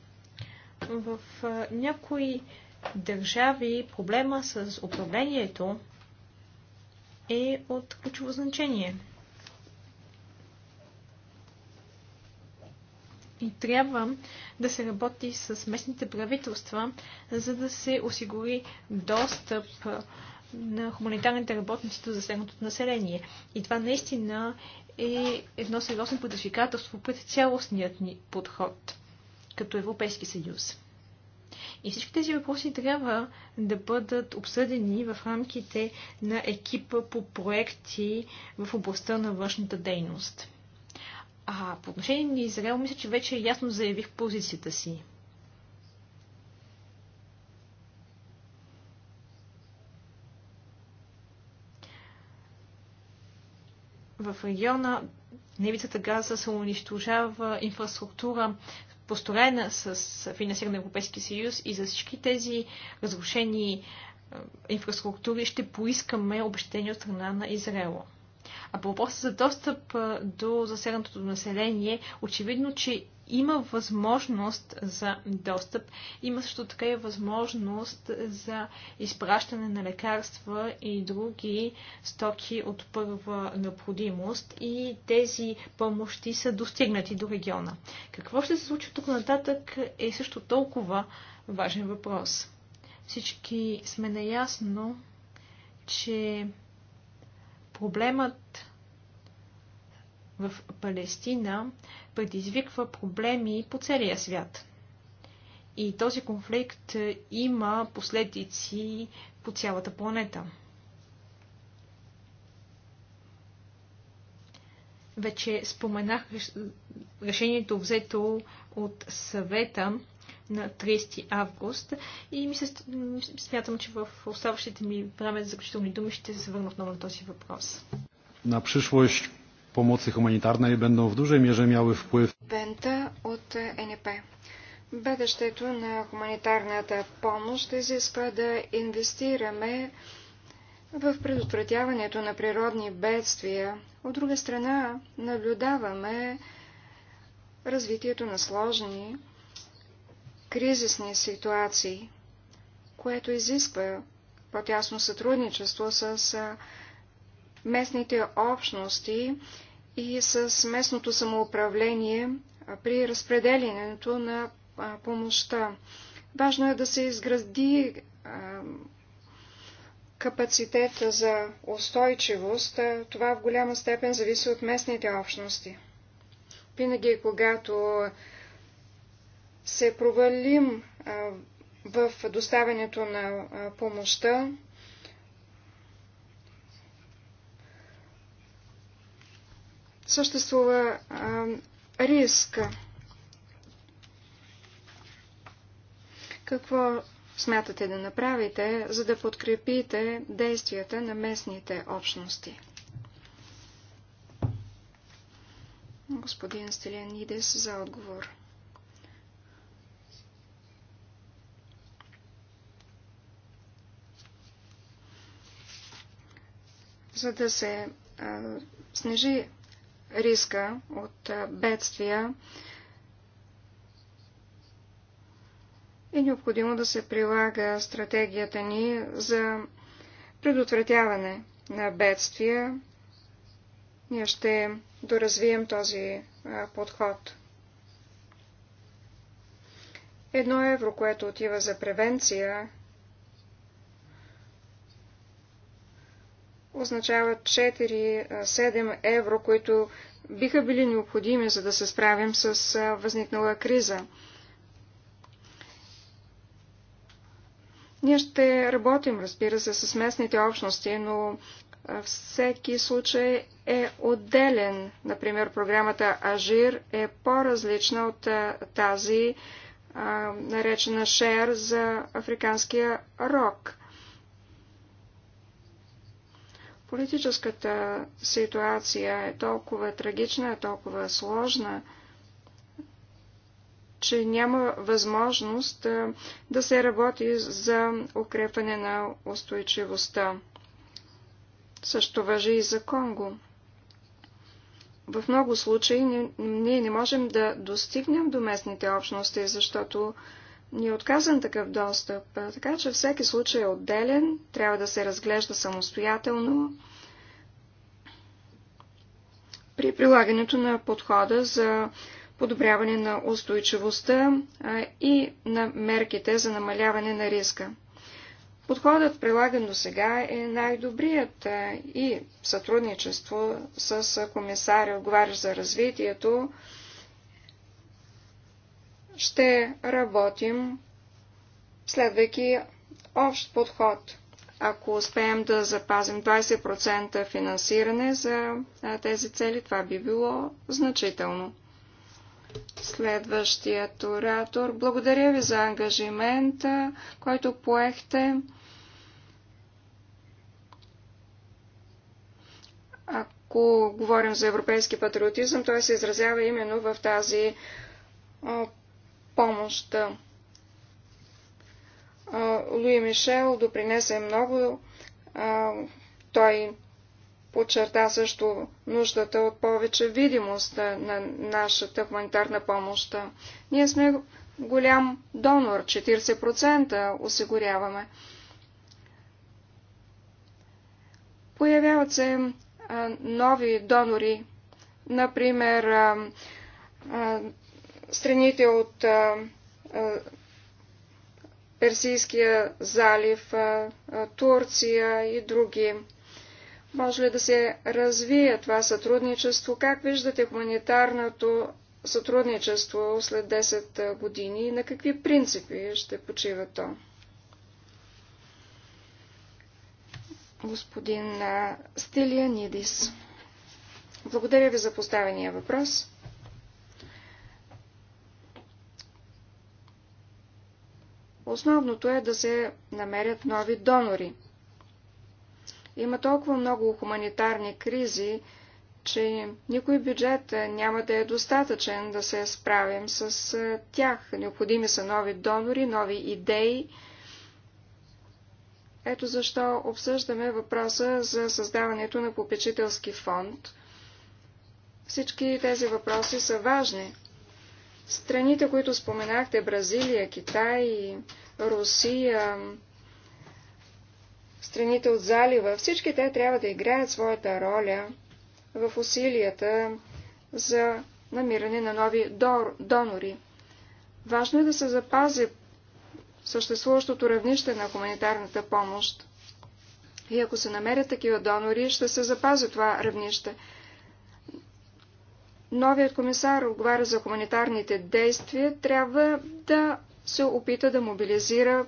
В някои държави проблема с управлението е от ключово значение. И трябва да се работи с местните правителства, за да се осигури достъп на хуманитарните работници до засегнатото население. И това наистина е едно сериозно предизвикателство пред цялостният ни подход като Европейски съюз. И всички тези въпроси трябва да бъдат обсъдени в рамките на екипа по проекти в областта на външната дейност. А по отношение на Израел, мисля, че вече ясно заявих позицията си. в региона Невицата Газа се унищожава инфраструктура, построена с финансиране на Европейския съюз и за всички тези разрушени е, инфраструктури ще поискаме обещение от страна на Израела. А по въпроса за достъп е, до заседаното население, очевидно, че има възможност за достъп, има също така и възможност за изпращане на лекарства и други стоки от първа необходимост и тези помощи са достигнати до региона. Какво ще се случи тук нататък е също толкова важен въпрос. Всички сме наясно, че проблемът в Палестина предизвиква проблеми по целия свят. И този конфликт е, има последици по цялата планета. Вече споменах решението взето от съвета на 30 август и ми се, смятам, че в оставащите ми време за заключителни думи ще се върна отново на този въпрос. На пришлощ pomocy humanitarnej będą w dużej mierze miały wpływ. Бента от НП. Бъдещето на хуманитарната помощ изисква да инвестираме в предотвратяването на природни бедствия. От друга страна, наблюдаваме развитието на сложни кризисни ситуации, което изисква по-тясно сътрудничество с местните общности и с местното самоуправление при разпределянето на помощта. Важно е да се изгради капацитета за устойчивост. Това в голяма степен зависи от местните общности. Винаги, когато се провалим в доставянето на помощта, съществува а, риска. Какво смятате да направите, за да подкрепите действията на местните общности? Господин Стелянидес за отговор. За да се а, снежи риска от бедствия, е необходимо да се прилага стратегията ни за предотвратяване на бедствия. Ние ще доразвием този подход. Едно евро, което отива за превенция означава 4-7 евро, които биха били необходими, за да се справим с възникнала криза. Ние ще работим, разбира се, с местните общности, но всеки случай е отделен. Например, програмата Ажир е по-различна от тази, наречена Шер за африканския рок. Политическата ситуация е толкова трагична, е толкова сложна, че няма възможност да се работи за укрепване на устойчивостта. Също въжи и за Конго. В много случаи ние не можем да достигнем до местните общности, защото ни е отказан такъв достъп. Така че всеки случай е отделен, трябва да се разглежда самостоятелно при прилагането на подхода за подобряване на устойчивостта и на мерките за намаляване на риска. Подходът, прилаган до сега, е най-добрият и сътрудничество с комисаря, отговарящ за развитието, ще работим следвайки общ подход. Ако успеем да запазим 20% финансиране за тези цели, това би било значително. Следващият оратор. Благодаря ви за ангажимента, който поехте. Ако говорим за европейски патриотизъм, той се изразява именно в тази помощта. Луи Мишел допринесе много. Той подчерта също нуждата от повече видимост на нашата хуманитарна помощ. Ние сме голям донор, 40% осигуряваме. Появяват се нови донори, например страните от а, а, Персийския залив, а, Турция и други. Може ли да се развие това сътрудничество? Как виждате хуманитарното сътрудничество след 10 години и на какви принципи ще почива то? Господин Нидис, Благодаря ви за поставения въпрос. Основното е да се намерят нови донори. Има толкова много хуманитарни кризи, че никой бюджет няма да е достатъчен да се справим с тях. Необходими са нови донори, нови идеи. Ето защо обсъждаме въпроса за създаването на попечителски фонд. Всички тези въпроси са важни. Страните, които споменахте, Бразилия, Китай, Русия, страните от залива, всички те трябва да играят своята роля в усилията за намиране на нови донори. Важно е да се запази съществуващото равнище на хуманитарната помощ. И ако се намерят такива донори, ще се запази това равнище новият комисар отговаря за хуманитарните действия, трябва да се опита да мобилизира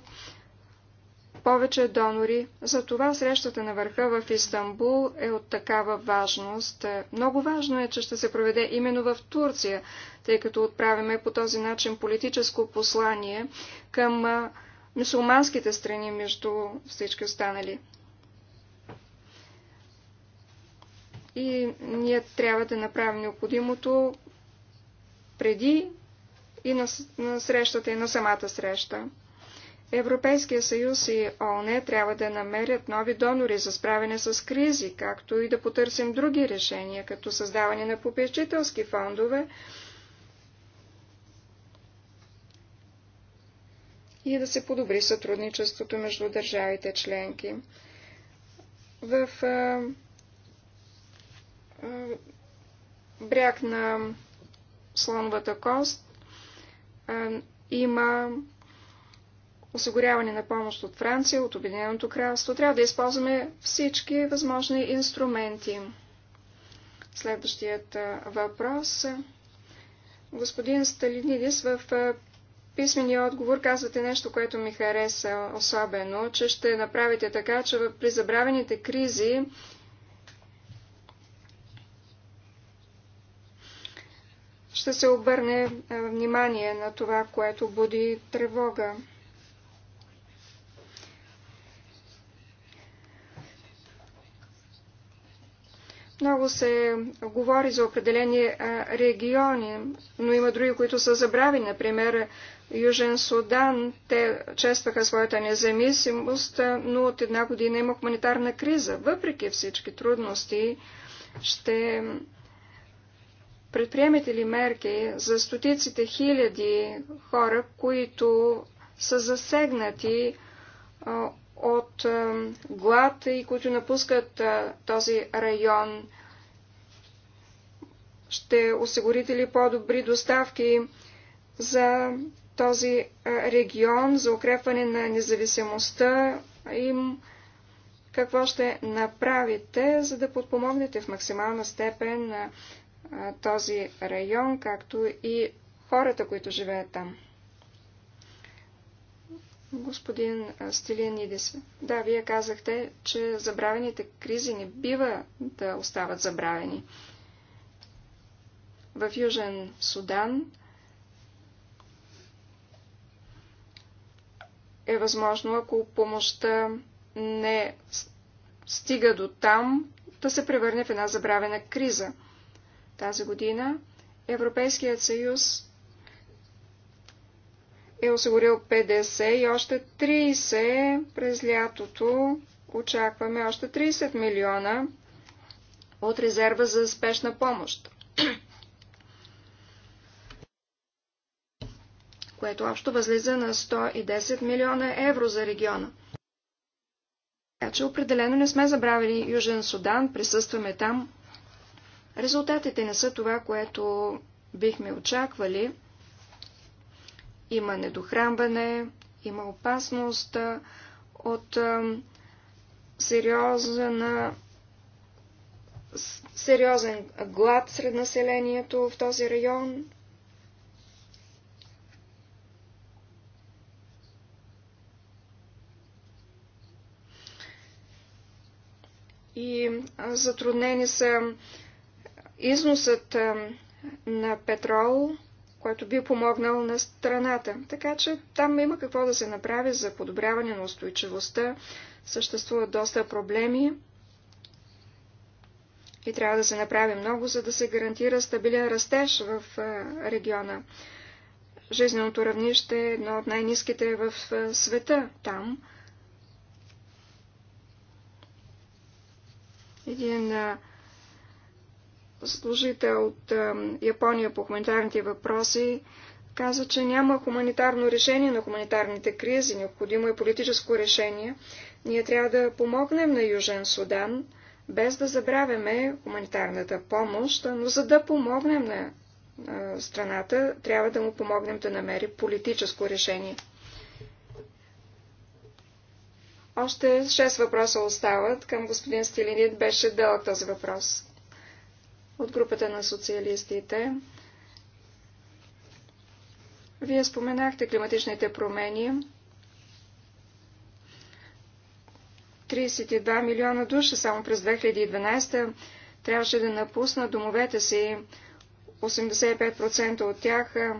повече донори. Затова срещата на върха в Истанбул е от такава важност. Много важно е, че ще се проведе именно в Турция, тъй като отправяме по този начин политическо послание към мусулманските страни между всички останали. и ние трябва да направим необходимото преди и на, на срещата и на самата среща. Европейския съюз и ООН трябва да намерят нови донори за справяне с кризи, както и да потърсим други решения, като създаване на попечителски фондове и да се подобри сътрудничеството между държавите членки. В бряг на слоновата кост е, има осигуряване на помощ от Франция, от Обединеното кралство. Трябва да използваме всички възможни инструменти. Следващият е, въпрос. Господин Сталинидис, в е, писмения отговор казвате нещо, което ми хареса особено, че ще направите така, че при забравените кризи ще се обърне е, внимание на това, което буди тревога. Много се говори за определени е, региони, но има други, които са забравени. Например, Южен Судан, те честваха своята независимост, е, но от една година има хуманитарна криза. Въпреки всички трудности, ще Предприемете ли мерки за стотиците хиляди хора, които са засегнати от глад и които напускат този район? Ще осигурите ли по-добри доставки за този регион, за укрепване на независимостта им? Какво ще направите, за да подпомогнете в максимална степен този район, както и хората, които живеят там. Господин Стилианидис, да, вие казахте, че забравените кризи не бива да остават забравени. В Южен Судан е възможно, ако помощта не стига до там, да се превърне в една забравена криза – тази година Европейският съюз е осигурил 50 и още 30 през лятото. Очакваме още 30 милиона от резерва за спешна помощ. [CLEARS THROAT] което общо възлиза на 110 милиона евро за региона. Така че определено не сме забравили Южен Судан, присъстваме там Резултатите не са това, което бихме очаквали. Има недохранване, има опасност от сериозен, сериозен глад сред населението в този район. И затруднени са износът на петрол, който би помогнал на страната. Така че там има какво да се направи за подобряване на устойчивостта. Съществуват доста проблеми и трябва да се направи много, за да се гарантира стабилен растеж в региона. Жизненото равнище е едно от най-низките в света там. Един служител от Япония по хуманитарните въпроси каза, че няма хуманитарно решение на хуманитарните кризи, необходимо е политическо решение. Ние трябва да помогнем на Южен Судан, без да забравяме хуманитарната помощ, но за да помогнем на страната, трябва да му помогнем да намери политическо решение. Още 6 въпроса остават. Към господин Стилинит беше дълъг този въпрос от групата на социалистите. Вие споменахте климатичните промени. 32 милиона души само през 2012 трябваше да напуснат домовете си. 85% от тях а,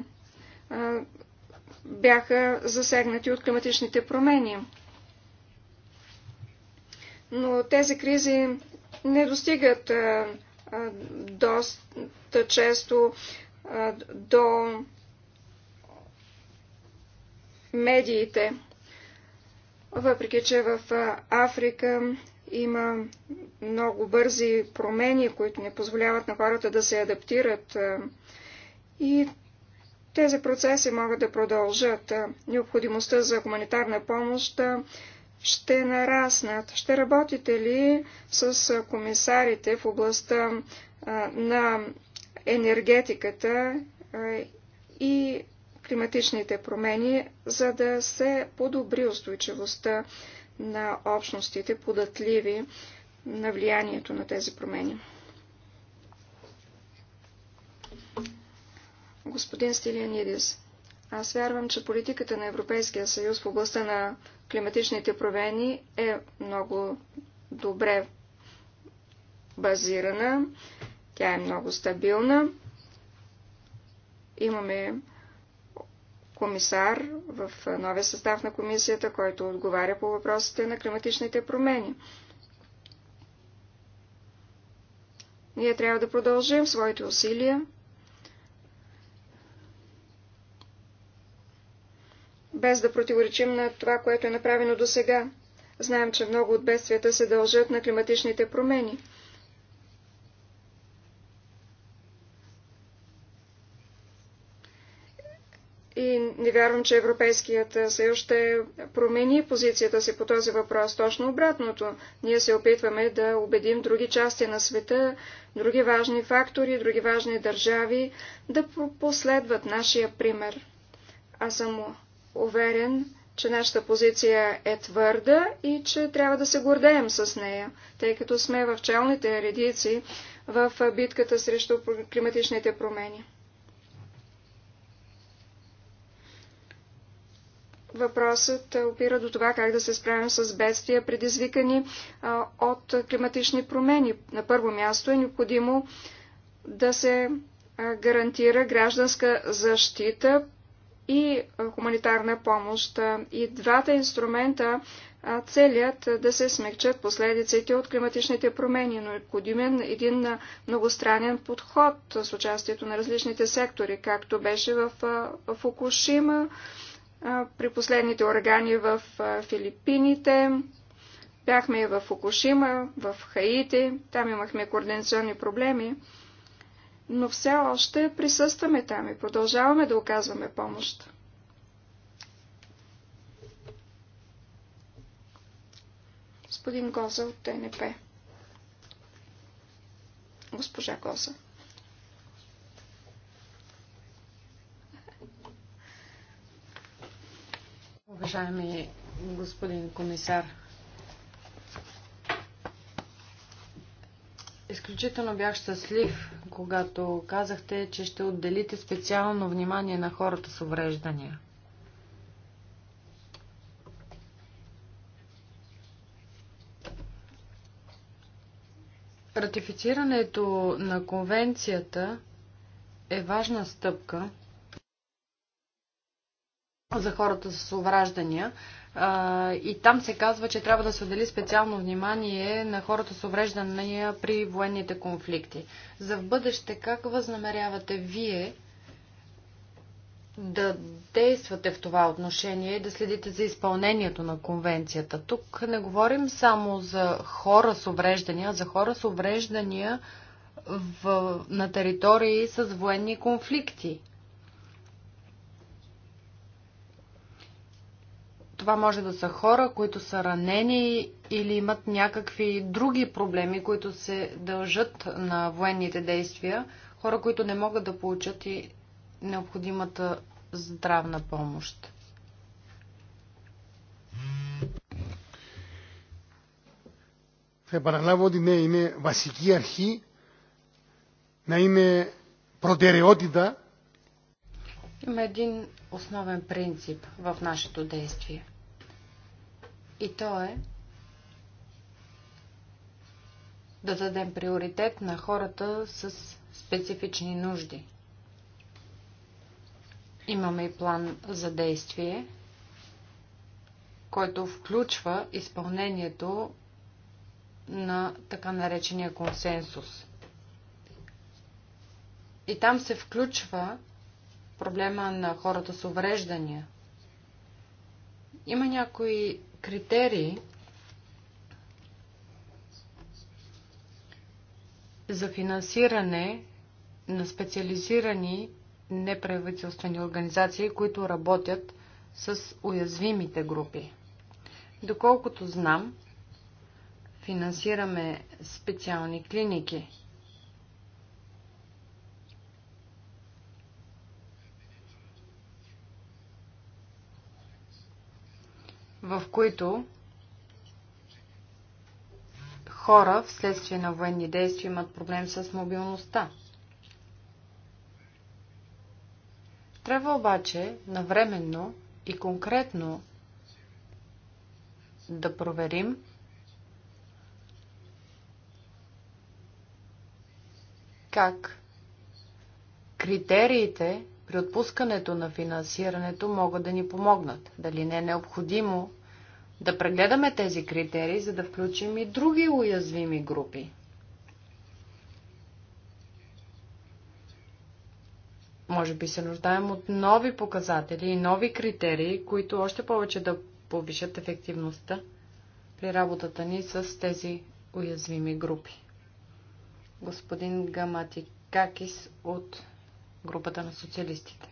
бяха засегнати от климатичните промени. Но тези кризи не достигат а, доста често до медиите. Въпреки, че в Африка има много бързи промени, които не позволяват на хората да се адаптират. И тези процеси могат да продължат. Необходимостта за хуманитарна помощ ще нараснат. Ще работите ли с комисарите в областта на енергетиката и климатичните промени, за да се подобри устойчивостта на общностите, податливи на влиянието на тези промени. Господин Стилианидис. Аз вярвам, че политиката на Европейския съюз в областта на климатичните промени е много добре базирана. Тя е много стабилна. Имаме комисар в новия състав на комисията, който отговаря по въпросите на климатичните промени. Ние трябва да продължим своите усилия без да противоречим на това, което е направено до сега. Знаем, че много от бедствията се дължат на климатичните промени. И не вярвам, че Европейският съюз ще промени позицията си по този въпрос. Точно обратното. Ние се опитваме да убедим други части на света, други важни фактори, други важни държави да последват нашия пример. Аз съм уверен, че нашата позиция е твърда и че трябва да се гордеем с нея, тъй като сме в челните редици в битката срещу климатичните промени. Въпросът опира до това как да се справим с бедствия, предизвикани от климатични промени. На първо място е необходимо да се гарантира гражданска защита и е, хуманитарна помощ. Е, и двата инструмента е, целят да се смягчат последиците от климатичните промени, но кодимен един многостранен подход с участието на различните сектори, както беше в Фукушима, при последните органи в Филипините, бяхме и в Фукушима, в Хаити, там имахме координационни проблеми но все още присъстваме там и продължаваме да оказваме помощ. Господин Гоза от ТНП. Госпожа Гоза. Уважаеми господин комисар, Изключително бях щастлив, когато казахте, че ще отделите специално внимание на хората с увреждания. Ратифицирането на конвенцията е важна стъпка за хората с увраждания, и там се казва, че трябва да се отдели специално внимание на хората с увреждания при военните конфликти. За в бъдеще как възнамерявате вие да действате в това отношение и да следите за изпълнението на конвенцията? Тук не говорим само за хора с увреждания, а за хора с увреждания в, на територии с военни конфликти. Това може да са хора, които са ранени или имат някакви други проблеми, които се дължат на военните действия, хора, които не могат да получат и необходимата здравна помощ. Θα паралава ότι ναι, είναι васики архи να είναι протереотида. Има един основен принцип в нашето действие. И то е да дадем приоритет на хората с специфични нужди. Имаме и план за действие, който включва изпълнението на така наречения консенсус. И там се включва проблема на хората с увреждания. Има някои критерии за финансиране на специализирани неправителствени организации, които работят с уязвимите групи. Доколкото знам, финансираме специални клиники в които хора вследствие на военни действия имат проблем с мобилността. Трябва обаче навременно и конкретно да проверим как критериите при отпускането на финансирането могат да ни помогнат. Дали не е необходимо да прегледаме тези критерии, за да включим и други уязвими групи. Може би се нуждаем от нови показатели и нови критерии, които още повече да повишат ефективността при работата ни с тези уязвими групи. Господин Гаматикакис от групата на социалистите.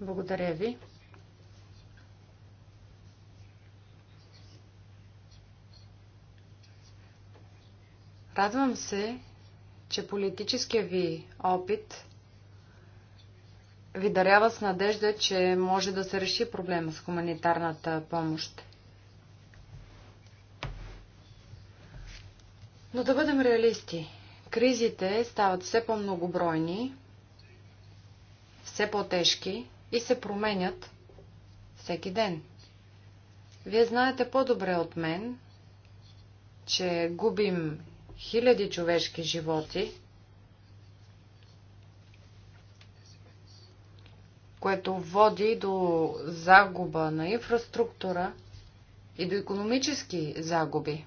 Благодаря ви. Радвам се, че политическия ви опит ви дарява с надежда, че може да се реши проблема с хуманитарната помощ. Но да бъдем реалисти. Кризите стават все по-многобройни, все по-тежки и се променят всеки ден. Вие знаете по-добре от мен, че губим хиляди човешки животи, което води до загуба на инфраструктура и до економически загуби.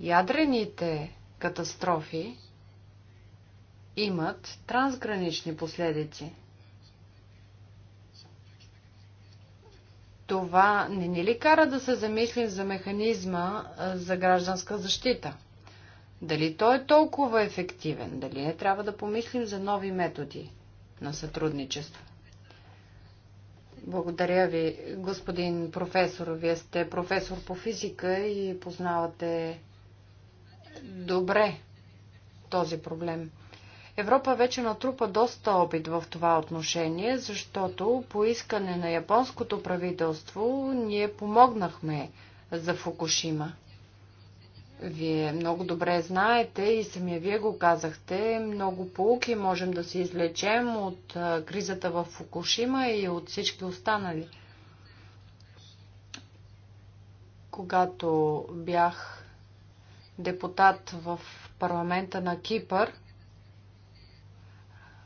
Ядрените катастрофи имат трансгранични последици. Това не ни ли кара да се замислим за механизма за гражданска защита? Дали той е толкова ефективен? Дали не трябва да помислим за нови методи на сътрудничество? Благодаря ви, господин професор. Вие сте професор по физика и познавате добре този проблем. Европа вече натрупа доста опит в това отношение, защото по искане на японското правителство ние помогнахме за Фукушима. Вие много добре знаете и самия вие го казахте, много полуки можем да се излечем от кризата в Фукушима и от всички останали. Когато бях депутат в парламента на Кипър,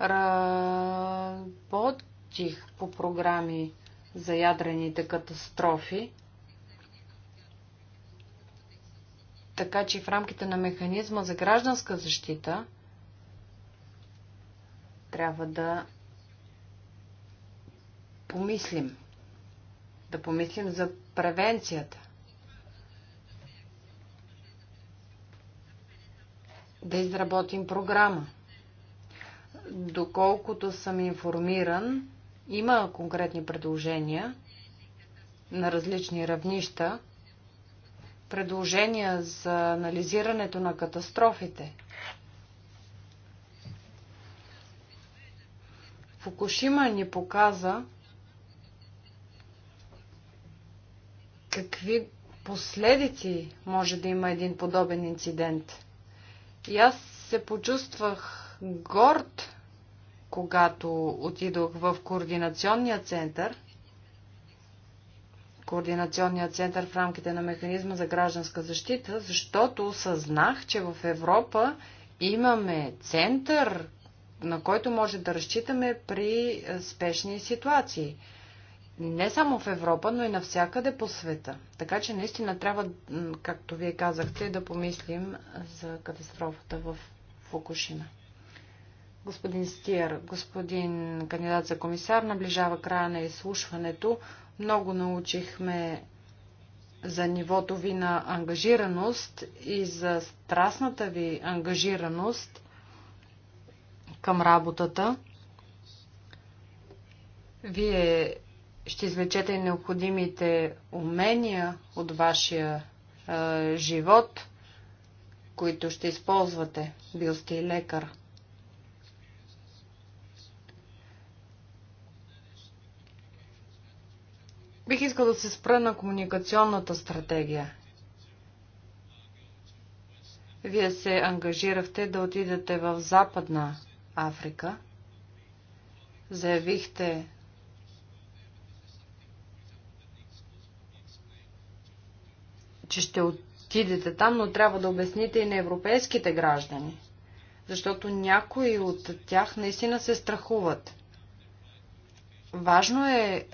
работих по програми за ядрените катастрофи. Така че в рамките на механизма за гражданска защита трябва да помислим. Да помислим за превенцията. да изработим програма. Доколкото съм информиран, има конкретни предложения на различни равнища, предложения за анализирането на катастрофите. Фукушима ни показа какви последици може да има един подобен инцидент – и аз се почувствах горд, когато отидох в координационния център. Координационния център в рамките на механизма за гражданска защита, защото осъзнах, че в Европа имаме център, на който може да разчитаме при спешни ситуации не само в Европа, но и навсякъде по света. Така че наистина трябва, както вие казахте, да помислим за катастрофата в Фукушима. Господин Стиер, господин кандидат за комисар, наближава края на изслушването. Много научихме за нивото ви на ангажираност и за страстната ви ангажираност към работата. Вие ще извлечете и необходимите умения от вашия е, живот, които ще използвате. Бил сте и лекар. Бих искал да се спра на комуникационната стратегия. Вие се ангажирахте да отидете в Западна Африка. Заявихте че ще отидете там, но трябва да обясните и на европейските граждани, защото някои от тях наистина се страхуват. Важно е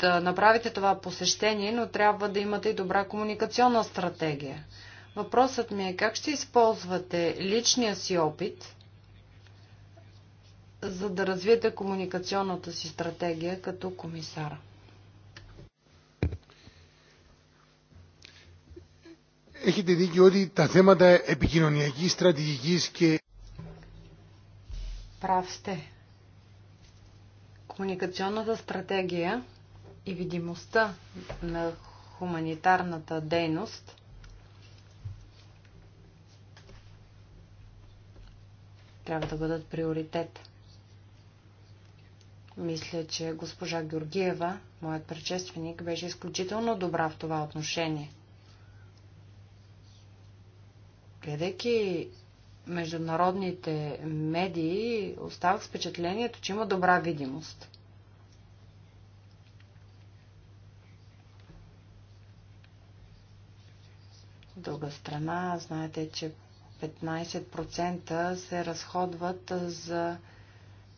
да направите това посещение, но трябва да имате и добра комуникационна стратегия. Въпросът ми е как ще използвате личния си опит, за да развиете комуникационната си стратегия като комисара. Έχετε δίκιο ότι τα θέματα επικοινωνιακής στρατηγικής και... Прав сте. Комуникационната стратегия и видимостта на хуманитарната дейност трябва да бъдат приоритет. Мисля, че госпожа Георгиева, моят предшественик, беше изключително добра в това отношение – гледайки международните медии, оставах с впечатлението, че има добра видимост. От друга страна, знаете, че 15% се разходват за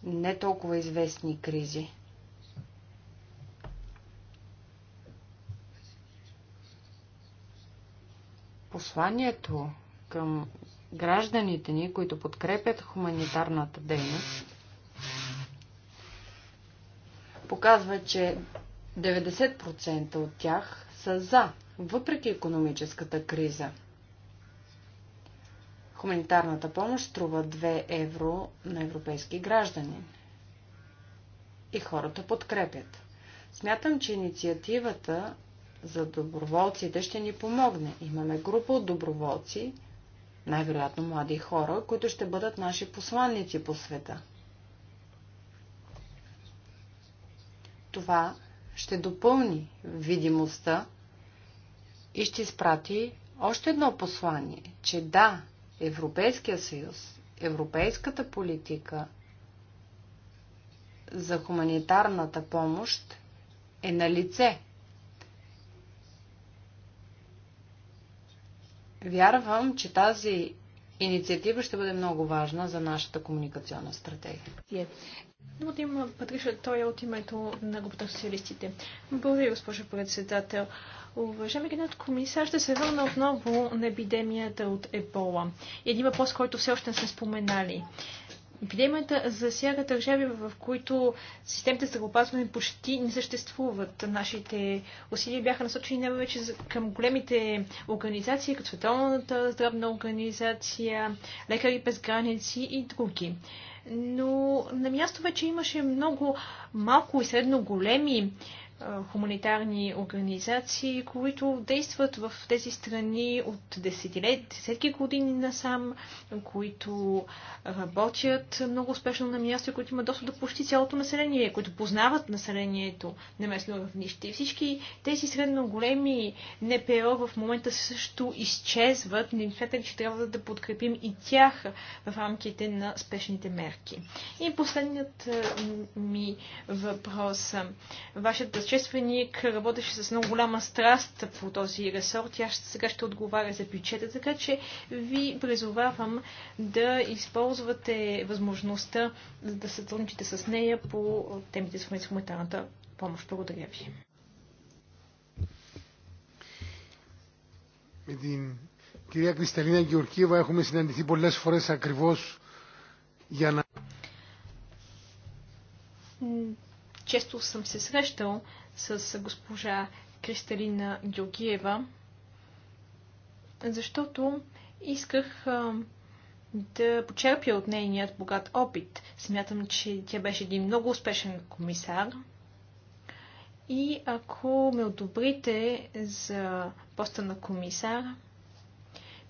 не толкова известни кризи. Посланието към гражданите ни, които подкрепят хуманитарната дейност, показва, че 90% от тях са за, въпреки економическата криза. Хуманитарната помощ струва 2 евро на европейски граждани. И хората подкрепят. Смятам, че инициативата за доброволците ще ни помогне. Имаме група от доброволци, най-вероятно млади хора, които ще бъдат наши посланници по света. Това ще допълни видимостта и ще изпрати още едно послание, че да, Европейския съюз, европейската политика за хуманитарната помощ е на лице – Вярвам, че тази инициатива ще бъде много важна за нашата комуникационна стратегия. От е. има Патриша е от името на групата социалистите. Благодаря, госпожо председател. Уважаеми генерал комисар, ще се върна отново на епидемията от ебола. Един въпрос, който все още не сме споменали. Епидемията засяга държави, в които системите за опазване почти не съществуват. Нашите усилия бяха насочени не вече към големите организации, като Световната здравна организация, Лекари без граници и други. Но на място вече имаше много малко и средно големи хуманитарни организации, които действат в тези страни от десетки години насам, които работят много успешно на място, които имат достъп до почти цялото население, които познават населението на местно равнище. И всички тези средно големи НПО в момента също изчезват. Не смятате, че трябва да подкрепим и тях в рамките на спешните мерки. И последният ми въпрос. Вашата предшественик работеше с много голяма страст по този ресор. Тя сега ще отговаря за бюджета, така че ви призовавам да използвате възможността да сътрудничите с нея по темите с хуманитарната помощ. Благодаря ви. Με την κυρία Κρυσταλίνα Γεωργίευα έχουμε συναντηθεί πολλές φορές ακριβώς για να... често съм се срещал с госпожа Кристалина Георгиева, защото исках да почерпя от нейният богат опит. Смятам, че тя беше един много успешен комисар. И ако ме одобрите за поста на комисар,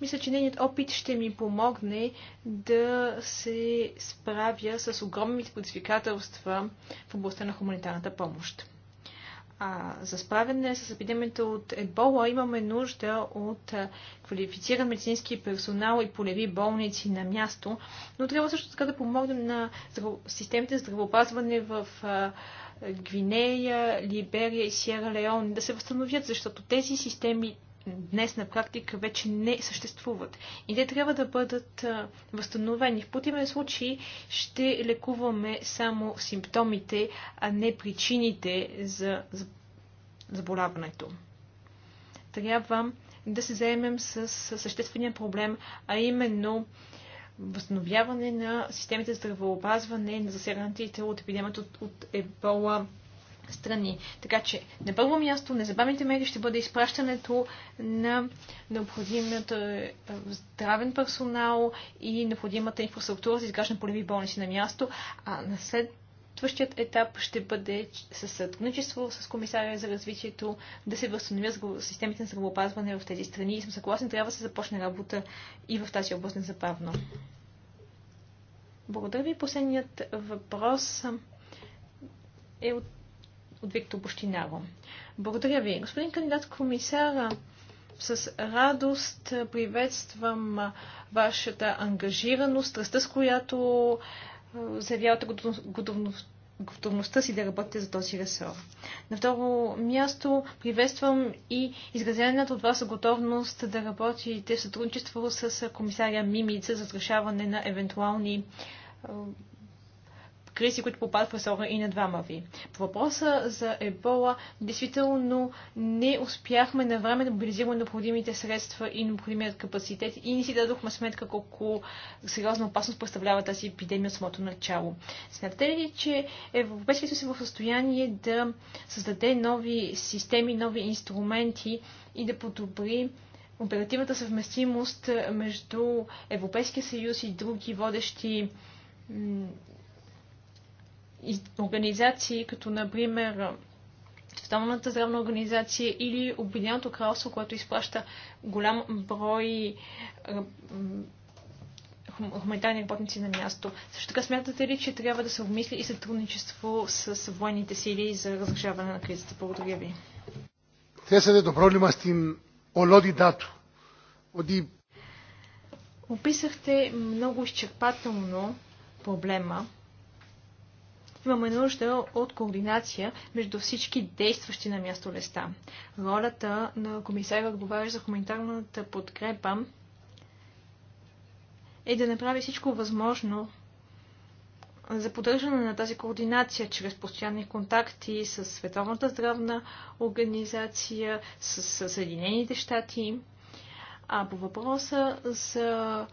мисля, че нейният опит ще ми помогне да се справя с огромните предизвикателства в областта на хуманитарната помощ. А за справяне с епидемията от ебола имаме нужда от квалифициран медицински персонал и полеви болници на място, но трябва също така да помогнем на системите за здравеопазване в Гвинея, Либерия и Сиера Леон да се възстановят, защото тези системи днес на практика вече не съществуват. И те трябва да бъдат възстановени. В противен случай ще лекуваме само симптомите, а не причините за заболяването. Трябва да се заемем с съществения проблем, а именно възстановяване на системите за здравеопазване на засегнатите от епидемията от, ебола страни. Така че на първо място незабавните мери ще бъде изпращането на необходимата е, здравен персонал и необходимата инфраструктура за изграждане полеви болници на място, а на след Следващият етап ще бъде със сътрудничество с комисаря за развитието да се възстановят системите на здравеопазване в тези страни. И съм съгласен, трябва да се започне работа и в тази област незабавно. Благодаря ви. Последният въпрос е от от Виктор Бощинаро. Благодаря ви. Господин кандидат комисара, с радост приветствам вашата ангажираност, страстта, с която заявявате готовност готовността си да работите за този ресор. На второ място приветствам и изразената от вас готовност да работите в сътрудничество с комисаря Мимица за разрешаване на евентуални кризи, които попадат в ресора и на двама ви. По въпроса за ебола, действително не успяхме на време да мобилизираме необходимите средства и необходимият капацитет и не си дадохме сметка колко сериозна опасност представлява тази епидемия от самото начало. Смятате ли, че Европейския съюз е в състояние да създаде нови системи, нови инструменти и да подобри оперативната съвместимост между Европейския съюз и други водещи организации, като например Световната здравна организация или Обединеното кралство, което изплаща голям брой е, хуманитарни работници на място. Също така смятате ли, че трябва да се обмисли и сътрудничество с военните сили за разрешаване на кризата? Благодаря ви. Е Описахте много изчерпателно проблема, имаме нужда от координация между всички действащи на място леста. Ролята на комисаря, отговарящ за хуманитарната подкрепа, е да направи всичко възможно за поддържане на тази координация чрез постоянни контакти с Световната здравна организация, с Съединените щати. А по въпроса за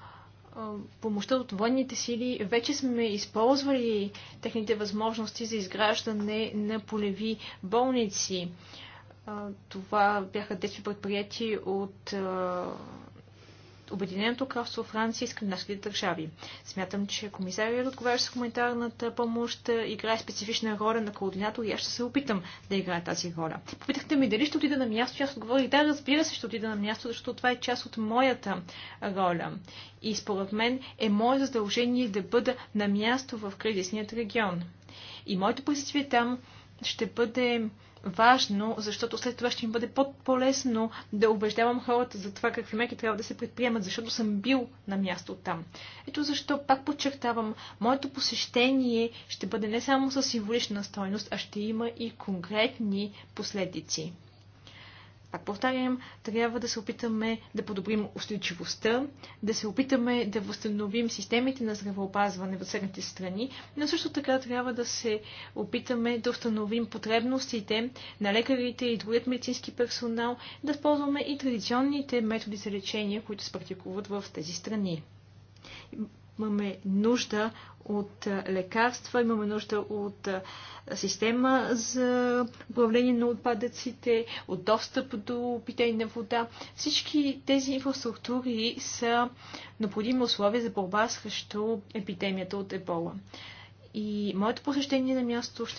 помощта от военните сили вече сме използвали техните възможности за изграждане на полеви болници. Това бяха действия предприяти от Обединеното кралство Франция и скандинавските държави. Смятам, че комисарият отговаря с хуманитарната помощ играе специфична роля на координатор и аз ще се опитам да играя тази роля. Попитахте ми дали ще отида на място и аз отговорих да, разбира се, ще отида на място, защото това е част от моята роля. И според мен е мое задължение да бъда на място в кризисният регион. И моето присъствие там ще бъде важно, защото след това ще им бъде по-лесно да убеждавам хората за това какви мерки трябва да се предприемат, защото съм бил на място там. Ето защо, пак подчертавам, моето посещение ще бъде не само със символична стойност, а ще има и конкретни последици пак повтарям, трябва да се опитаме да подобрим устойчивостта, да се опитаме да възстановим системите на здравеопазване в средните страни, но също така трябва да се опитаме да установим потребностите на лекарите и другият медицински персонал, да използваме и традиционните методи за лечение, които се практикуват в тези страни. Имаме нужда от лекарства, имаме нужда от система за управление на отпадъците, от достъп до питейна вода. Всички тези инфраструктури са необходими условия за борба срещу епидемията от ебола. И моето посещение на място ще